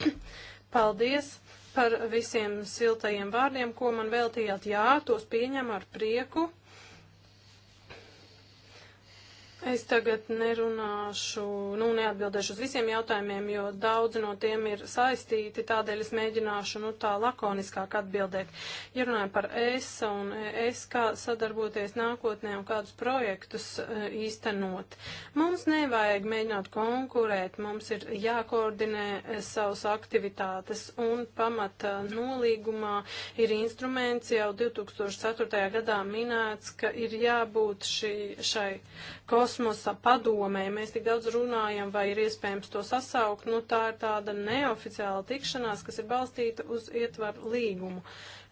Paldies! par visiem siltajiem vārdiem, ko man veltījāt. Jā, tos pieņem ar prieku. Es tagad nerunāšu, nu, neatbildēšu uz visiem jautājumiem, jo daudz no tiem ir saistīti, tādēļ es mēģināšu, nu, tā lakoniskāk atbildēt. Ja runājam par es un es, kā sadarboties nākotnē un kādus projektus e, īstenot, mums nevajag mēģināt konkurēt, mums ir jākoordinē e, savas aktivitātes un pamata nolīgumā ir instruments jau 2004. gadā minēts, ka ir jābūt šī, šai kosmētai kosmosa padomē. Mēs tik daudz runājam, vai ir iespējams to sasaukt. Nu, tā ir tāda neoficiāla tikšanās, kas ir balstīta uz ietvaru līgumu.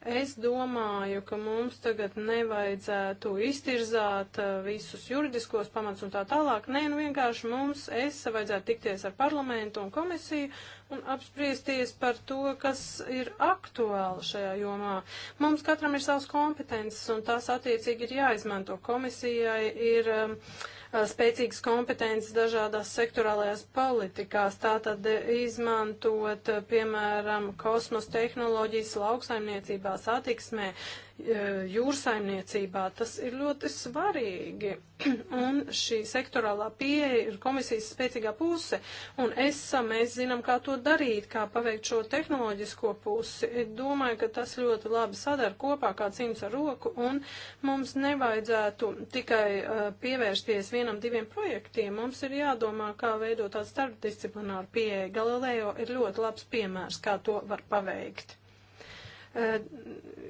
Es domāju, ka mums tagad nevajadzētu iztirzāt uh, visus juridiskos pamats un tā tālāk. Nē, nu vienkārši mums es vajadzētu tikties ar parlamentu un komisiju un apspriesties par to, kas ir aktuāli šajā jomā. Mums katram ir savs kompetences un tās attiecīgi ir jāizmanto. Komisijai ir. Um, spēcīgas kompetences dažādās sektorālajās politikās, tātad izmantot, piemēram, kosmos tehnoloģijas lauksaimniecībā, satiksmē, E, jūrsaimniecībā. Tas ir ļoti svarīgi. un šī sektorālā pieeja ir komisijas spēcīgā puse. Un es, mēs zinām, kā to darīt, kā paveikt šo tehnoloģisko pusi. Es domāju, ka tas ļoti labi sadar kopā kā cīms ar roku. Un mums nevajadzētu tikai uh, pievērsties vienam, diviem projektiem. Mums ir jādomā, kā veidot tādu starpdisciplināru pieeju. Galileo ir ļoti labs piemērs, kā to var paveikt. Eh,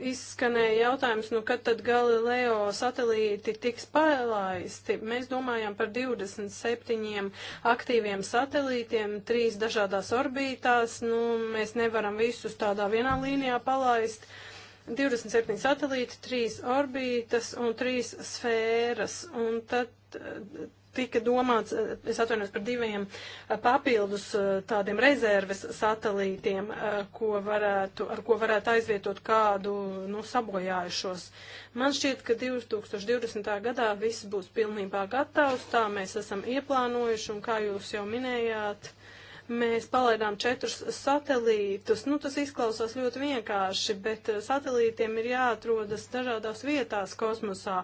izskanēja jautājums, nu kad tad Galileo satelīti tiks palaisti. Mēs domājam par 27 aktīviem satelītiem, trīs dažādās orbītās, nu mēs nevaram visus tādā vienā līnijā palaist. 27 satelīti, 3 orbītas un 3 sfēras. Un tad eh, tika domāts, eh, es atvainojos par diviem eh, papildus eh, tādiem rezerves satelītiem, ko varētu, ar ko varētu aizvietot kādu nu, sabojājušos. Man šķiet, ka 2020. gadā viss būs pilnībā gatavs, tā mēs esam ieplānojuši un kā jūs jau minējāt. Uh, Mēs palaidām četrus satelītus. Nu, tas izklausās ļoti vienkārši, bet eh, satelītiem ir jāatrodas dažādās vietās kosmosā.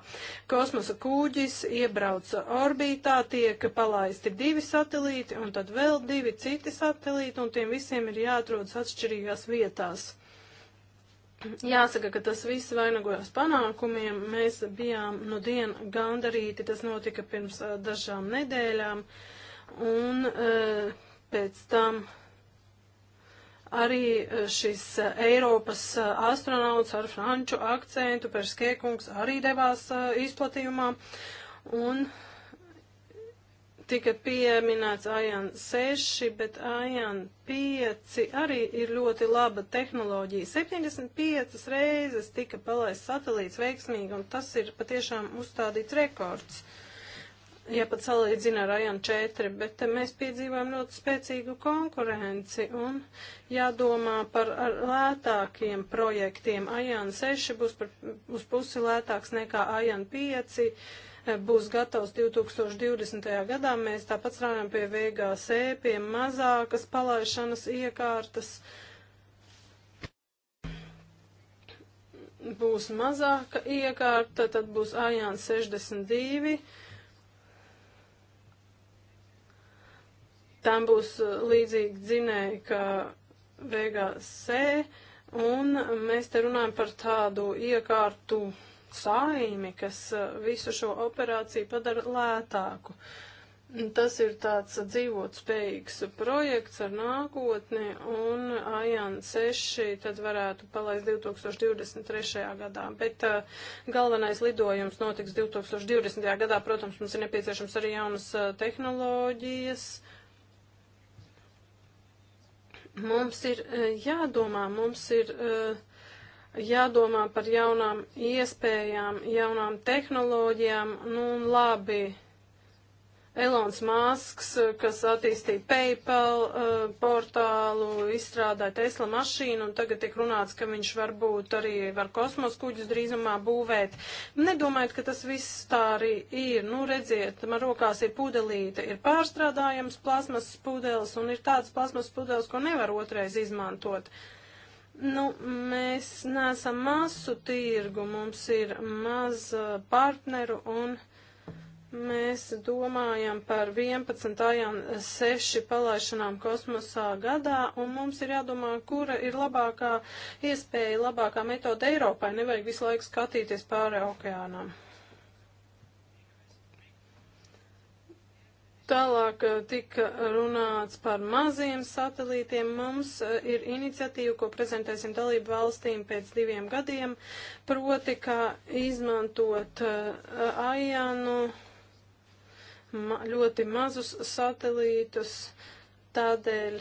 Kosmosa kūģis iebrauca orbītā, tiek palaisti divi satelīti un tad vēl divi citi satelīti, un tiem visiem ir jāatrodas atšķirīgās vietās. Jāsaka, ka tas viss vainagojas panākumiem. Mēs bijām nu dienu gandarīti, tas notika pirms uh, dažām nedēļām. Un, uh, Pēc tam arī eh, šis eh, Eiropas eh, astronauts ar franču akcentu, Perskēkungs, arī devās izplatījumā. Un tika pieminēts AJAN 6, bet AJAN 5 arī ir ļoti laba tehnoloģija. 75 reizes tika palaists satelīts veiksmīgi, un tas ir patiešām uzstādīts rekords. Uh, ja pat salīdzina ar Rajon 4, bet mēs piedzīvojam ļoti spēcīgu konkurenci un jādomā par lētākiem projektiem. Ajan 6 būs par, uz pusi lētāks nekā Ajan 5 e, būs gatavs 2020. gadā. Mēs tāpat strādājam pie VGC, e, pie mazākas palaišanas iekārtas. Būs mazāka iekārta, tad būs Ajāns 62 Tam būs uh, līdzīgi dzinēji, kā Vega sē, un mēs te runājam par tādu iekārtu saimi, kas uh, visu šo operāciju padara lētāku. Tas ir tāds dzīvot spējīgs projekts ar nākotni, un AJAN 6 tad varētu palaist 2023. gadā. Bet uh, galvenais lidojums notiks 2020. gadā. Protams, mums ir nepieciešams arī jaunas uh, tehnoloģijas. Uh, Mums ir e, jādomā, mums ir e, jādomā par jaunām iespējām, jaunām tehnoloģijām, nu un labi Elons Masks, kas attīstīja PayPal uh, portālu, izstrādāja Tesla mašīnu, un tagad tiek runāts, ka viņš varbūt arī var kosmos kuģus drīzumā būvēt. Nedomājiet, ka tas viss tā arī ir. Nu, redziet, man rokās ir pudelīte, ir pārstrādājams plasmas pudeles, un ir tāds plasmas pudeles, ko nevar otrais izmantot. Nu, mēs neesam masu tirgu, mums ir maz partneru un. Uh, Mēs domājam par 11. un 6 palaišanām kosmosā gadā, un mums ir jādomā, kura ir labākā iespēja, labākā metode Eiropai. Nevajag visu laiku skatīties pāri okeānam. Tālāk eh, tika runāts par maziem satelītiem. Mums eh, ir iniciatīva, ko prezentēsim dalību valstīm pēc diviem gadiem, proti, kā izmantot eh, AIANu. Uh, ma ļoti mazus satelītus, tādēļ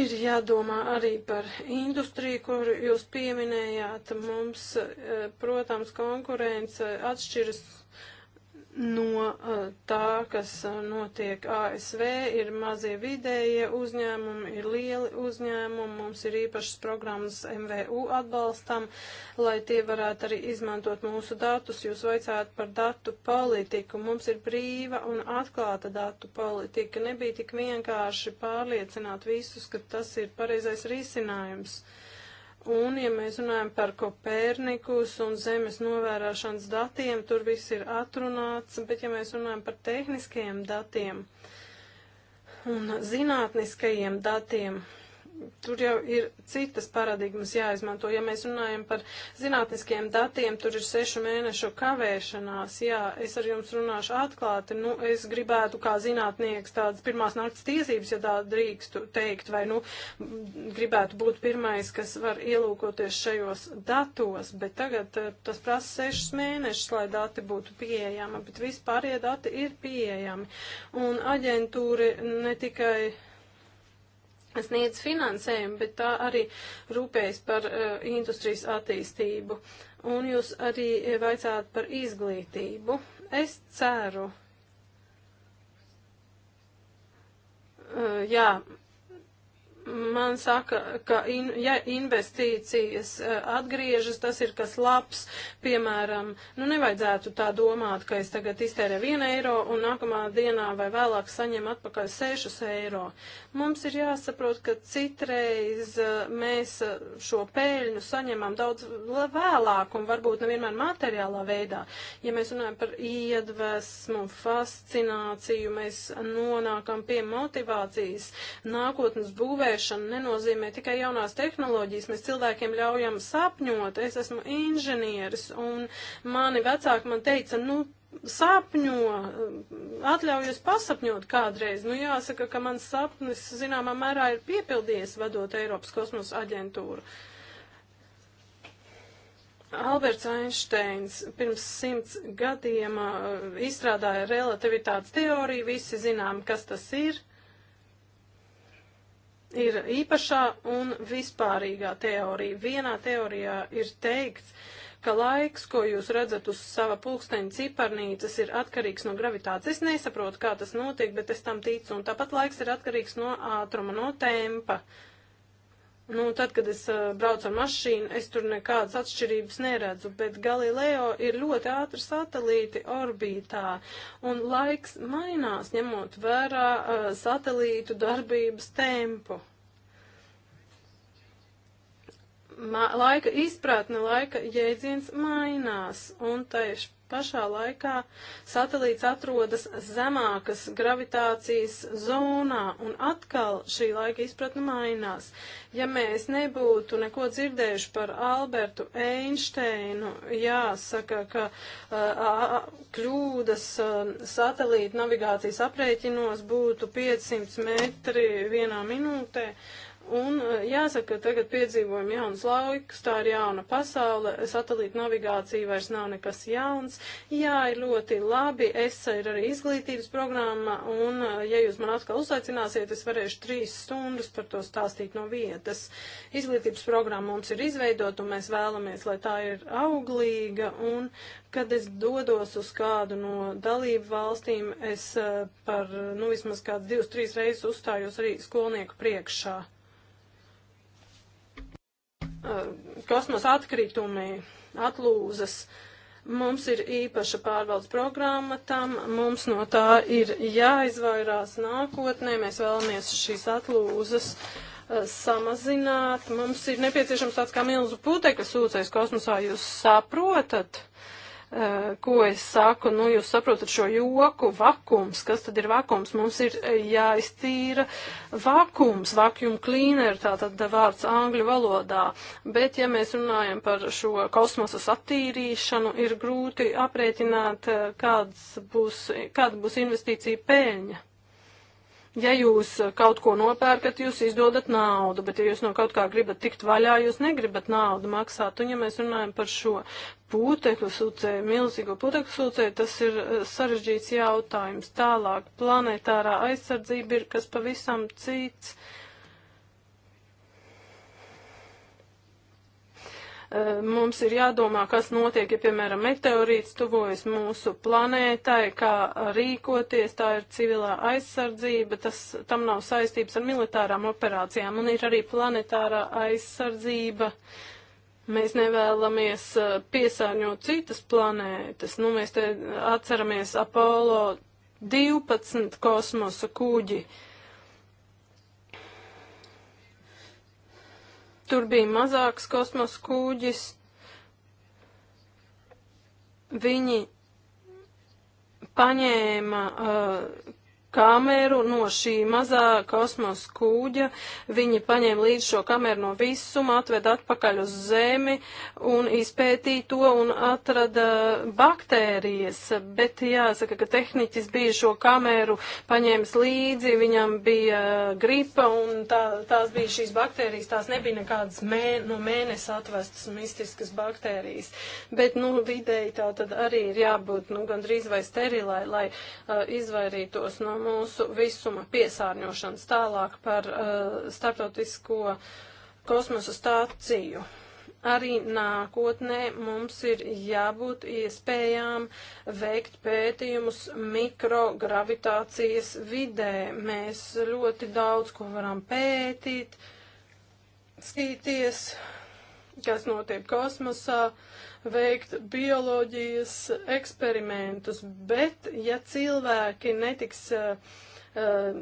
ir jādomā arī par industriju, kur jūs pieminējāt. Mums, eh, protams, konkurence atšķiras no eh, tā, kas eh, notiek ASV, ir mazie vidējie uzņēmumi, ir lieli uzņēmumi, mums ir īpašas programmas MVU atbalstam, lai tie varētu arī izmantot mūsu datus. Jūs vaicājat par datu politiku. Mums ir brīva un atklāta datu politika. Nebija tik vienkārši pārliecināt visus, ka tas ir pareizais risinājums. Uh, Un, ja mēs runājam par Kopernikus un Zemes novērošanas datiem, tur viss ir atrunāts, bet ja mēs runājam par tehniskajiem datiem un zinātniskajiem datiem, tur jau ir citas paradigmas jāizmanto. Ja mēs runājam par zinātniskiem datiem, tur ir sešu mēnešu kavēšanās. Jā, es ar jums runāšu atklāti. Nu, es gribētu kā zinātnieks tādas pirmās naktas tiesības, ja tā drīkstu teikt, vai nu gribētu būt pirmais, kas var ielūkoties šajos datos, bet tagad eh, tas prasa sešus mēnešus, lai dati būtu pieejami, bet vispārējie dati ir pieejami. Un aģentūri ne tikai sniedz finansējumu, bet tā arī rūpējas par uh, industrijas attīstību. Un jūs arī vaicājat par izglītību. Es ceru, uh, jā, man saka, ka in, ja investīcijas e, atgriežas, tas ir kas labs, piemēram, nu nevajadzētu tā domāt, ka es tagad iztērēju 1 eiro un nākamā dienā vai vēlāk saņem atpakaļ 6 eiro. Mums ir jāsaprot, ka citreiz e, mēs e, šo pēļņu saņemam daudz vēlāk un varbūt nevienmēr materiālā veidā. Ja mēs runājam par iedvesmu, fascināciju, mēs nonākam pie motivācijas nākotnes būvēšanas Tērēšana nenozīmē tikai jaunās tehnoloģijas. Mēs cilvēkiem ļaujam sapņot. Es esmu inženieris un mani vecāki man teica, nu, sapņo, atļaujos pasapņot kādreiz. Nu, jāsaka, ka mans sapnis zināmā mērā ir piepildījies vadot Eiropas kosmosa aģentūru. Alberts Einsteins pirms simts gadiem uh, izstrādāja relativitātes teoriju, visi zinām, kas tas ir. Uh, ir īpašā un vispārīgā teorija. Vienā teorijā ir teikts, ka laiks, ko jūs redzat uz sava pulksteņa ciparnīcas, ir atkarīgs no gravitācijas. Es nesaprotu, kā tas notiek, bet es tam ticu. Un tāpat laiks ir atkarīgs no ātruma, no tempa. Uh, Nu, tad, kad es uh, braucu ar mašīnu, es tur nekādas atšķirības neredzu, bet Galileo ir ļoti ātri satelīti orbītā, un laiks mainās, ņemot vērā uh, satelītu darbības tempu laika izpratne, laika jēdziens mainās, un tieši Pašā laikā satelīts atrodas zemākas gravitācijas zonā, un atkal šī laika izpratne mainās. Ja mēs nebūtu neko dzirdējuši par Albertu Einsteinu, jāsaka, ka uh, kļūdas uh, satelīta navigācijas aprēķinos būtu 500 metri vienā minūtē. Uh, Un eh, jāsaka, ka tagad piedzīvojam jaunas laikus, tā ir jauna pasaule, satelīta navigācija vairs nav nekas jauns. Jā, ir ļoti labi, es ir arī izglītības programma, un eh, ja jūs man atkal uzaicināsiet, es varēšu trīs stundas par to stāstīt no vietas. Izglītības programma mums ir izveidota, un mēs vēlamies, lai tā ir auglīga, un kad es dodos uz kādu no dalību valstīm, es eh, par, nu, vismaz kāds divas, trīs reizes uzstājos arī skolnieku priekšā. Eh, kosmosa atkritumi, atlūzas. Mums ir īpaša pārvaldes programma tam, mums no tā ir jāizvairās nākotnē, mēs vēlamies šīs atlūzas eh, samazināt. Mums ir nepieciešams tāds kā milzu putekļa sūcējs kosmosā, jūs saprotat? Uh, Eh, ko es saku, nu jūs saprotat šo joku, vakums, kas tad ir vakums? Mums ir eh, jāiztīra vakums, vacuum cleaner, tātad vārds angļu valodā. Bet, ja mēs runājam par šo kosmosa attīrīšanu, ir grūti aprēķināt, eh, kāds būs, kāda būs investīcija pēļņa. Ja jūs uh, kaut ko nopērkat, jūs izdodat naudu, bet ja jūs no kaut kā gribat tikt vaļā, jūs negribat naudu maksāt. Un ja mēs runājam par šo putekļu sūcēju, milzīgo putekļu sūcēju, tas ir uh, sarežģīts jautājums. Tālāk planetārā aizsardzība ir kas pavisam cits. Uh, E, mums ir jādomā, kas notiek, ja, piemēram, meteorīts tuvojas mūsu planētai, kā rīkoties, tā ir civilā aizsardzība, tas tam nav saistības ar militārām operācijām, un ir arī planetārā aizsardzība. Mēs nevēlamies e, piesārņot citas planētas, nu mēs te atceramies Apollo 12 kosmosa kuģi. Uh, Tur bija mazāks kosmos kūģis. Viņi paņēma uh, kameru no šī mazā kosmosa kūģa. Viņi paņēma līdz šo kameru no visuma, atveda atpakaļ uz zemi un izpētīja to un atrada baktērijas. Bet jāsaka, ka tehniķis bija šo kameru paņēmis līdzi, viņam bija gripa un tā, tās bija šīs baktērijas, tās nebija nekādas mē, no mēnesa atvestas mistiskas baktērijas. Bet, nu, vidēji tā tad arī ir jābūt, nu, gandrīz vai sterilai, lai uh, izvairītos no mūsu visuma piesārņošanas tālāk par uh, starptautisko kosmosa stāciju. Arī nākotnē mums ir jābūt iespējām veikt pētījumus mikrogravitācijas vidē. Mēs ļoti daudz ko varam pētīt, skatīties, kas notiek kosmosā. Uh, veikt bioloģijas eksperimentus, bet ja cilvēki netiks uh, uh,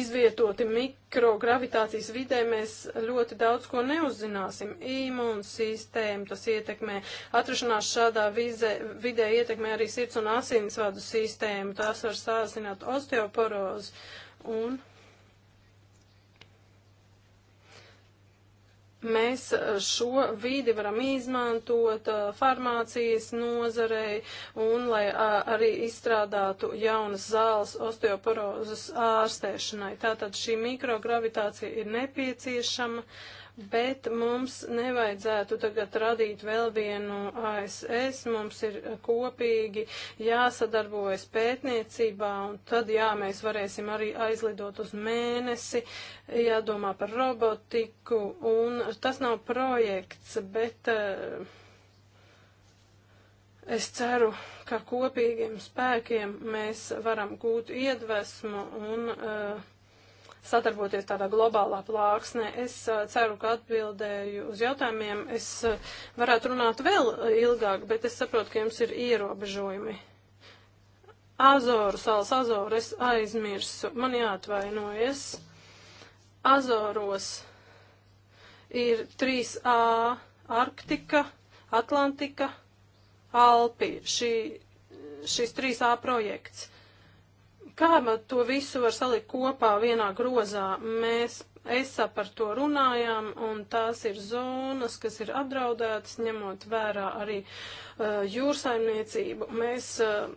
izvietoti mikrogravitācijas vidē, mēs ļoti daudz ko neuzzināsim. Imūnsistēma tas ietekmē, atrašanās šādā vize, vidē ietekmē arī sirds un asinsvadu sistēmu, tās var sāzināt osteoporozi un mēs uh, šo vīdi varam izmantot uh, farmācijas nozarei un lai arī izstrādātu jaunas zāles osteoporozes ārstēšanai. Tātad šī mikrogravitācija ir nepieciešama. Uh, bet mums nevajadzētu tagad radīt vēl vienu ASS, mums ir kopīgi jāsadarbojas pētniecībā, un tad, jā, mēs varēsim arī aizlidot uz mēnesi, jādomā par robotiku, un tas nav projekts, bet. Uh, Es ceru, ka kopīgiem spēkiem mēs varam gūt iedvesmu un uh, sadarboties tādā globālā plāksnē. Es uh, ceru, ka atbildēju uz jautājumiem. Es uh, varētu runāt vēl ilgāk, bet es saprotu, ka jums ir ierobežojumi. Azoru salas, Azoru, es aizmirsu, man jāatvainojas. Azoros ir 3A Arktika, Atlantika, Alpi, šī, šis 3A projekts. Uh, Kā to visu var salikt kopā vienā grozā? Mēs ESA par to runājām, un tās ir zonas, kas ir apdraudētas, ņemot vērā arī uh, jūrsaimniecību. Mēs uh,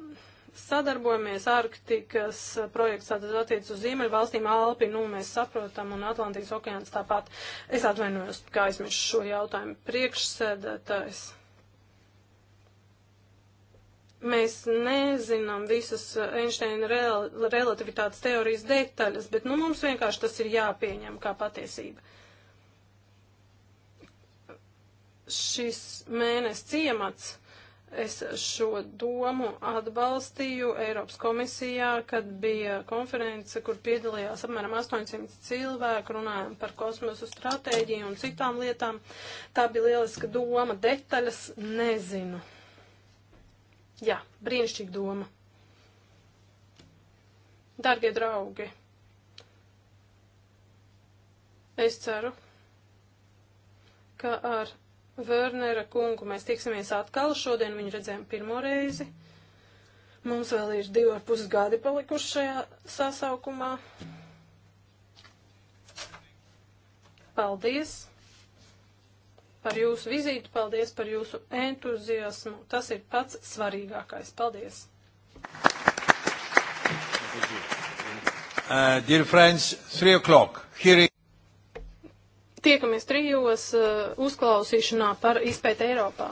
sadarbojamies Arktikas uh, projekts, tātad attiec uz Ziemeļu valstīm, Alpi, nu, mēs saprotam, un Atlantijas okeāns tāpat. Es atvainojos, kā aizmirsu šo jautājumu priekšsēdētājs. Es... Mēs nezinām visas uh, Einsteina rel relativitātes teorijas detaļas, bet nu, mums vienkārši tas ir jāpieņem kā patiesība. Šis mēnesis ciemats es šo domu atbalstīju Eiropas komisijā, kad bija konference, kur piedalījās apmēram 800 cilvēku, runājām par kosmosu stratēģiju un citām lietām. Tā bija lieliska doma, detaļas nezinu. Jā, brīnišķīga doma. Dargie draugi, es ceru, ka ar Vērnera kungu mēs tiksimies atkal. Šodien viņu redzējām pirmo reizi. Mums vēl ir divi ar pus gadi palikuši šajā sasaukumā. Paldies! par jūsu vizīti, paldies par jūsu entuziasmu. Tas ir pats svarīgākais. Paldies! Uh, dear friends, 3 o'clock. Here... Tiekamies trijos uh, uzklausīšanā par izpēti Eiropā.